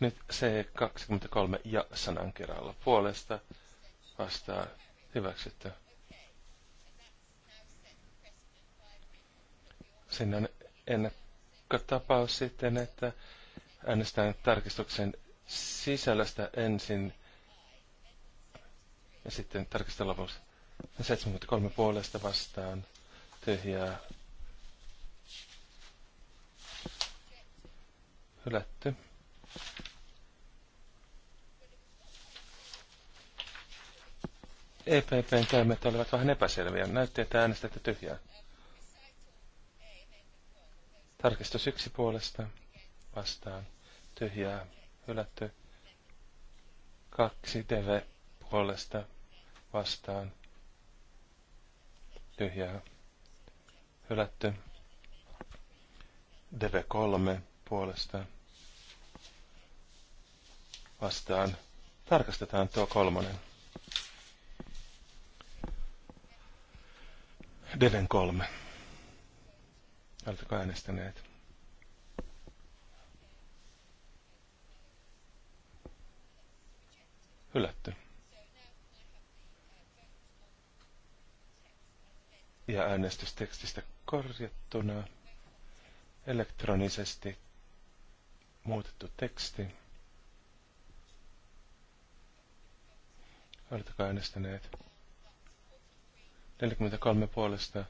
Nyt C23 ja sanankerralla puolesta vastaan hyväksytty. Siinä on ennakkotapaus sitten, että äänestetään tarkistuksen sisällöstä ensin ja sitten tarkistellaan lopuksi. 73 puolesta vastaan tyhjää. Hylätty. EPPn käymät olivat vähän epäselviä. Näytti, että äänestätte tyhjää. Tarkistus yksi puolesta vastaan tyhjää hylätty. Kaksi TV puolesta vastaan tyhjää hylätty. DV3 puolesta vastaan. Tarkastetaan tuo kolmonen. Deven kolme. Oletteko äänestäneet? Hylätty. Ja äänestystekstistä korjattuna elektronisesti muutettu teksti. Oletteko äänestäneet? 43 puolesta,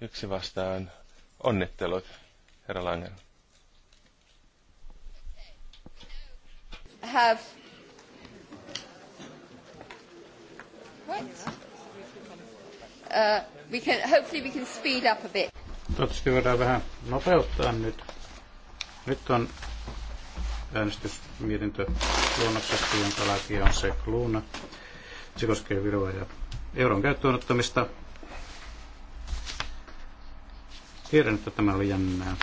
yksi vastaan, Onnittelut, herra Langella. Have... What? Uh, we can, hopefully we can speed up a bit. Toivottavasti voidaan vähän nopeuttaa nyt. Nyt on äänestysmietintö luonnoksesta, jonka laki on se kluuna. Se koskee Viroa ja euron käyttöönottamista. Tiedän, että tämä oli jännää.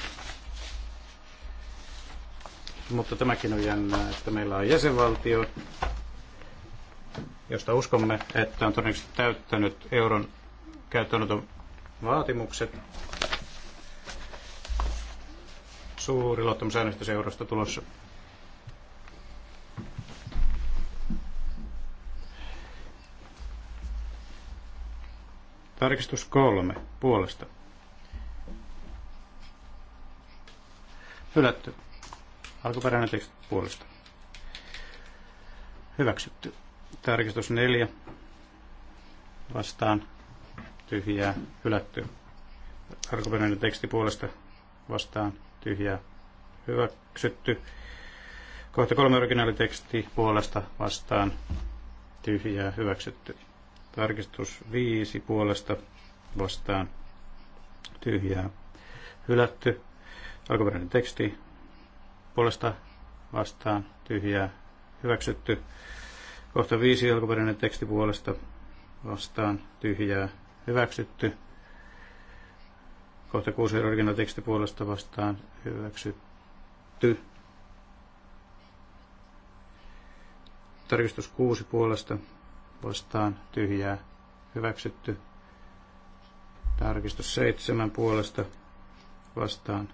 Mutta tämäkin on jännää, että meillä on jäsenvaltio, josta uskomme, että on todennäköisesti täyttänyt euron käyttöönoton vaatimukset. Suuri luottamusäännöstö eurosta tulossa. Tarkistus kolme puolesta. Hylätty. Alkuperäinen teksti puolesta. Hyväksytty. Tarkistus 4. Vastaan. Tyhjää. Hylätty. Alkuperäinen teksti puolesta. Vastaan. Tyhjää. Hyväksytty. Kohta kolme originaaliteksti puolesta vastaan tyhjää hyväksytty. Tarkistus viisi puolesta vastaan tyhjää hylätty. Alkuperäinen teksti puolesta vastaan tyhjää hyväksytty. Kohta viisi alkuperäinen teksti puolesta vastaan tyhjää hyväksytty. Kohta kuusi originaaliteksti puolesta vastaan hyväksytty. Tarkistus kuusi puolesta vastaan tyhjää hyväksytty. Tarkistus seitsemän puolesta vastaan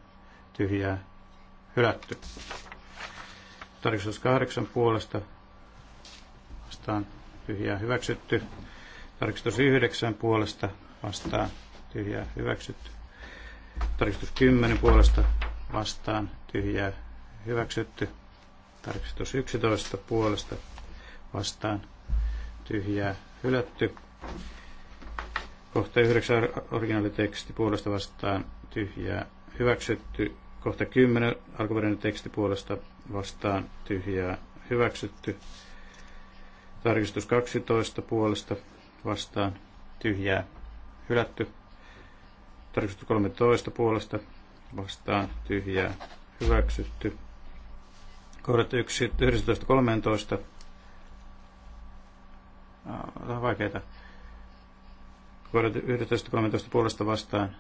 tyhjää hylätty. Tarkistus 8 puolesta vastaan tyhjää hyväksytty. Tarkistus 9 puolesta vastaan tyhjää hyväksytty. Tarkistus 10 puolesta vastaan tyhjää hyväksytty. Tarkistus 11 puolesta vastaan tyhjää hylätty. Kohta 9 originaaliteksti puolesta vastaan tyhjää hyväksytty. Kohta 10. Alkuperäinen teksti puolesta vastaan tyhjää hyväksytty. Tarkistus 12 puolesta vastaan tyhjää hylätty. Tarkistus 13 puolesta vastaan tyhjää hyväksytty. Kohdat 1, 19, 13. Vähän vaikeita. Kohdat 11, 13 puolesta vastaan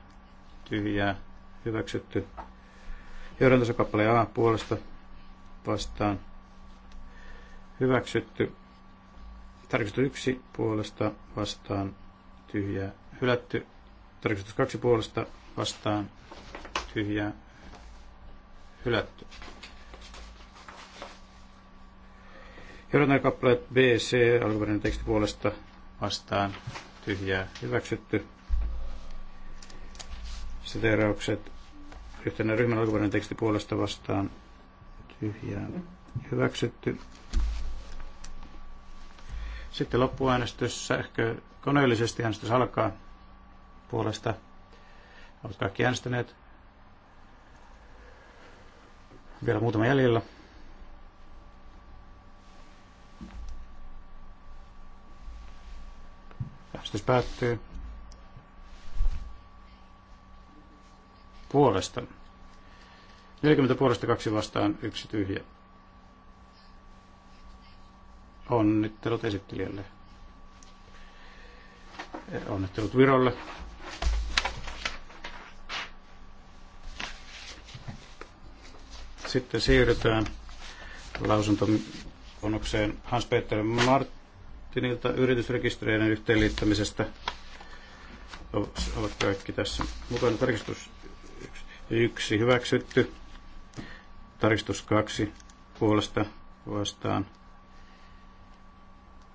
tyhjää hyväksytty. Johdantasokappaleen A puolesta vastaan hyväksytty. Tarkistus 1 puolesta vastaan tyhjää hylätty. Tarkistus 2 puolesta vastaan tyhjää hylätty. Johdannan kappaleet C alkuperäinen teksti puolesta vastaan tyhjää hyväksytty. Siteeraukset yhtenä ryhmän alkuperäinen teksti puolesta vastaan tyhjää hyväksytty. Sitten loppuäänestys ehkä koneellisesti äänestys alkaa puolesta. Ovat kaikki äänestäneet. Vielä muutama jäljellä. Äänestys päättyy. puolesta. 40 puolesta kaksi vastaan yksi tyhjä. Onnittelut esittelijälle. Onnittelut Virolle. Sitten siirrytään lausuntoponnokseen Hans-Peter Martinilta yritysrekisterien yhteenliittämisestä. Ovat kaikki tässä mukana tarkistus 1 hyväksytty. Tarkistus 2 puolesta vastaan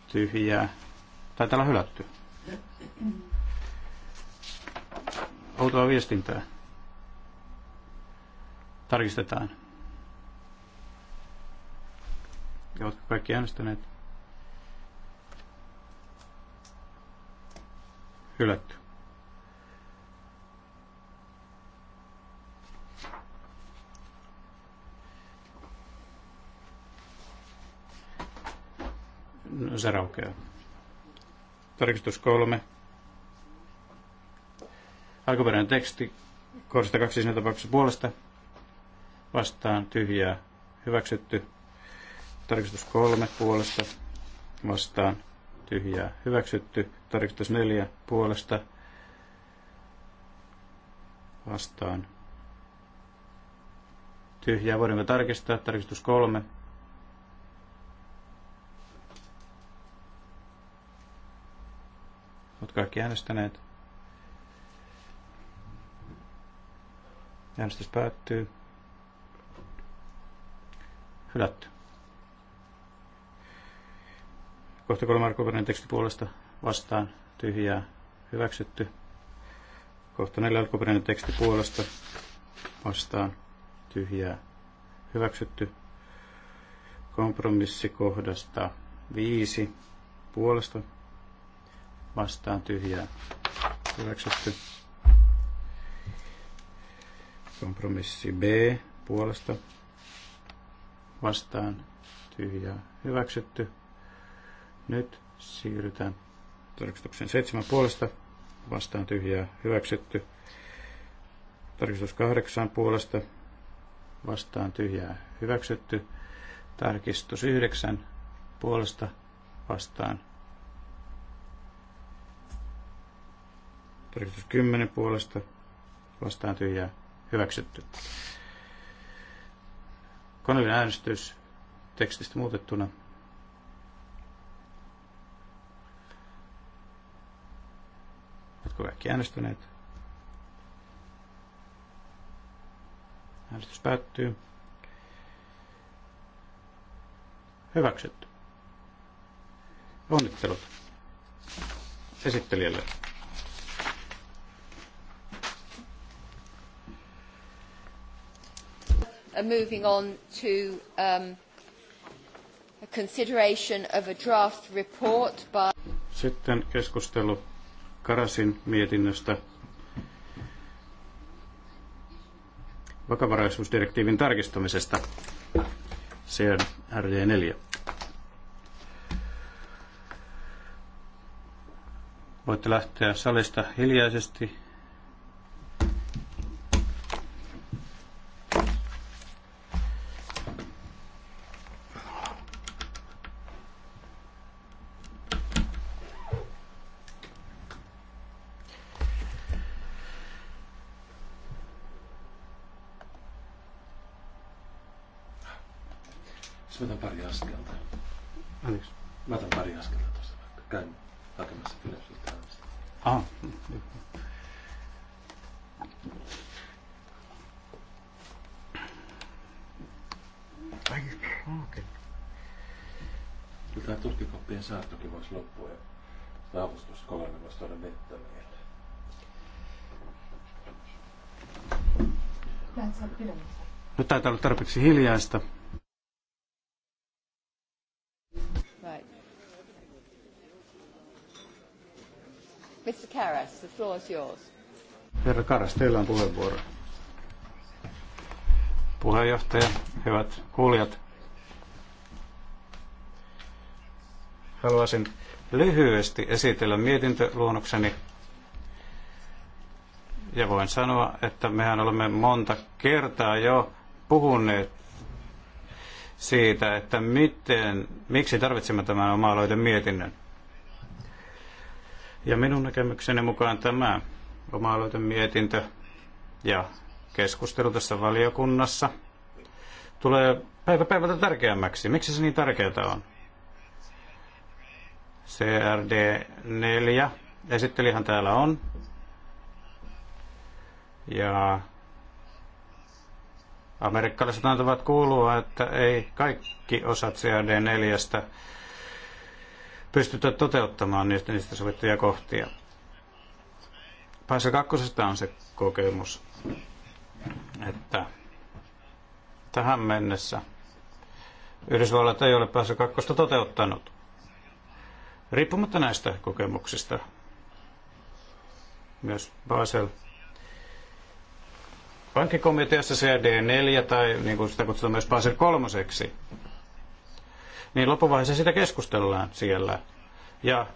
tyhjää. Taitaa olla hylätty. Outoa viestintää. Tarkistetaan. Oletko kaikki äänestäneet? Hylätty. no, se raukeaa. Tarkistus kolme. Alkuperäinen teksti kohdasta kaksi siinä tapauksessa puolesta vastaan tyhjää hyväksytty. Tarkistus kolme puolesta vastaan tyhjää hyväksytty. Tarkistus neljä puolesta vastaan tyhjää. Voidaanko tarkistaa? Tarkistus kolme kaikki äänestäneet. Äänestys päättyy. Hylätty. Kohta kolme alkuperäinen teksti puolesta vastaan tyhjää hyväksytty. Kohta neljä alkuperäinen teksti puolesta vastaan tyhjää hyväksytty. Kompromissikohdasta viisi puolesta vastaan tyhjää hyväksytty. Kompromissi B puolesta vastaan tyhjää hyväksytty. Nyt siirrytään tarkistuksen 7 puolesta vastaan tyhjää hyväksytty. Tarkistus 8 puolesta vastaan tyhjää hyväksytty. Tarkistus 9 puolesta vastaan Tarkistus 10 puolesta vastaan tyhjää hyväksytty. Koneellinen äänestys tekstistä muutettuna. Oletko kaikki äänestyneet? Äänestys päättyy. Hyväksytty. Onnittelut esittelijälle. moving on to um, a consideration of a draft report by... Sitten keskustelu Karasin mietinnöstä vakavaraisuusdirektiivin tarkistamisesta CRD4. Voitte lähteä salista hiljaisesti hetkeksi hiljaista. Right. Mr. Karas, the floor is yours. Herra Karas, teillä on puheenvuoro. Puheenjohtaja, hyvät kuulijat. Haluaisin lyhyesti esitellä mietintöluonnokseni ja voin sanoa, että mehän olemme monta kertaa jo puhuneet siitä, että miten, miksi tarvitsemme tämän oma mietinnön. Ja minun näkemykseni mukaan tämä oma mietintö ja keskustelu tässä valiokunnassa tulee päivä päivältä tärkeämmäksi. Miksi se niin tärkeää on? CRD4, esittelihan täällä on. Ja Amerikkalaiset antavat kuulua, että ei kaikki osat CAD4 pystytä toteuttamaan niistä, niistä sovittuja kohtia. Paisa kakkosesta on se kokemus, että tähän mennessä Yhdysvallat ei ole päässä kakkosta toteuttanut. Riippumatta näistä kokemuksista, myös Basel pankkikomiteassa CD4 tai niin kuin sitä kutsutaan myös Basel kolmoseksi, niin loppuvaiheessa sitä keskustellaan siellä. Ja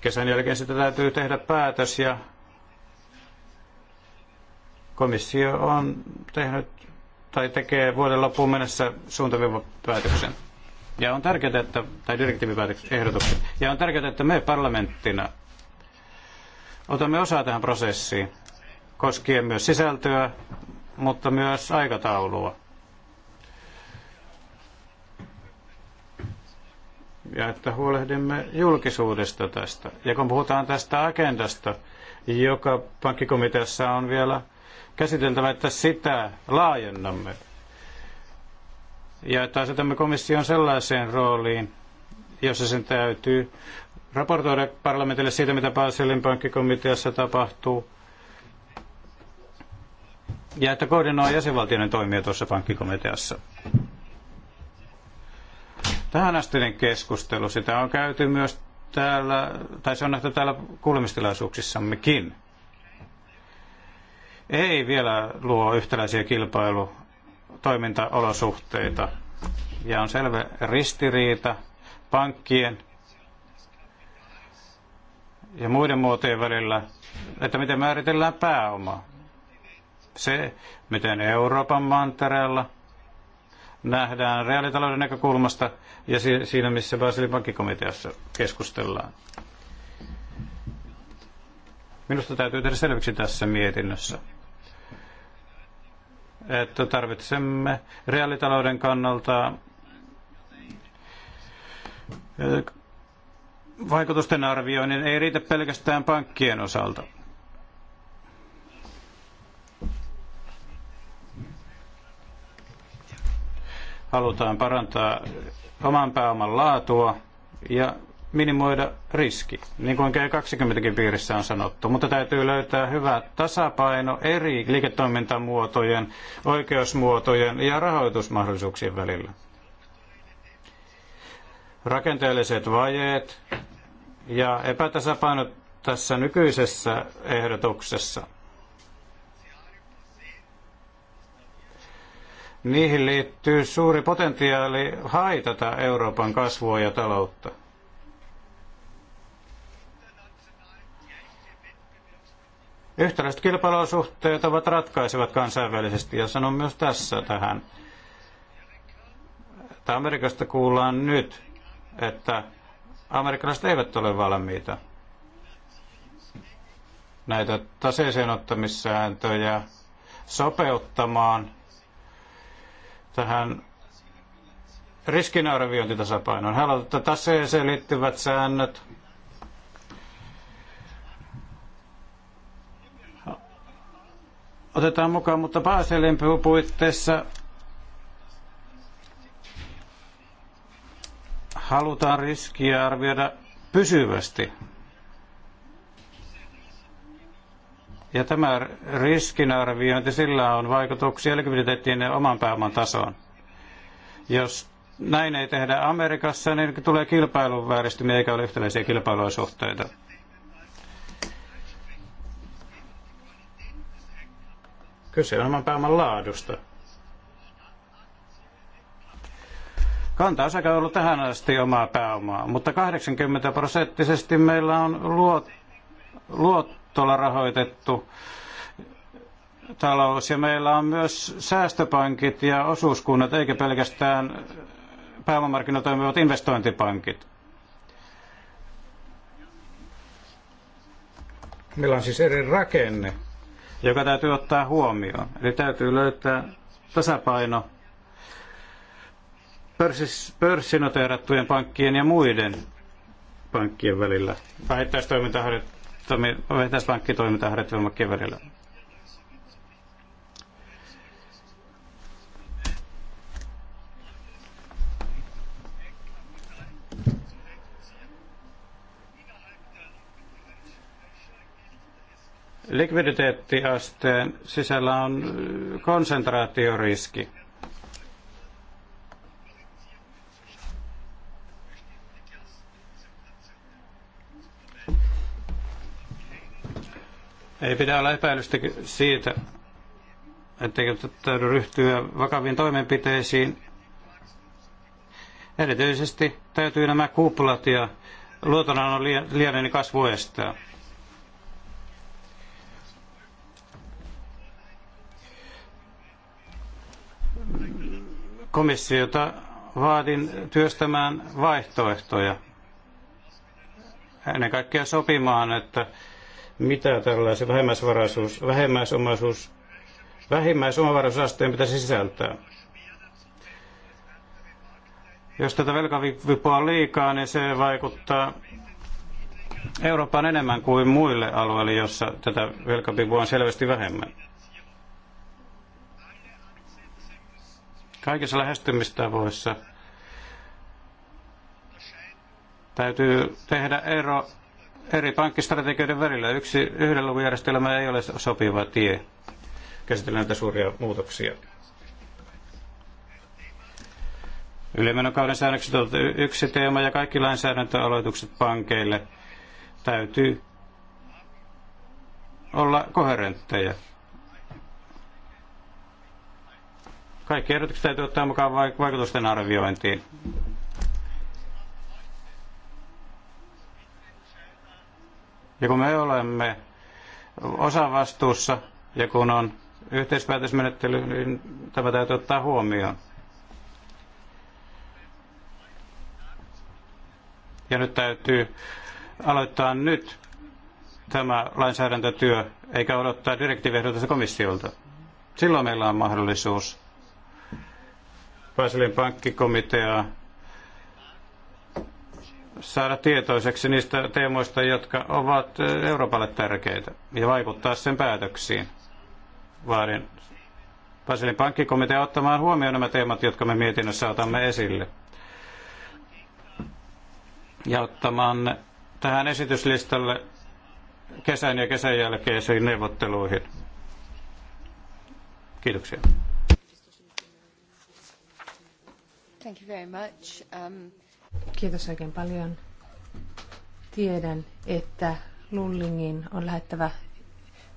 kesän jälkeen sitä täytyy tehdä päätös ja komissio on tehnyt tai tekee vuoden loppuun mennessä suuntaviivapäätöksen. Ja on tärkeää, että, tai direktiivipäätöksen Ja on tärkeää, että me parlamenttina otamme osaa tähän prosessiin koskien myös sisältöä, mutta myös aikataulua. Ja että huolehdimme julkisuudesta tästä. Ja kun puhutaan tästä agendasta, joka pankkikomiteassa on vielä käsiteltävä, että sitä laajennamme. Ja että asetamme komission sellaiseen rooliin, jossa sen täytyy raportoida parlamentille siitä, mitä Baselin pankkikomiteassa tapahtuu – ja että koordinoi jäsenvaltioiden toimia tuossa pankkikomiteassa. Tähän astinen keskustelu, sitä on käyty myös täällä, tai se on nähty täällä kuulemistilaisuuksissammekin. Ei vielä luo yhtäläisiä kilpailutoimintaolosuhteita. Ja on selvä ristiriita pankkien ja muiden muotojen välillä, että miten määritellään pääomaa se, miten Euroopan mantereella nähdään reaalitalouden näkökulmasta ja siinä, missä Basilin pankkikomiteassa keskustellaan. Minusta täytyy tehdä selväksi tässä mietinnössä, että tarvitsemme reaalitalouden kannalta eh, vaikutusten arvioinnin ei riitä pelkästään pankkien osalta. halutaan parantaa oman pääoman laatua ja minimoida riski, niin kuin G20 piirissä on sanottu. Mutta täytyy löytää hyvä tasapaino eri liiketoimintamuotojen, oikeusmuotojen ja rahoitusmahdollisuuksien välillä. Rakenteelliset vajeet ja epätasapainot tässä nykyisessä ehdotuksessa – niihin liittyy suuri potentiaali haitata Euroopan kasvua ja taloutta. Yhtäläiset kilpailusuhteet ovat ratkaisevat kansainvälisesti ja sanon myös tässä tähän. Että Amerikasta kuullaan nyt, että amerikkalaiset eivät ole valmiita näitä taseeseen ottamissääntöjä sopeuttamaan tähän riskinarviointitasapainoon. Hallinta taseeseen liittyvät säännöt, otetaan mukaan, mutta Baselin puitteissa halutaan riskiä arvioida pysyvästi Ja tämä riskinarviointi, sillä on vaikutuksia likviditeettiin ja oman pääoman tasoon. Jos näin ei tehdä Amerikassa, niin tulee kilpailun vääristymiä eikä ole yhtäläisiä kilpailuosuhteita. Kyse on oman pääoman laadusta. Kanta osake on ollut tähän asti omaa pääomaa, mutta 80 prosenttisesti meillä on luot, luot tuolla rahoitettu talous ja meillä on myös säästöpankit ja osuuskunnat eikä pelkästään pääomamarkkinoilla toimivat investointipankit. Meillä on siis eri rakenne, joka täytyy ottaa huomioon. Eli täytyy löytää tasapaino pörssinoteerattujen pankkien ja muiden pankkien välillä. Vähittäistoimintaa pankkitoiminta harjoittavien välillä. likviditeettiasteen sisällä on konsentraatioriski. Ei pidä olla epäilystä siitä, etteikö täydy ryhtyä vakaviin toimenpiteisiin. Erityisesti täytyy nämä kuplat ja luotonannon liian kasvu estää. Komissiota vaadin työstämään vaihtoehtoja. Ennen kaikkea sopimaan, että mitä tällaisen vähimmäisvaraisuus, vähimmäisomaisuus, vähimmäisomavaraisuusasteen pitäisi sisältää. Jos tätä velkavipua on liikaa, niin se vaikuttaa Euroopan enemmän kuin muille alueille, jossa tätä velkavipua on selvästi vähemmän. Kaikissa lähestymistavoissa täytyy tehdä ero eri pankkistrategioiden välillä. Yksi yhden luvun järjestelmä ei ole sopiva tie Käsitellään näitä suuria muutoksia. Ylimenokauden säännökset ovat yksi teema ja kaikki lainsäädäntöaloitukset pankeille täytyy olla koherentteja. Kaikki ehdotukset täytyy ottaa mukaan vaikutusten arviointiin. Ja kun me olemme osavastuussa ja kun on yhteispäätösmenettely, niin tämä täytyy ottaa huomioon. Ja nyt täytyy aloittaa nyt tämä lainsäädäntötyö, eikä odottaa direktiiviehdotusta komissiolta. Silloin meillä on mahdollisuus Pääselin pankkikomiteaa saada tietoiseksi niistä teemoista, jotka ovat eh, Euroopalle tärkeitä ja vaikuttaa sen päätöksiin. Vaadin Basilin pankkikomitea ottamaan huomioon nämä teemat, jotka me mietinnössä otamme esille. Ja ottamaan tähän esityslistalle kesän ja kesän jälkeisiin neuvotteluihin. Kiitoksia. Thank you very much. Um... Kiitos oikein paljon. Tiedän, että Lullingin on lähettävä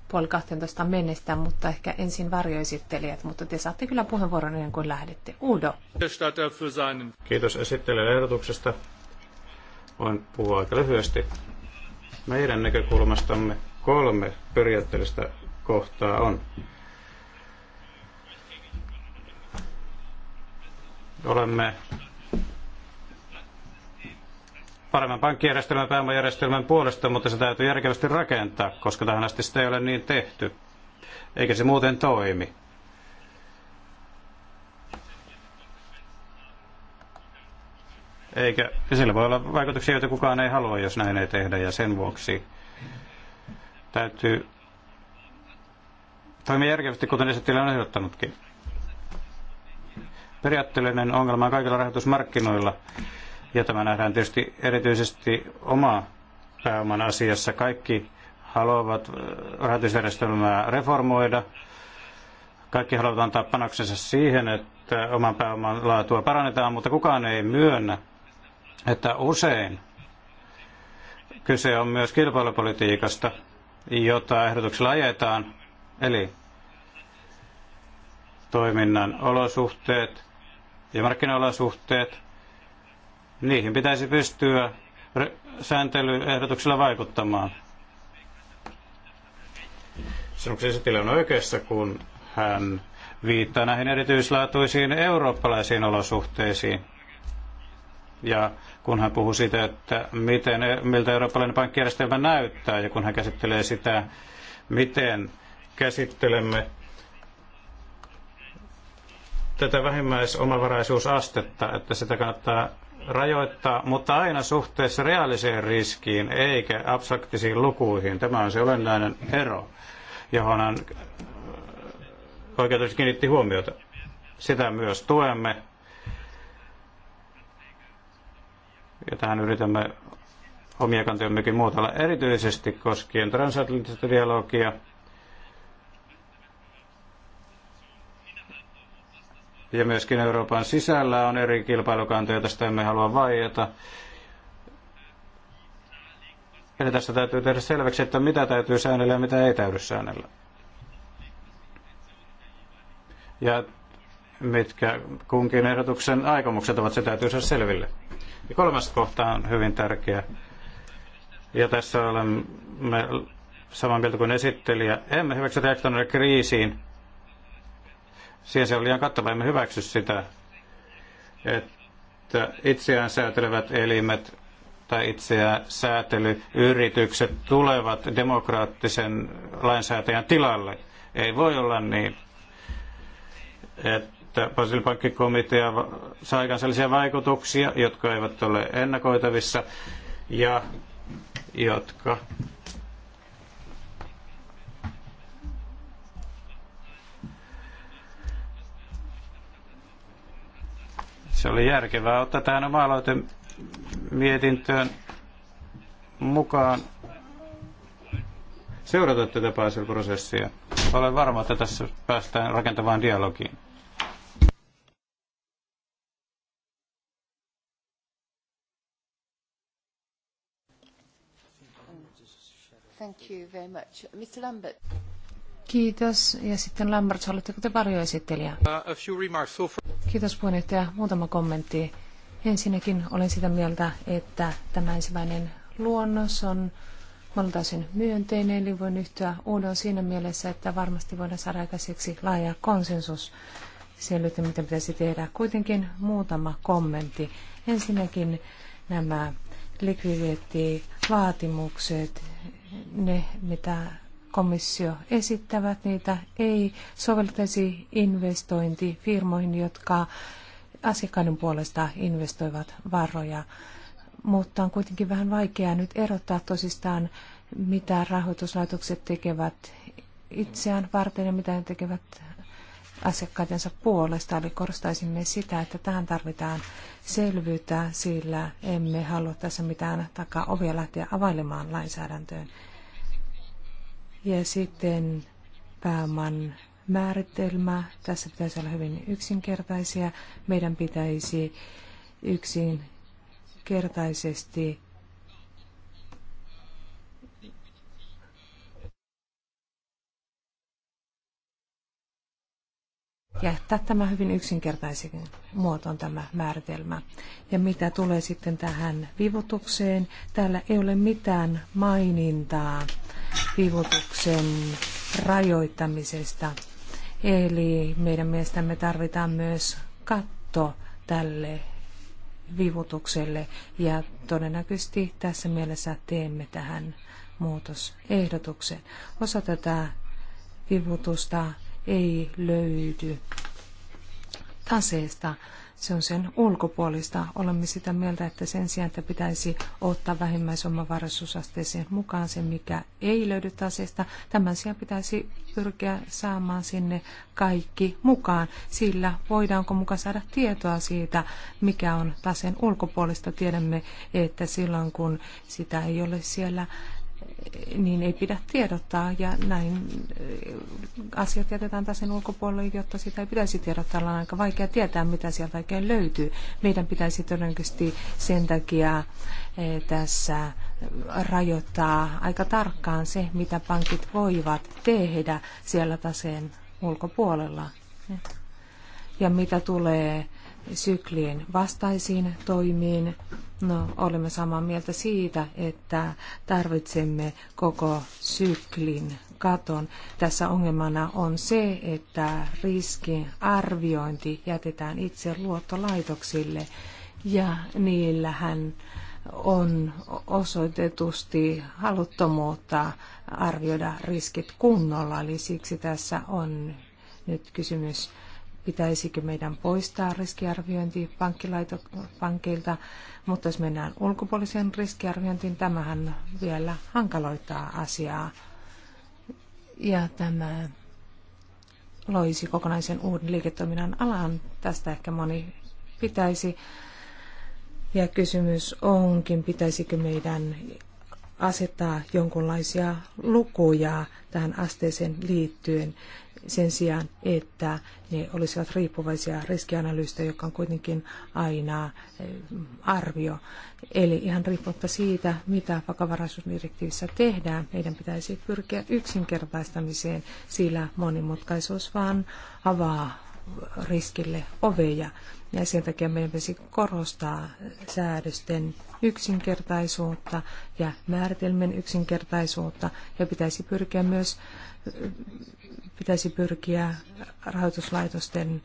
puoli 12 mennessä, mutta ehkä ensin varjoesittelijät, mutta te saatte kyllä puheenvuoron ennen kuin lähdette. Udo. Kiitos esittelijän ehdotuksesta. Voin puhua aika lyhyesti. Meidän näkökulmastamme kolme periaatteellista kohtaa on. Olemme paremman pankkijärjestelmän ja pääomajärjestelmän puolesta, mutta se täytyy järkevästi rakentaa, koska tähän asti sitä ei ole niin tehty. Eikä se muuten toimi. Eikä, sillä voi olla vaikutuksia, joita kukaan ei halua, jos näin ei tehdä, ja sen vuoksi täytyy toimia järkevästi, kuten esittely on ehdottanutkin. Periaatteellinen ongelma on kaikilla rahoitusmarkkinoilla ja tämä nähdään tietysti erityisesti oma pääoman asiassa. Kaikki haluavat äh, rahoitusjärjestelmää reformoida. Kaikki haluavat antaa panoksensa siihen, että oman pääoman laatua parannetaan, mutta kukaan ei myönnä, että usein kyse on myös kilpailupolitiikasta, jota ehdotuksella ajetaan, eli toiminnan olosuhteet ja markkinaolosuhteet Niihin pitäisi pystyä sääntelyehdotuksella vaikuttamaan. Sinuksen esitillä on oikeassa, kun hän viittaa näihin erityislaatuisiin eurooppalaisiin olosuhteisiin. Ja kun hän puhuu siitä, että miten, e- miltä eurooppalainen pankkijärjestelmä näyttää, ja kun hän käsittelee sitä, miten käsittelemme tätä vähimmäisomavaraisuusastetta, että sitä kannattaa rajoittaa, mutta aina suhteessa reaaliseen riskiin eikä abstraktisiin lukuihin. Tämä on se olennainen ero, johon hän äh, oikeutus kiinnitti huomiota. Sitä myös tuemme ja tähän yritämme omia kantojammekin muotoilla erityisesti koskien transatlanttista dialogia – Ja myöskin Euroopan sisällä on eri kilpailukantoja, tästä emme halua vaieta. Eli tässä täytyy tehdä selväksi, että mitä täytyy säännellä ja mitä ei täydy säännellä. Ja mitkä kunkin ehdotuksen aikomukset ovat, se täytyy saada selville. Ja kolmas kohta on hyvin tärkeä. Ja tässä olemme saman mieltä kuin esittelijä. Emme hyväksy reaktoineet kriisiin, Siihen se oli liian kattava, emme hyväksy sitä, että itseään säätelevät elimet tai itseään säätelyyritykset tulevat demokraattisen lainsäätäjän tilalle. Ei voi olla niin, että Basilipankkikomitea saa aikaan sellaisia vaikutuksia, jotka eivät ole ennakoitavissa ja jotka Se oli järkevää ottaa tähän oma mietintöön mukaan seurata tätä Basel-prosessia. Olen varma, että tässä päästään rakentavaan dialogiin. Thank you very much. Mr. Lambert. Kiitos. Ja sitten Lambert, oletteko te varjoesittelijä? Uh, Kiitos puheenjohtaja. Muutama kommentti. Ensinnäkin olen sitä mieltä, että tämä ensimmäinen luonnos on monelta osin myönteinen, eli voin yhtyä uudon siinä mielessä, että varmasti voidaan saada aikaiseksi laaja konsensus Siellä mitä pitäisi tehdä. Kuitenkin muutama kommentti. Ensinnäkin nämä likviditeettivaatimukset, ne mitä komissio esittävät, niitä ei soveltaisi investointifirmoihin, jotka asiakkaiden puolesta investoivat varoja. Mutta on kuitenkin vähän vaikeaa nyt erottaa tosistaan, mitä rahoituslaitokset tekevät itseään varten ja mitä ne tekevät asiakkaidensa puolesta. Eli korostaisimme sitä, että tähän tarvitaan selvyyttä, sillä emme halua tässä mitään takaa ovia lähteä availemaan lainsäädäntöön ja sitten pääoman määritelmä. Tässä pitäisi olla hyvin yksinkertaisia. Meidän pitäisi yksinkertaisesti jättää tämä hyvin yksinkertaisen muotoon tämä määritelmä. Ja mitä tulee sitten tähän vivutukseen, täällä ei ole mitään mainintaa vivutuksen rajoittamisesta. Eli meidän mielestämme tarvitaan myös katto tälle vivutukselle ja todennäköisesti tässä mielessä teemme tähän muutosehdotuksen. Osa tätä vivutusta ei löydy taseesta. Se on sen ulkopuolista. Olemme sitä mieltä, että sen sijaan, että pitäisi ottaa vähimmäisomavaraisuusasteeseen mukaan se, mikä ei löydy taseesta, tämän sijaan pitäisi pyrkiä saamaan sinne kaikki mukaan. Sillä voidaanko mukaan saada tietoa siitä, mikä on taseen ulkopuolista. Tiedämme, että silloin kun sitä ei ole siellä niin ei pidä tiedottaa ja näin eh, asiat jätetään taas sen ulkopuolelle, jotta sitä ei pitäisi tiedottaa. Ollaan aika vaikea tietää, mitä sieltä oikein löytyy. Meidän pitäisi todennäköisesti sen takia eh, tässä rajoittaa aika tarkkaan se, mitä pankit voivat tehdä siellä taseen ulkopuolella. Ja mitä tulee syklien vastaisiin toimiin. No, olemme samaa mieltä siitä, että tarvitsemme koko syklin katon. Tässä ongelmana on se, että riskin arviointi jätetään itse luottolaitoksille ja niillähän on osoitetusti haluttomuutta arvioida riskit kunnolla, eli siksi tässä on nyt kysymys pitäisikö meidän poistaa riskiarviointi pankkeilta, mutta jos mennään ulkopuolisen riskiarviointiin, tämähän vielä hankaloittaa asiaa. Ja tämä loisi kokonaisen uuden liiketoiminnan alan. Tästä ehkä moni pitäisi. Ja kysymys onkin, pitäisikö meidän asettaa jonkinlaisia lukuja tähän asteeseen liittyen sen sijaan, että ne olisivat riippuvaisia riskianalyysistä, joka on kuitenkin aina eh, arvio. Eli ihan riippumatta siitä, mitä vakavaraisuusdirektiivissä tehdään, meidän pitäisi pyrkiä yksinkertaistamiseen, sillä monimutkaisuus vaan avaa riskille oveja. Ja sen takia meidän pitäisi korostaa säädösten yksinkertaisuutta ja määritelmien yksinkertaisuutta ja pitäisi pyrkiä myös eh, pitäisi pyrkiä rahoituslaitosten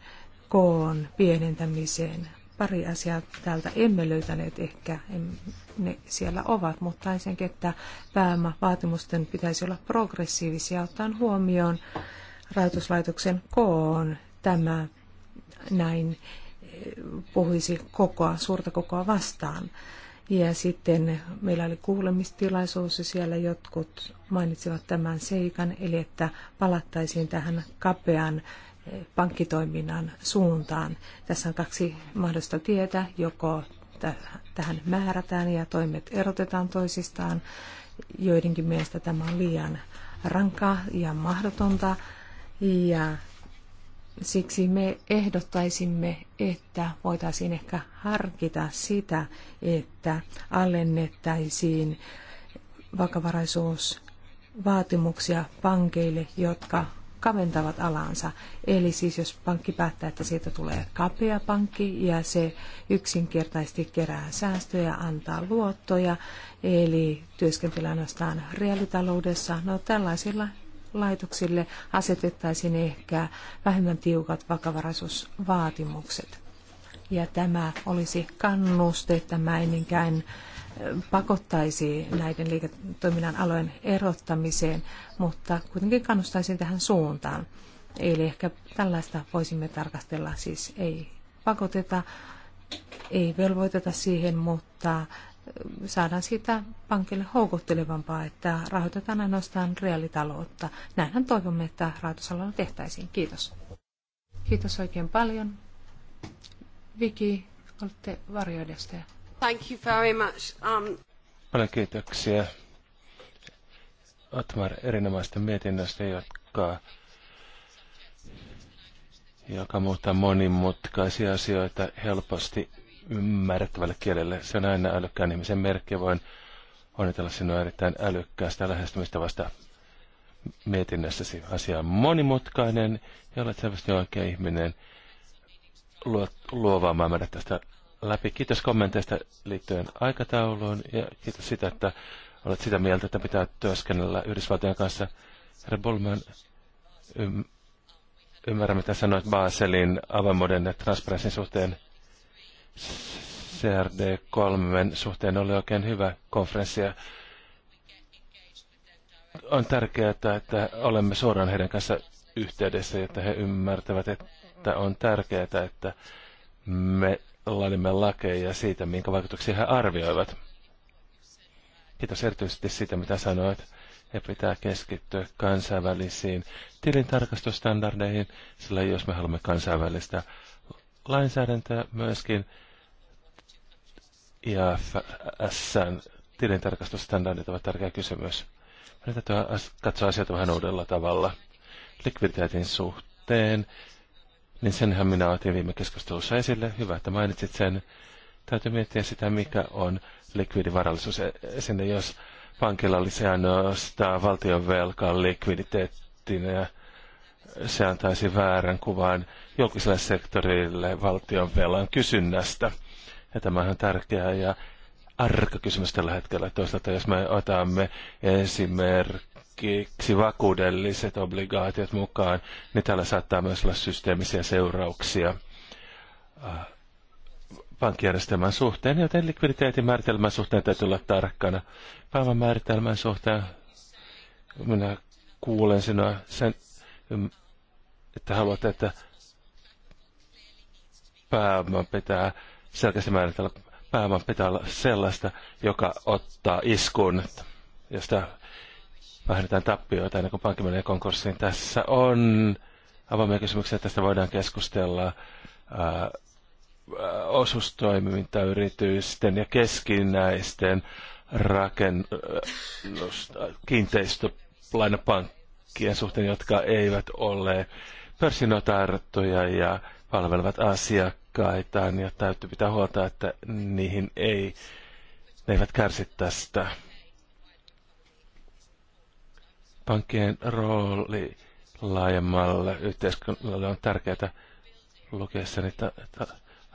koon pienentämiseen. Pari asiaa täältä emme löytäneet, ehkä ne siellä ovat, mutta ensinnäkin, että pääomavaatimusten pitäisi olla progressiivisia ottaen huomioon rahoituslaitoksen koon. Tämä näin puhuisi kokoa, suurta kokoa vastaan. Ja sitten meillä oli kuulemistilaisuus ja siellä jotkut mainitsivat tämän seikan, eli että palattaisiin tähän kapean eh, pankkitoiminnan suuntaan. Tässä on kaksi mahdollista tietä, joko tähän määrätään ja toimet erotetaan toisistaan. Joidenkin mielestä tämä on liian rankaa ja mahdotonta ja Siksi me ehdottaisimme, että voitaisiin ehkä harkita sitä, että alennettaisiin vakavaraisuusvaatimuksia pankeille, jotka kaventavat alansa. Eli siis jos pankki päättää, että siitä tulee kapea pankki ja se yksinkertaisesti kerää säästöjä, antaa luottoja, eli työskentelee ainoastaan reaalitaloudessa, no tällaisilla laitoksille asetettaisiin ehkä vähemmän tiukat vakavaraisuusvaatimukset. Ja tämä olisi kannuste, tämä ei pakottaisi näiden liiketoiminnan alojen erottamiseen, mutta kuitenkin kannustaisi tähän suuntaan. Eli ehkä tällaista voisimme tarkastella, siis ei pakoteta, ei velvoiteta siihen, mutta saadaan siitä pankille houkuttelevampaa, että rahoitetaan ainoastaan reaalitaloutta. Näinhän toivomme, että rahoitusalalla tehtäisiin. Kiitos. Kiitos oikein paljon. Viki, olette varjoidesta. Thank you very much. Um... Paljon kiitoksia Otmar erinomaista mietinnöstä, joka, joka muuttaa monimutkaisia asioita helposti ymmärrettävälle kielelle. Se on aina älykkään ihmisen merkki voin onnitella sinua erittäin älykkäästä lähestymistavasta mietinnässäsi. Asia on monimutkainen ja olet selvästi oikea ihminen luo, luovaamaan meidät tästä läpi. Kiitos kommenteista liittyen aikatauluun ja kiitos sitä, että olet sitä mieltä, että pitää työskennellä Yhdysvaltojen kanssa. Herra Bolman, ymmärrä mitä sanoit Baselin avoimuuden ja transparenssin suhteen. CRD3 suhteen oli oikein hyvä konferenssi. Ja on tärkeää, että olemme suoraan heidän kanssa yhteydessä, jotta he ymmärtävät, että on tärkeää, että me laadimme lakeja siitä, minkä vaikutuksia he arvioivat. Kiitos erityisesti siitä, mitä sanoit. He pitää keskittyä kansainvälisiin tilintarkastustandardeihin, sillä jos me haluamme kansainvälistä lainsäädäntöä myöskin, IFSn tilintarkastustandardit ovat tärkeä kysymys. Meidän täytyy katsoa asiat vähän uudella tavalla. Likviditeetin suhteen, niin senhän minä otin viime keskustelussa esille. Hyvä, että mainitsit sen. Täytyy miettiä sitä, mikä on likvidivarallisuus e- sinne, jos pankilla olisi ainoastaan valtion velkaa likviditeettinä. Se antaisi väärän kuvan julkiselle sektorille valtion velan kysynnästä. Ja tämä on tärkeää ja arka kysymys tällä hetkellä. Toisaalta jos me otamme esimerkiksi vakuudelliset obligaatiot mukaan, niin tällä saattaa myös olla systeemisiä seurauksia äh, pankkijärjestelmän suhteen, joten likviditeetin määritelmän suhteen täytyy olla tarkkana. Päivän määritelmän suhteen minä kuulen sinua sen, että haluat, että pääoman pitää selkeästi määritellä pääoman pitää olla sellaista, joka ottaa iskun, josta vähennetään tappioita ennen kuin pankki menee konkurssiin. Tässä on avoimia kysymyksiä, tästä voidaan keskustella ää, ja keskinäisten rakennusta, kiinteistölainapankkien suhteen, jotka eivät ole pörssinotarttuja ja palvelevat asiakkaita raskaitaan ja täytyy pitää huolta, että niihin ei, ne eivät kärsi tästä. Pankkien rooli laajemmalle yhteiskunnalle on tärkeää että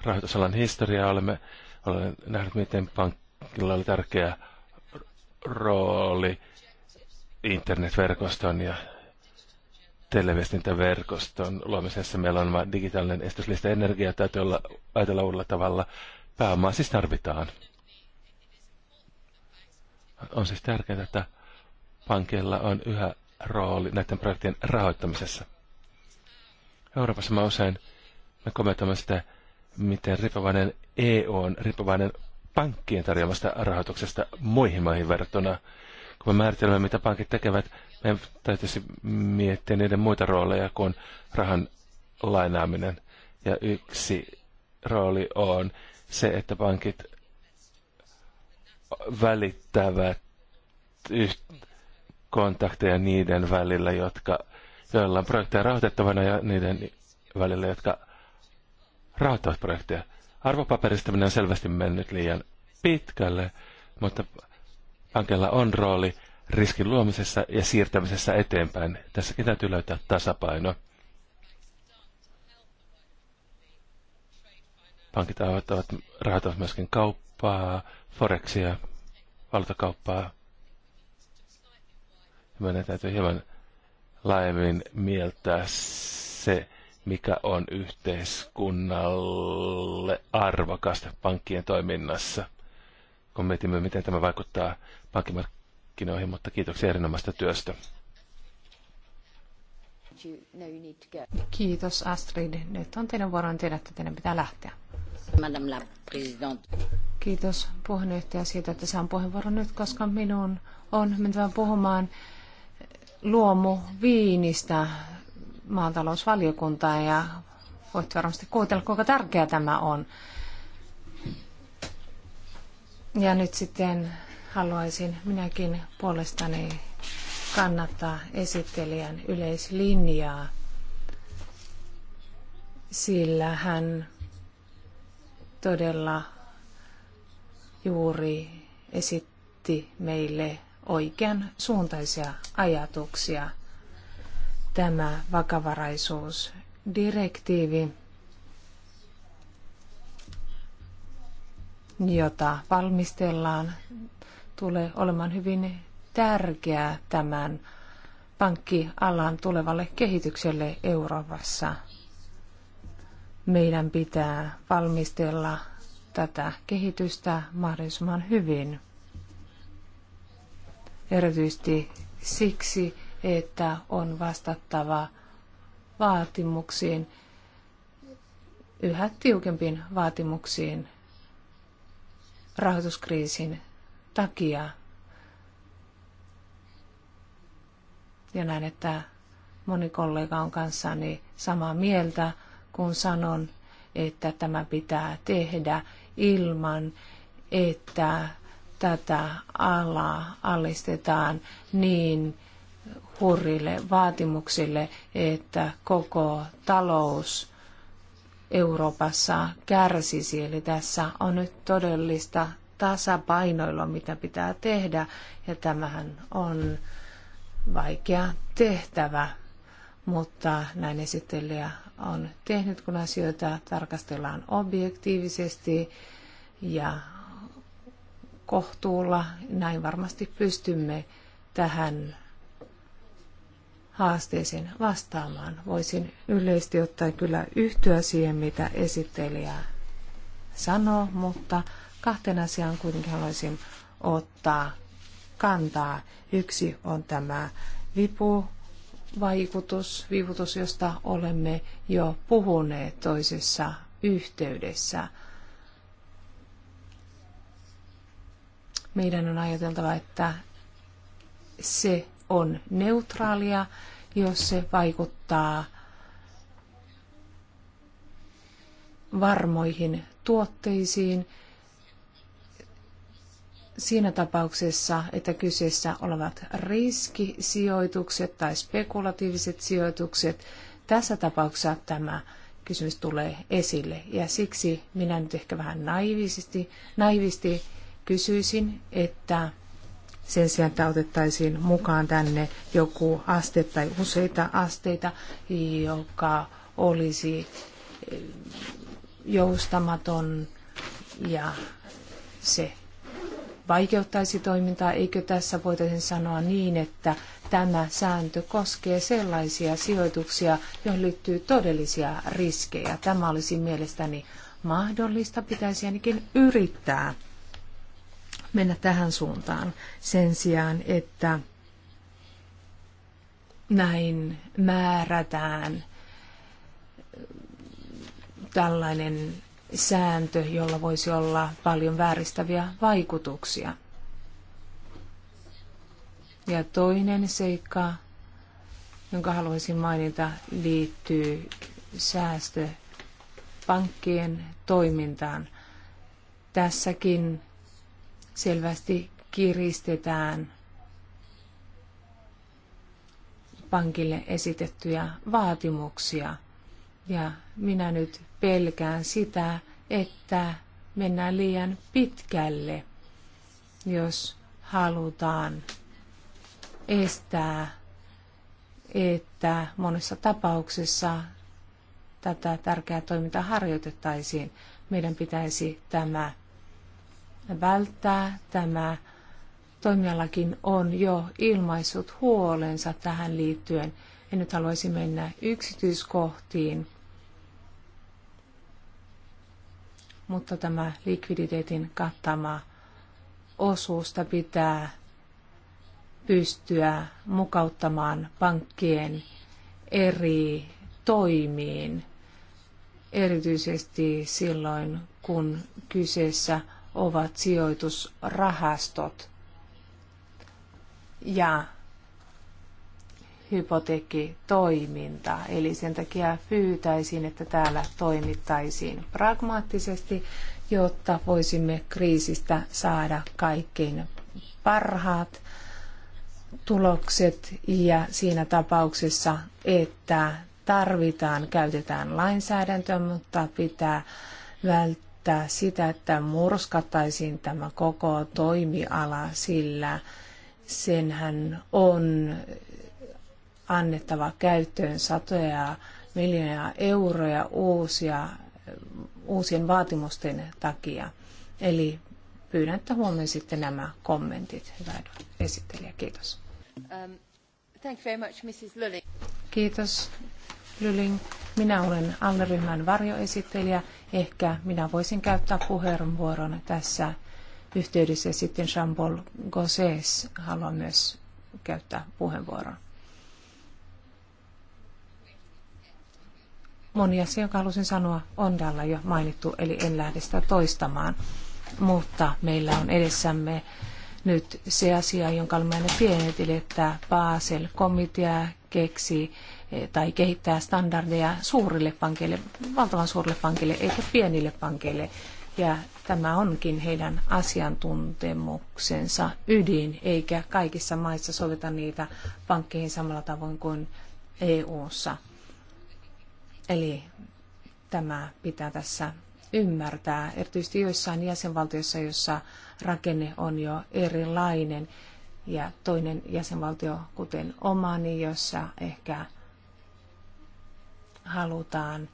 rahoitusalan historiaa. Olemme, olen nähnyt, miten pankilla oli tärkeä rooli internetverkoston ja televestintäverkoston luomisessa. Meillä on digitaalinen estoslista energiaa, täytyy olla, ajatella uudella tavalla. Pääomaa siis tarvitaan. On siis tärkeää, että pankeilla on yhä rooli näiden projektien rahoittamisessa. Euroopassa mä usein me kommentoimme sitä, miten riippuvainen EU on riippuvainen pankkien tarjoamasta rahoituksesta muihin maihin verrattuna – kun me määrittelemme, mitä pankit tekevät, meidän täytyisi miettiä niiden muita rooleja kuin rahan lainaaminen. Ja yksi rooli on se, että pankit välittävät kontakteja niiden välillä, jotka, joilla on projekteja rahoitettavana ja niiden välillä, jotka rahoittavat projekteja. Arvopaperistaminen on selvästi mennyt liian pitkälle, mutta Pankilla on rooli riskin luomisessa ja siirtämisessä eteenpäin. Tässäkin täytyy löytää tasapaino. Pankit auttavat, rahoittavat myöskin kauppaa, foreksia, valtakauppaa. Meidän täytyy hieman laajemmin mieltää se, mikä on yhteiskunnalle arvokasta pankkien toiminnassa. Kun mietimme, miten tämä vaikuttaa pankkimarkkinoihin, mutta kiitoksia erinomaista työstä. Kiitos Astrid. Nyt on teidän vuoron tiedä, että teidän pitää lähteä. Madame la Présidente. Kiitos puheenjohtaja siitä, että saan puheenvuoron nyt, koska minun on mentävä puhumaan viinistä maatalousvaliokuntaa ja voitte varmasti kuutella, kuinka tärkeä tämä on. Ja nyt sitten haluaisin minäkin puolestani kannattaa esittelijän yleislinjaa, sillä hän todella juuri esitti meille oikean suuntaisia ajatuksia. Tämä vakavaraisuusdirektiivi, jota valmistellaan tulee olemaan hyvin tärkeää tämän pankkialan tulevalle kehitykselle Euroopassa. Meidän pitää valmistella tätä kehitystä mahdollisimman hyvin. Erityisesti siksi, että on vastattava vaatimuksiin, yhä tiukempiin vaatimuksiin rahoituskriisin takia. Ja näen, että moni kollega on kanssani samaa mieltä, kun sanon, että tämä pitää tehdä ilman, että tätä alaa alistetaan niin hurrille vaatimuksille, että koko talous Euroopassa kärsisi. Eli tässä on nyt todellista tasapainoilua, mitä pitää tehdä. Ja tämähän on vaikea tehtävä, mutta näin esittelijä on tehnyt, kun asioita tarkastellaan objektiivisesti ja kohtuulla. Näin varmasti pystymme tähän haasteeseen vastaamaan. Voisin yleisesti ottaen kyllä yhtyä siihen, mitä esittelijä sanoo, mutta Kahteen asiaan kuitenkin haluaisin ottaa kantaa. Yksi on tämä vipu vaikutus, viivutus, josta olemme jo puhuneet toisessa yhteydessä. Meidän on ajateltava, että se on neutraalia, jos se vaikuttaa varmoihin tuotteisiin siinä tapauksessa, että kyseessä olevat riskisijoitukset tai spekulatiiviset sijoitukset, tässä tapauksessa tämä kysymys tulee esille. Ja siksi minä nyt ehkä vähän naivisti, naivisti kysyisin, että sen sijaan, että otettaisiin mukaan tänne joku aste tai useita asteita, joka olisi eh, joustamaton ja se vaikeuttaisi toimintaa. Eikö tässä voitaisi sanoa niin, että tämä sääntö koskee sellaisia sijoituksia, joihin liittyy todellisia riskejä? Tämä olisi mielestäni mahdollista. Pitäisi ainakin yrittää mennä tähän suuntaan sen sijaan, että näin määrätään tällainen sääntö, jolla voisi olla paljon vääristäviä vaikutuksia. Ja toinen seikka, jonka haluaisin mainita, liittyy säästöpankkien toimintaan. Tässäkin selvästi kiristetään pankille esitettyjä vaatimuksia – ja minä nyt pelkään sitä, että mennään liian pitkälle, jos halutaan estää, että monessa tapauksessa tätä tärkeää toimintaa harjoitettaisiin. Meidän pitäisi tämä välttää. Tämä toimialakin on jo ilmaissut huolensa tähän liittyen en nyt haluaisin mennä yksityiskohtiin, mutta tämä likviditeetin kattama osuusta pitää pystyä mukauttamaan pankkien eri toimiin, erityisesti silloin, kun kyseessä ovat sijoitusrahastot ja hypoteekkitoiminta. Eli sen takia pyytäisin, että täällä toimittaisiin pragmaattisesti, jotta voisimme kriisistä saada kaikkein parhaat tulokset ja siinä tapauksessa, että tarvitaan, käytetään lainsäädäntöä, mutta pitää välttää sitä, että murskattaisiin tämä koko toimiala, sillä senhän on annettava käyttöön satoja miljoonia euroja uusia, uusien vaatimusten takia. Eli pyydän, että huomioon sitten nämä kommentit. Hyvä esittelijä, kiitos. Um, thank you very much, Mrs. Lulling. Kiitos, Lyling. Minä olen alleryhmän varjoesittelijä. Ehkä minä voisin käyttää puheenvuoron tässä yhteydessä. Sitten Jean-Paul Gosses haluaa myös käyttää puheenvuoron. moni asia, jonka halusin sanoa, on täällä jo mainittu, eli en lähde sitä toistamaan. Mutta meillä on edessämme nyt se asia, jonka olemme aina pienet, eli että Basel-komitea keksi eh, tai kehittää standardeja suurille pankeille, valtavan suurille pankeille, eikä pienille pankeille. Ja tämä onkin heidän asiantuntemuksensa ydin, eikä kaikissa maissa sovita niitä pankkeihin samalla tavoin kuin EU:ssa. ssa Eli tämä pitää tässä ymmärtää, erityisesti joissain jäsenvaltioissa, jossa rakenne on jo erilainen ja toinen jäsenvaltio, kuten omani, jossa ehkä halutaan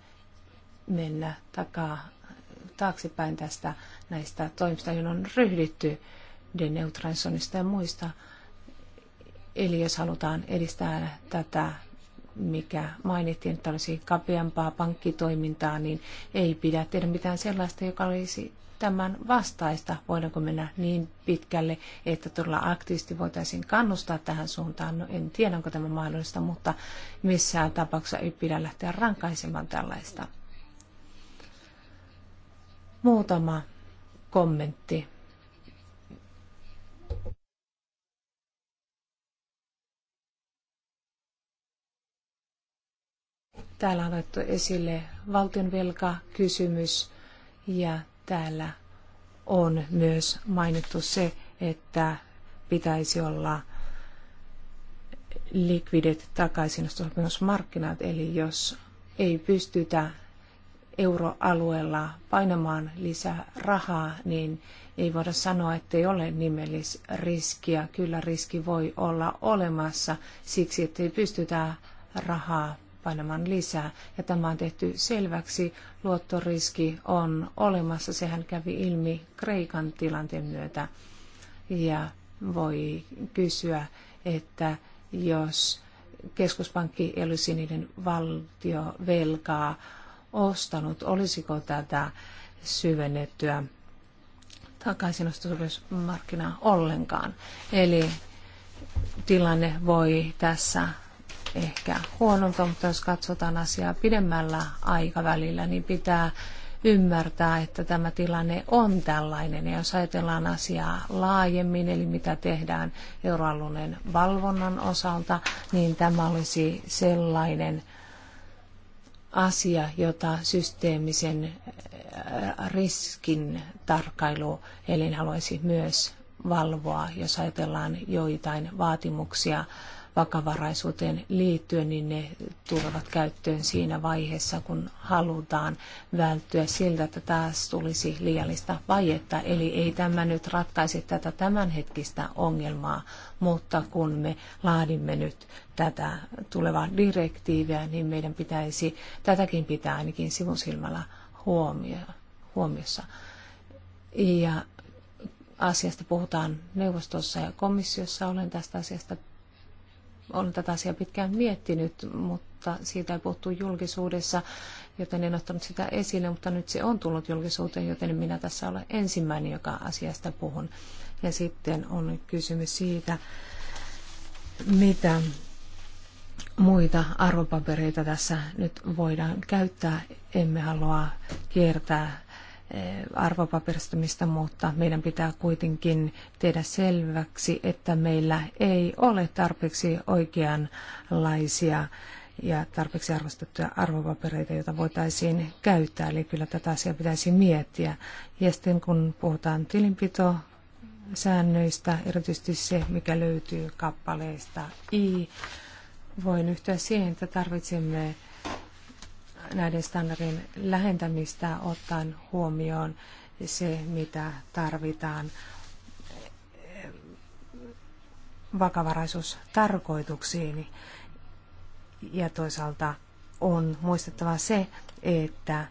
mennä takaa, taaksepäin tästä näistä toimista, joihin on ryhdytty deneutralisoinnista ja muista. Eli jos halutaan edistää tätä mikä mainittiin, että olisi kapeampaa pankkitoimintaa, niin ei pidä tehdä mitään sellaista, joka olisi tämän vastaista. Voidaanko mennä niin pitkälle, että todella aktiivisesti voitaisiin kannustaa tähän suuntaan? No en tiedä, onko tämä mahdollista, mutta missään tapauksessa ei pidä lähteä rankaisemaan tällaista. Muutama kommentti Täällä on otettu esille valtionvelkakysymys ja täällä on myös mainittu se, että pitäisi olla likvidit takaisinostosopimusmarkkinat, eli jos ei pystytä euroalueella painamaan lisää rahaa, niin ei voida sanoa, että ei ole nimellisriskiä. Kyllä riski voi olla olemassa siksi, että ei pystytä rahaa painamaan lisää. Ja tämä on tehty selväksi. Luottoriski on olemassa. Sehän kävi ilmi Kreikan tilanteen myötä. Ja voi kysyä, että jos keskuspankki ei olisi niiden valtiovelkaa ostanut, olisiko tätä syvennettyä takaisinostosopimusmarkkinaa ollenkaan. Eli tilanne voi tässä ehkä huonolta, mutta jos katsotaan asiaa pidemmällä aikavälillä, niin pitää ymmärtää, että tämä tilanne on tällainen. Ja jos ajatellaan asiaa laajemmin, eli mitä tehdään euroalueen valvonnan osalta, niin tämä olisi sellainen asia, jota systeemisen äh, riskin tarkkailu elin haluaisi myös valvoa, jos ajatellaan joitain vaatimuksia vakavaraisuuteen liittyen, niin ne tulevat käyttöön siinä vaiheessa, kun halutaan välttyä siltä, että taas tulisi liiallista vajetta. Eli ei tämä nyt ratkaise tätä tämänhetkistä ongelmaa, mutta kun me laadimme nyt tätä tulevaa direktiiviä, niin meidän pitäisi tätäkin pitää ainakin sivusilmällä huomiossa. Ja asiasta puhutaan neuvostossa ja komissiossa. Olen tästä asiasta olen tätä asiaa pitkään miettinyt, mutta siitä ei puhuttu julkisuudessa, joten en ottanut sitä esille, mutta nyt se on tullut julkisuuteen, joten minä tässä olen ensimmäinen, joka asiasta puhun. Ja sitten on kysymys siitä, mitä muita arvopapereita tässä nyt voidaan käyttää. Emme halua kiertää Eh, arvopaperistumista, mutta meidän pitää kuitenkin tehdä selväksi, että meillä ei ole tarpeeksi oikeanlaisia ja tarpeeksi arvostettuja arvopapereita, joita voitaisiin käyttää. Eli kyllä tätä asiaa pitäisi miettiä. Ja sitten kun puhutaan tilinpito säännöistä, erityisesti se, mikä löytyy kappaleista I, voin yhtyä siihen, että tarvitsemme näiden standardien lähentämistä ottaen huomioon se, mitä tarvitaan vakavaraisuustarkoituksiin. Ja toisaalta on muistettava se, että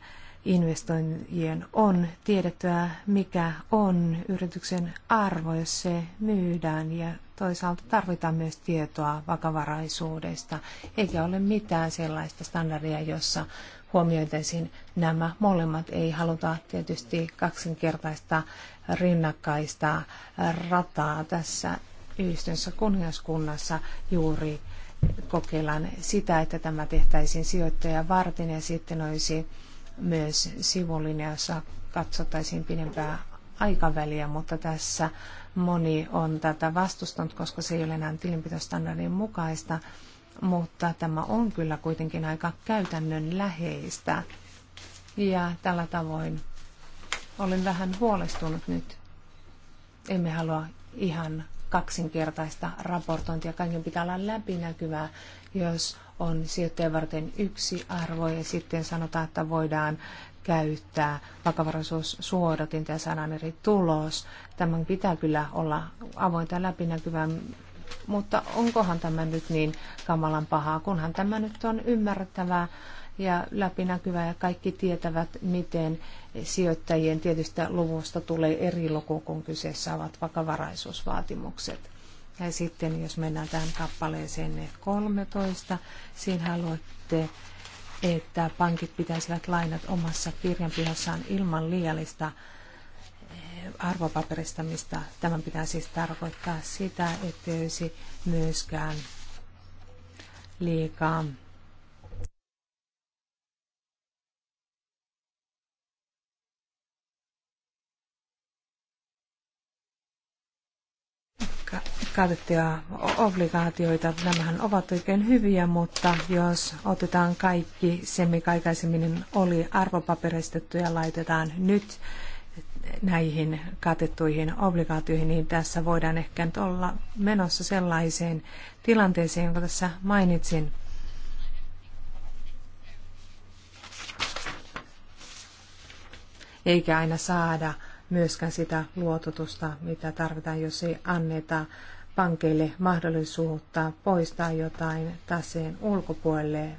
investoijien on tiedettyä, mikä on yrityksen arvo, jos se myydään ja toisaalta tarvitaan myös tietoa vakavaraisuudesta, eikä ole mitään sellaista standardia, jossa huomioitaisiin nämä molemmat. Ei haluta tietysti kaksinkertaista rinnakkaista rataa tässä yhdistössä kuningaskunnassa juuri kokeillaan sitä, että tämä tehtäisiin sijoittajan varten ja sitten olisi myös sivulinjassa katsottaisiin pidempää aikaväliä, mutta tässä moni on tätä vastustanut, koska se ei ole enää tilinpitostandardin mukaista, mutta tämä on kyllä kuitenkin aika käytännön läheistä. Ja tällä tavoin olen vähän huolestunut nyt. Emme halua ihan kaksinkertaista raportointia. Kaiken pitää olla läpinäkyvää, jos on sijoittajan varten yksi arvo ja sitten sanotaan, että voidaan käyttää suodatin ja sanan eri tulos. Tämän pitää kyllä olla avointa ja läpinäkyvää, mutta onkohan tämä nyt niin kamalan pahaa, kunhan tämä nyt on ymmärrettävää ja läpinäkyvää ja kaikki tietävät, miten sijoittajien tietystä luvusta tulee eri luku, kun kyseessä ovat vakavaraisuusvaatimukset. Ja sitten jos mennään tähän kappaleeseen 13, siinä haluatte että pankit pitäisivät lainat omassa kirjanpihossaan ilman liiallista eh, arvopaperistamista. Tämän pitää siis tarkoittaa sitä, ettei olisi myöskään liikaa käytettyjä obligaatioita. Nämähän ovat oikein hyviä, mutta jos otetaan kaikki se, mikä aikaisemmin oli arvopaperistettu ja laitetaan nyt näihin katettuihin obligaatioihin, niin tässä voidaan ehkä nyt olla menossa sellaiseen tilanteeseen, jonka tässä mainitsin. Eikä aina saada myöskään sitä luototusta, mitä tarvitaan, jos ei anneta pankeille mahdollisuutta poistaa jotain taseen ulkopuolelle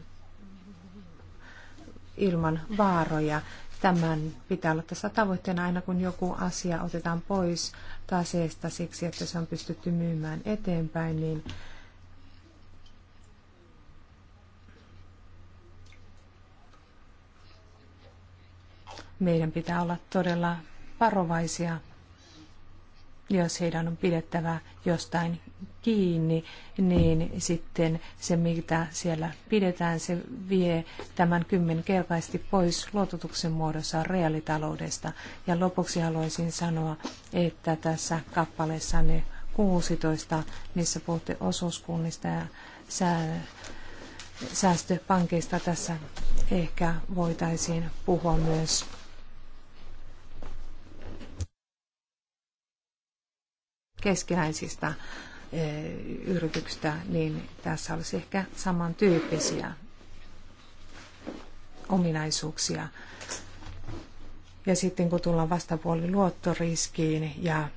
ilman vaaroja. Tämän pitää olla tässä tavoitteena aina, kun joku asia otetaan pois taseesta siksi, että se on pystytty myymään eteenpäin, niin meidän pitää olla todella varovaisia, jos heidän on pidettävä jostain kiinni, niin sitten se, mitä siellä pidetään, se vie tämän kymmenkertaisesti pois luototuksen muodossa reaalitaloudesta. Ja lopuksi haluaisin sanoa, että tässä kappaleessa ne 16, missä puhutte osuuskunnista ja sää, säästöpankeista, tässä ehkä voitaisiin puhua myös keskinäisistä eh, yrityksistä, niin tässä olisi ehkä samantyyppisiä ominaisuuksia. Ja sitten kun tullaan vastapuoli luottoriskiin ja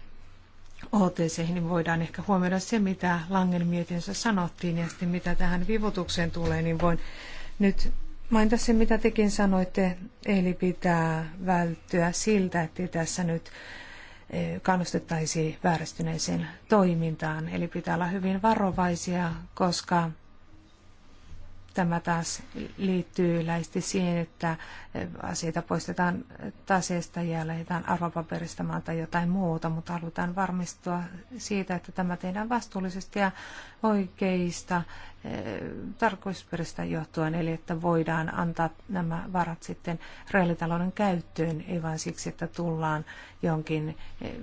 OTC, niin voidaan ehkä huomioida se, mitä Langen mietinsä sanottiin, ja sitten mitä tähän vivutukseen tulee, niin voin nyt mainita se, mitä tekin sanoitte, eli pitää välttyä siltä, että tässä nyt kannustettaisiin vääristyneeseen toimintaan. Eli pitää olla hyvin varovaisia, koska Tämä taas liittyy läisesti siihen, että asioita poistetaan taseesta ja lähdetään arvopaperistamaan tai jotain muuta, mutta halutaan varmistua siitä, että tämä tehdään vastuullisesti ja oikeista eh, tarkoitusperistä johtuen, eli että voidaan antaa nämä varat sitten reaalitalouden käyttöön, ei vain siksi, että tullaan jonkin eh,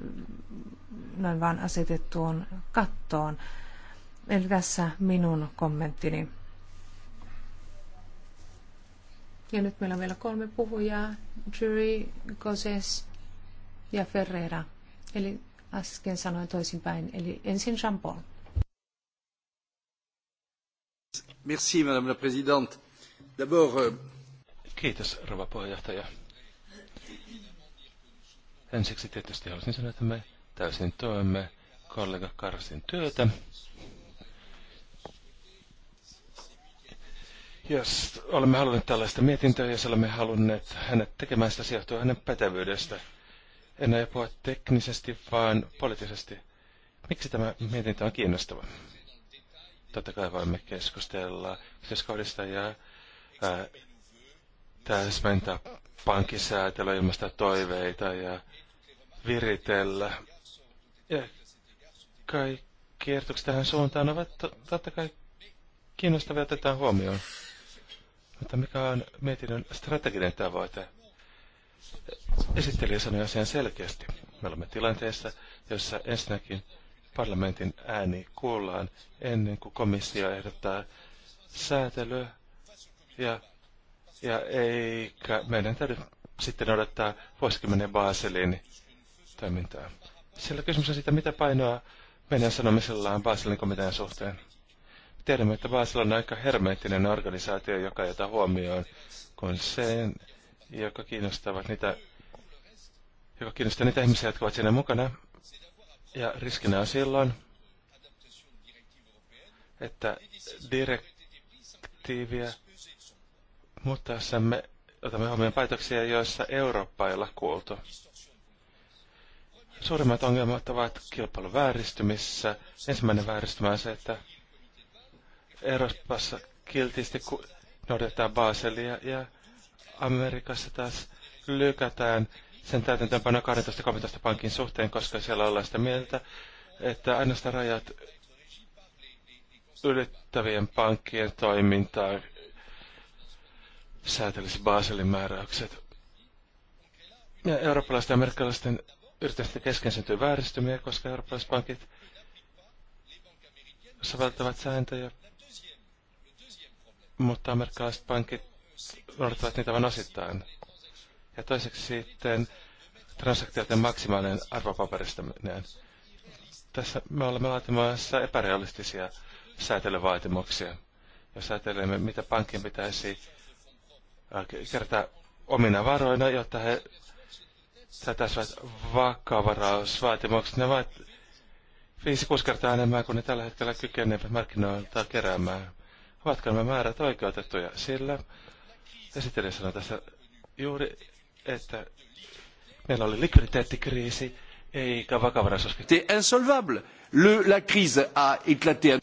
noin vaan asetettuun kattoon. Eli tässä minun kommenttini Ja nyt meillä on vielä kolme puhujaa. Jury, Gozes ja Ferreira. Eli äsken sanoin toisinpäin. Eli ensin Jean-Paul. Merci, Madame la Présidente. D'abord... Euh, Kiitos, rouva puheenjohtaja. Ensiksi tietysti haluaisin sanoa, että me täysin toimme kollega Karsin työtä. Jos olemme halunneet tällaista mietintöä, jos olemme halunneet hänet tekemään sitä, se hänen pätevyydestä. En aio puhua teknisesti, vaan poliittisesti. Miksi tämä mietintö on kiinnostava? Totta kai voimme keskustella yhteiskohdista ja ää, täsmentää pankkisäätelyä, ilmaista toiveita ja viritellä. Ja kaikki kiertokset tähän suuntaan ovat totta kai kiinnostavia otetaan huomioon. Mutta mikä on mietinnön strateginen tavoite? Esittelijä sanoi asian selkeästi. Me olemme tilanteessa, jossa ensinnäkin parlamentin ääni kuullaan ennen kuin komissio ehdottaa säätelyä ja, ja eikä meidän täytyy sitten odottaa vuosikymmenen Baselin toimintaa. Siellä kysymys on siitä, mitä painoa meidän sanomisellaan Baselin komitean suhteen. Tiedämme, että Basel on aika hermeettinen organisaatio, joka jota huomioon, kun se, joka kiinnostavat niitä, joka kiinnostaa niitä ihmisiä, jotka ovat siinä mukana. Ja riskinä on silloin, että direktiiviä muuttaessamme otamme huomioon päätöksiä, joissa Eurooppa ei ole kuultu. Suurimmat ongelmat ovat kilpailuvääristymissä, Ensimmäinen vääristymä on se, että Euroopassa kiltisti noudatetaan Baselia ja Amerikassa taas lykätään sen täytäntöönpanoa 12-13 pankin suhteen, koska siellä ollaan sitä mieltä, että ainoastaan rajat ylittävien pankkien toimintaa säätelisi Baselin määräykset. Ja eurooppalaisten ja amerikkalaisten yritysten kesken syntyy vääristymiä, koska eurooppalaiset pankit soveltavat sääntöjä mutta amerikkalaiset pankit noudattavat niitä vain osittain. Ja toiseksi sitten transaktioiden maksimaalinen arvopaperistaminen. Tässä me olemme laatimassa epärealistisia säätelyvaatimuksia. Jos ajattelemme, mitä pankin pitäisi äh, kertaa omina varoina, jotta he säätäisivät vakavarausvaatimukset. Ne ovat 5-6 kertaa enemmän kuin ne tällä hetkellä kykenevät markkinoilta keräämään. Ovatko määrät oikeutettuja? Sillä esittelijä sanoi tässä juuri, että meillä oli likviditeettikriisi eikä vakavaraisuuskriisi. insolvable. Le, la crise a éclaté.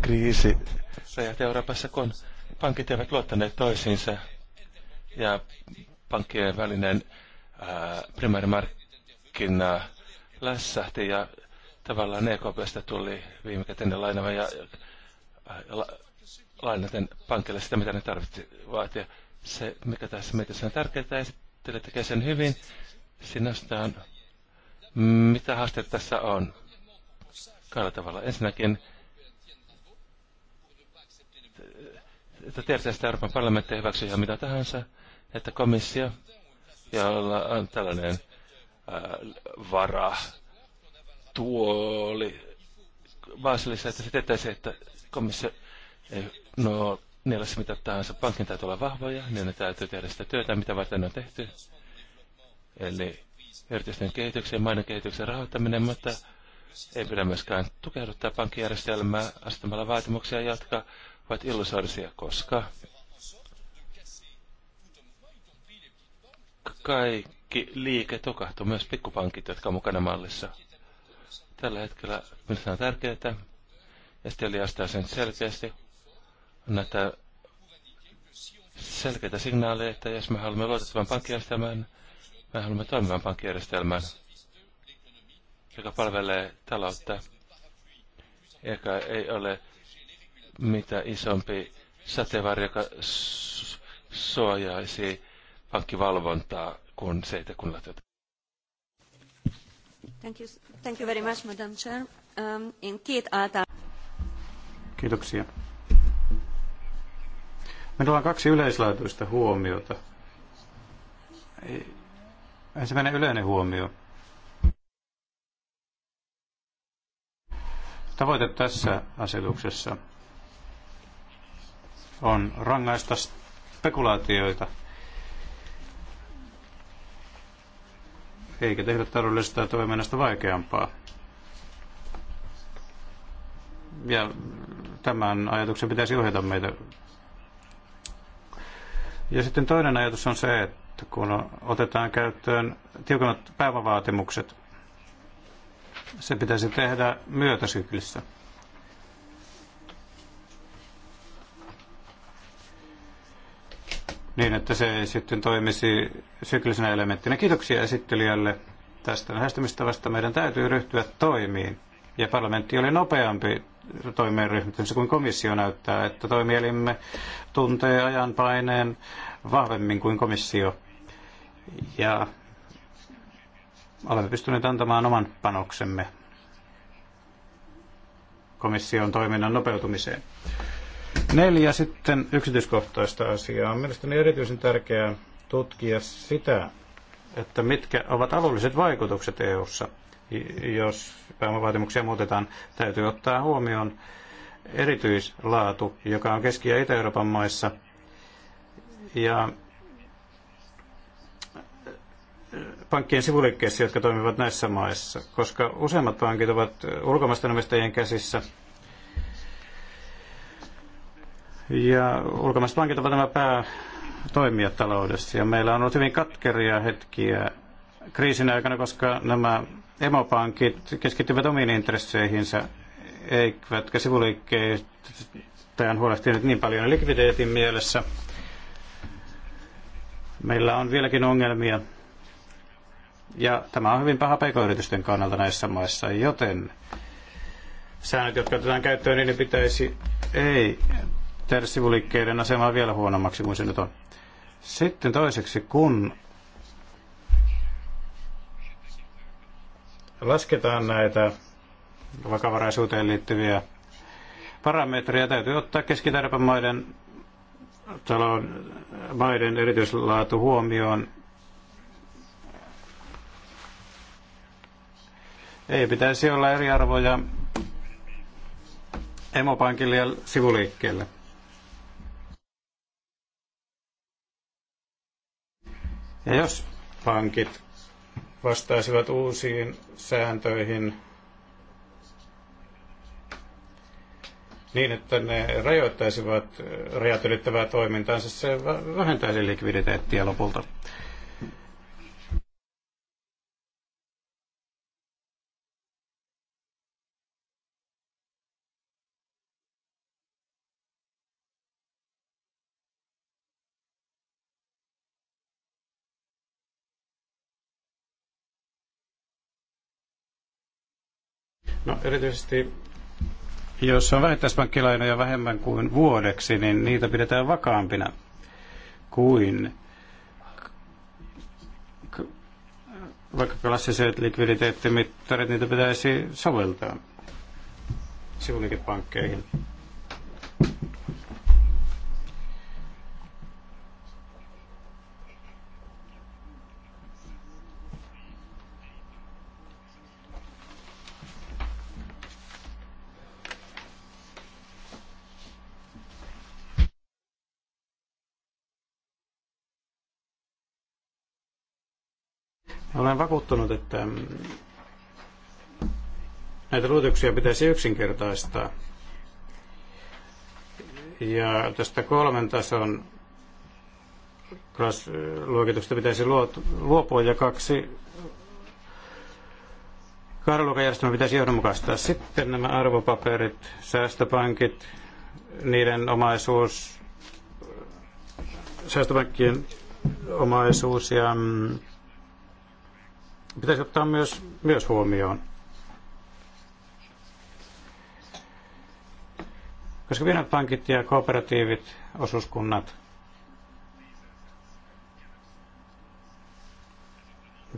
Kriisi räjähti Euroopassa, kun pankit eivät luottaneet toisiinsa ja pankkien välinen primäärimarkkina lässähti ja tavallaan EKPstä tuli viime käteinen lainava ja, ja, ja lainaten pankille sitä, mitä ne tarvitsevat. Ja se, mikä tässä mietissä on tärkeää, esittelee tekee sen hyvin. Sinästään, mitä haasteita tässä on? Kahdella tavalla. Ensinnäkin, että tiedetään sitä Euroopan parlamentti hyväksyy ihan mitä tahansa, että komissio, jolla on tällainen ää, äh, vara, tuoli, Baselissa, että se tietäisi, että komissio ei No, niillä se mitä tahansa. Pankin täytyy olla vahvoja, niin ne täytyy tehdä sitä työtä, mitä varten on tehty. Eli yritysten kehityksen, maiden kehityksen rahoittaminen, mutta ei pidä myöskään tukehduttaa pankkijärjestelmää asettamalla vaatimuksia, jotka ovat illusorisia, koska kaikki liike tukahtuu, myös pikkupankit, jotka on mukana mallissa. Tällä hetkellä minusta on tärkeää, ja sitten oli sen selkeästi, näitä selkeitä signaaleja, että jos me haluamme luotettavan pankkijärjestelmän, me haluamme toimivan pankkijärjestelmän, joka palvelee taloutta, joka ei ole mitä isompi sateenvarjo, joka suojaisi pankkivalvontaa, kun se ei kun Thank you, thank you very much, Madam Chair. Um, in Kiitoksia. Minulla on kaksi yleislaatuista huomiota. Ensimmäinen yleinen huomio. Tavoite tässä asetuksessa on rangaista spekulaatioita, eikä tehdä taloudellisesta toiminnasta vaikeampaa. Ja tämän ajatuksen pitäisi ohjata meitä ja sitten toinen ajatus on se, että kun otetaan käyttöön tiukemmat päivävaatimukset, se pitäisi tehdä myötäsyklissä. Niin, että se sitten toimisi syklisenä elementtinä. Kiitoksia esittelijälle tästä lähestymistavasta. Meidän täytyy ryhtyä toimiin. Ja parlamentti oli nopeampi toimeen kuin komissio näyttää, että toimielimme tuntee ajan paineen vahvemmin kuin komissio. Ja olemme pystyneet antamaan oman panoksemme komission toiminnan nopeutumiseen. Neljä sitten yksityiskohtaista asiaa. On mielestäni erityisen tärkeää tutkia sitä, että mitkä ovat alueelliset vaikutukset EU:ssa jos pääomavaatimuksia muutetaan, täytyy ottaa huomioon erityislaatu, joka on Keski- ja Itä-Euroopan maissa. Ja pankkien sivuliikkeissä, jotka toimivat näissä maissa, koska useimmat pankit ovat ulkomaisten omistajien käsissä. Ja ulkomaiset pankit ovat nämä päätoimijat taloudessa. Ja meillä on ollut hyvin katkeria hetkiä kriisin aikana, koska nämä emopankit keskittyvät omiin intresseihinsä, eivätkä sivuliikkeistään huolehtineet niin paljon likviditeetin mielessä. Meillä on vieläkin ongelmia. Ja tämä on hyvin paha pk-yritysten kannalta näissä maissa, joten säännöt, jotka otetaan käyttöön, niin ne pitäisi ei tehdä sivuliikkeiden asemaa vielä huonommaksi kuin se nyt on. Sitten toiseksi, kun lasketaan näitä vakavaraisuuteen liittyviä parametreja, täytyy ottaa keski maiden, talon, maiden erityislaatu huomioon. Ei pitäisi olla eri arvoja emopankille ja sivuliikkeelle. Ja jos pankit vastaisivat uusiin sääntöihin niin, että ne rajoittaisivat rajat ylittävää toimintaansa, se vähentäisi likviditeettiä lopulta. No erityisesti jos on vähittäispankkilainoja vähemmän kuin vuodeksi, niin niitä pidetään vakaampina kuin vaikka klassiset likviditeettimittarit, niitä pitäisi soveltaa sivuliikepankkeihin. vakuuttunut, että näitä luotuksia pitäisi yksinkertaistaa. Ja tästä kolmen tason luokitusta pitäisi luopua ja kaksi Karluokajärjestelmä pitäisi johdonmukaistaa. Sitten nämä arvopaperit, säästöpankit, niiden omaisuus, säästöpankkien omaisuus ja mm, pitäisi ottaa myös, myös huomioon. Koska pienet pankit ja kooperatiivit, osuuskunnat,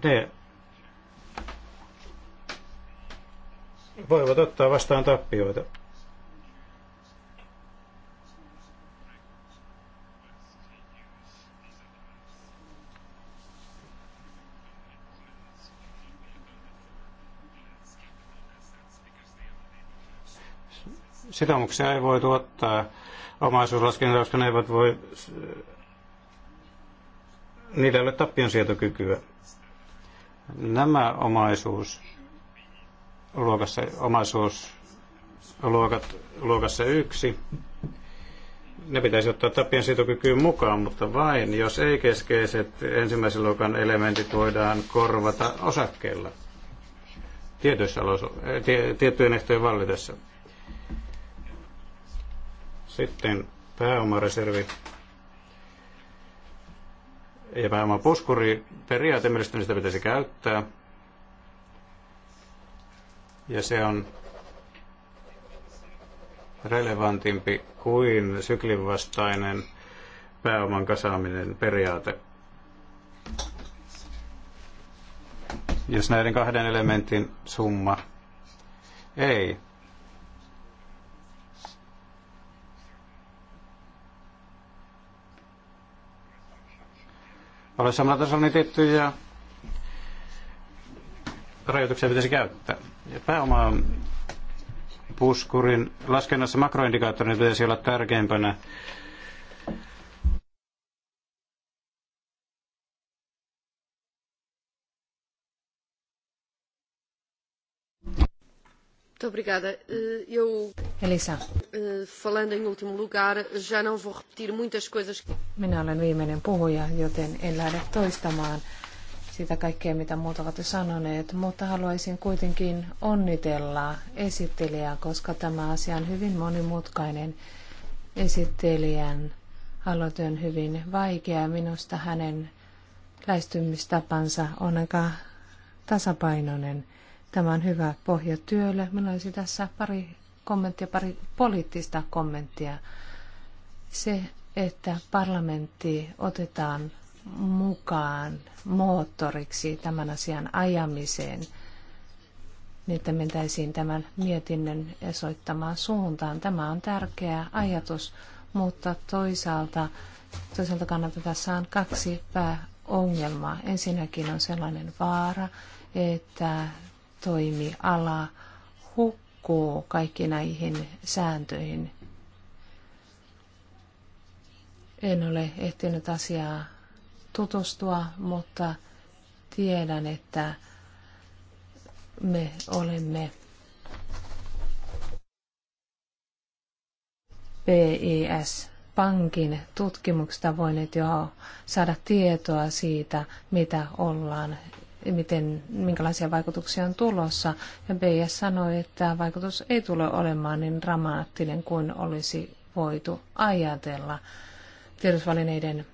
ne voivat ottaa vastaan tappioita. Sitoumuksia ei voitu ottaa omaisuuslaskennan, koska ne eivät voi, niillä ei ole tappionsietokykyä. Nämä omaisuus luokassa, omaisuus luokat luokassa yksi, ne pitäisi ottaa tappien sietokykyyn mukaan, mutta vain jos ei keskeiset ensimmäisen luokan elementit voidaan korvata osakkeilla tietyissä eh, tie, tiettyjen ehtojen vallitessa. Sitten pääomareservi ja pääomapuskuri. Periaate mielestäni sitä pitäisi käyttää. Ja se on relevantimpi kuin syklinvastainen pääoman kasaaminen periaate. Jos näiden kahden elementin summa ei ole samalla tasolla, niin ja rajoituksia pitäisi käyttää. Ja pääoma puskurin laskennassa makroindikaattorin pitäisi olla tärkeimpänä Muito obrigada. Eh, eu, Elisa. Eh, falando em último lugar, já não vou repetir muitas coisas. Minä olen viimeinen puhuja, joten en lähde toistamaan sitä kaikkea, mitä muut ovat jo sanoneet, mutta haluaisin kuitenkin onnitella esittelijää, koska tämä asia on hyvin monimutkainen. Esittelijän aloite on hyvin vaikea. Minusta hänen lähestymistapansa on aika tasapainoinen Tämä on hyvä pohja työlle. Minulla olisi tässä pari kommenttia, pari poliittista kommenttia. Se, että parlamentti otetaan mukaan moottoriksi tämän asian ajamiseen, niin että mentäisiin tämän mietinnön esoittamaan suuntaan. Tämä on tärkeä ajatus, mutta toisaalta, toisaalta kannalta tässä on kaksi pääongelmaa. Ensinnäkin on sellainen vaara, että toimiala hukkuu kaikki näihin sääntöihin. En ole ehtinyt asiaa tutustua, mutta tiedän, että me olemme PIS-pankin tutkimuksesta voineet jo saada tietoa siitä, mitä ollaan miten, minkälaisia vaikutuksia on tulossa. Ja BS sanoi, että vaikutus ei tule olemaan niin dramaattinen kuin olisi voitu ajatella tiedotusvälineiden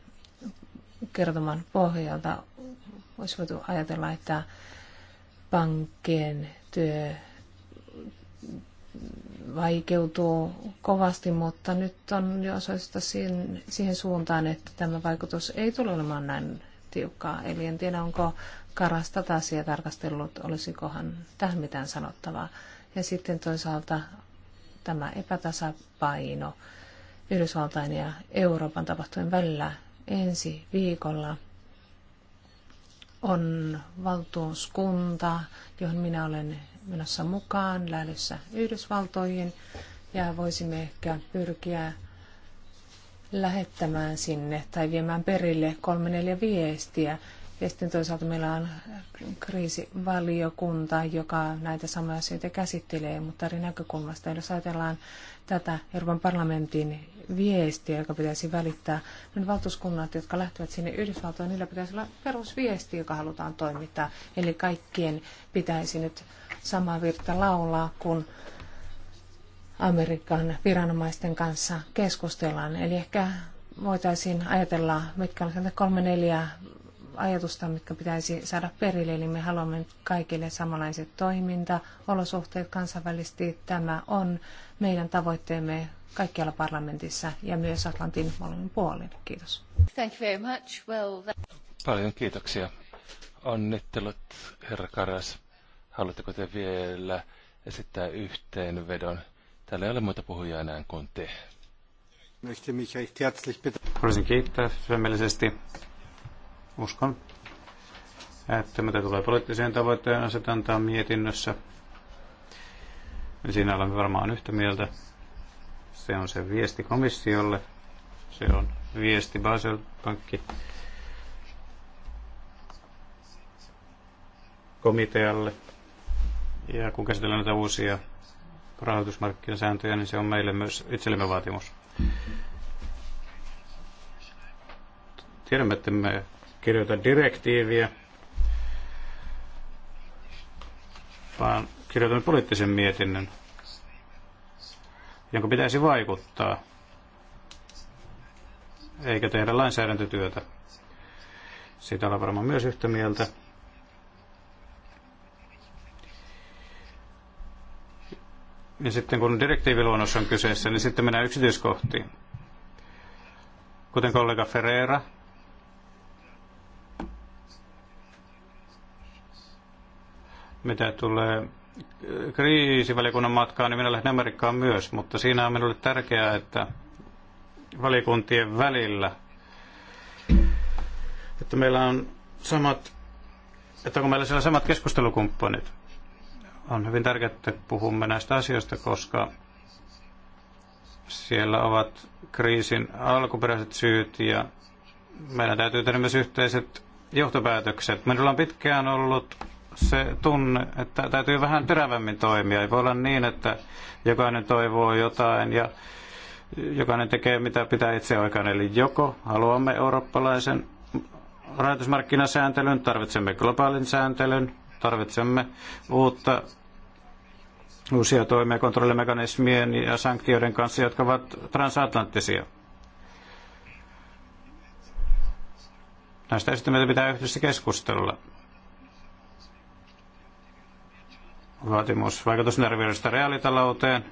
kertoman pohjalta. Olisi voitu ajatella, että pankkien työ vaikeutuu kovasti, mutta nyt on jo osoista siihen, siihen suuntaan, että tämä vaikutus ei tule olemaan näin tiukkaa. Eli en tiedä, onko Karasta taas ja tarkastellut, olisikohan tähän mitään sanottavaa. Ja sitten toisaalta tämä epätasapaino Yhdysvaltain ja Euroopan tapahtumien välillä ensi viikolla on valtuuskunta, johon minä olen menossa mukaan lähdössä Yhdysvaltoihin ja voisimme ehkä pyrkiä lähettämään sinne tai viemään perille kolme neljä viestiä ja sitten toisaalta meillä on kriisivaliokunta, joka näitä samoja asioita käsittelee, mutta eri näkökulmasta. Jos ajatellaan tätä Euroopan parlamentin viestiä, joka pitäisi välittää, niin valtuuskunnat, jotka lähtevät sinne Yhdysvaltoihin, niillä pitäisi olla perusviesti, joka halutaan toimittaa. Eli kaikkien pitäisi nyt samaa virta laulaa, kun Amerikan viranomaisten kanssa keskustellaan. Eli ehkä voitaisiin ajatella, mitkä on kolme neljä ajatusta, mitkä pitäisi saada perille. Eli me haluamme nyt kaikille samanlaiset toimintaolosuhteet kansainvälisesti. Tämä on meidän tavoitteemme kaikkialla parlamentissa ja myös Atlantin molemmin puolin. Kiitos. Thank you very much. Well, that... Paljon kiitoksia. Onnittelut, herra Karas. Haluatteko te vielä esittää yhteenvedon? Täällä ei ole muita puhujia enää kuin te. Haluaisin kiittää syömillisesti uskon, että mitä tulee poliittiseen tavoitteen asetantaan mietinnössä, niin siinä olemme varmaan yhtä mieltä. Se on se viesti komissiolle, se on viesti Basel-pankki komitealle. Ja kun käsitellään näitä uusia rahoitusmarkkinasääntöjä, niin se on meille myös itsellemme vaatimus. Tiedämme, että me kirjoita direktiiviä, vaan kirjoitan poliittisen mietinnön, jonka pitäisi vaikuttaa, eikä tehdä lainsäädäntötyötä. Siitä ollaan varmaan myös yhtä mieltä. Ja sitten kun direktiiviluonnos on kyseessä, niin sitten mennään yksityiskohtiin. Kuten kollega Ferreira Mitä tulee kriisivalikunnan matkaan, niin minä lähden Amerikkaan myös, mutta siinä on minulle tärkeää, että valiokuntien välillä, että meillä on samat, että kun meillä siellä on samat keskustelukumppanit, on hyvin tärkeää, että puhumme näistä asioista, koska siellä ovat kriisin alkuperäiset syyt ja meidän täytyy tehdä myös yhteiset johtopäätökset. Meillä on pitkään ollut se tunne, että täytyy vähän terävämmin toimia. Ei voi olla niin, että jokainen toivoo jotain ja jokainen tekee mitä pitää itse oikein. Eli joko haluamme eurooppalaisen rahoitusmarkkinasääntelyn, tarvitsemme globaalin sääntelyn, tarvitsemme uutta uusia toimia kontrollimekanismien ja sanktioiden kanssa, jotka ovat transatlanttisia. Näistä esityksistä pitää yhdessä keskustella. vaatimus vaikutusarvioinnista reaalitalouteen.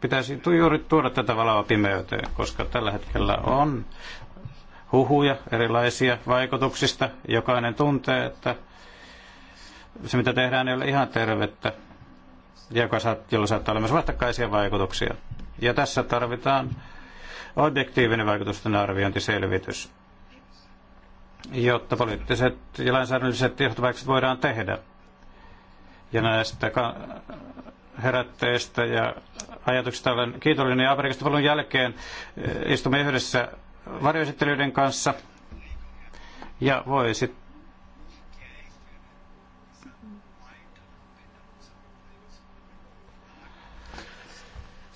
Pitäisi juuri tuoda tätä valoa pimeyteen, koska tällä hetkellä on huhuja erilaisia vaikutuksista. Jokainen tuntee, että se mitä tehdään ei ole ihan tervettä, joka saat, jolla saattaa olla myös vastakkaisia vaikutuksia. Ja tässä tarvitaan objektiivinen vaikutusten arviointiselvitys, jotta poliittiset ja lainsäädännölliset johtopäätökset voidaan tehdä. Ja näistä herätteistä ja ajatuksista olen kiitollinen. Ja Afrikasta paljon jälkeen eh, istumme yhdessä varjoesittelyiden kanssa. Ja voi sit...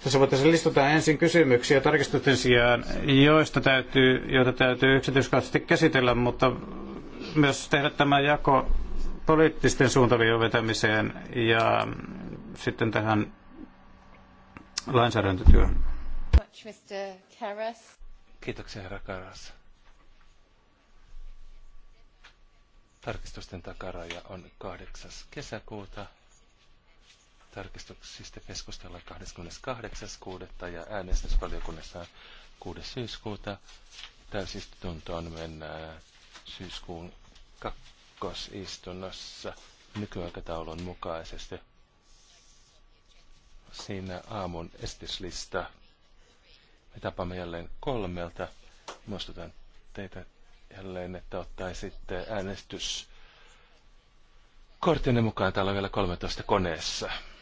Tässä voitaisiin listata ensin kysymyksiä tarkistusten sijaan, joista täytyy, joita täytyy yksityiskohtaisesti käsitellä, mutta myös tehdä tämä jako poliittisten suuntavien vetämiseen ja sitten tähän lainsäädäntötyöhön. Kiitoksia, herra Karas. Tarkistusten takaraja on 8. kesäkuuta. Tarkistuksista keskustellaan 28.6. ja äänestysvaliokunnassa 6. syyskuuta. Täysistuntoon mennään syyskuun 2 kakkosistunnossa nykyaikataulun mukaisesti. Siinä aamun estislista. Me tapaamme jälleen kolmelta. Muistutan teitä jälleen, että ottaisitte äänestys kortinne mukaan. Täällä on vielä 13 koneessa.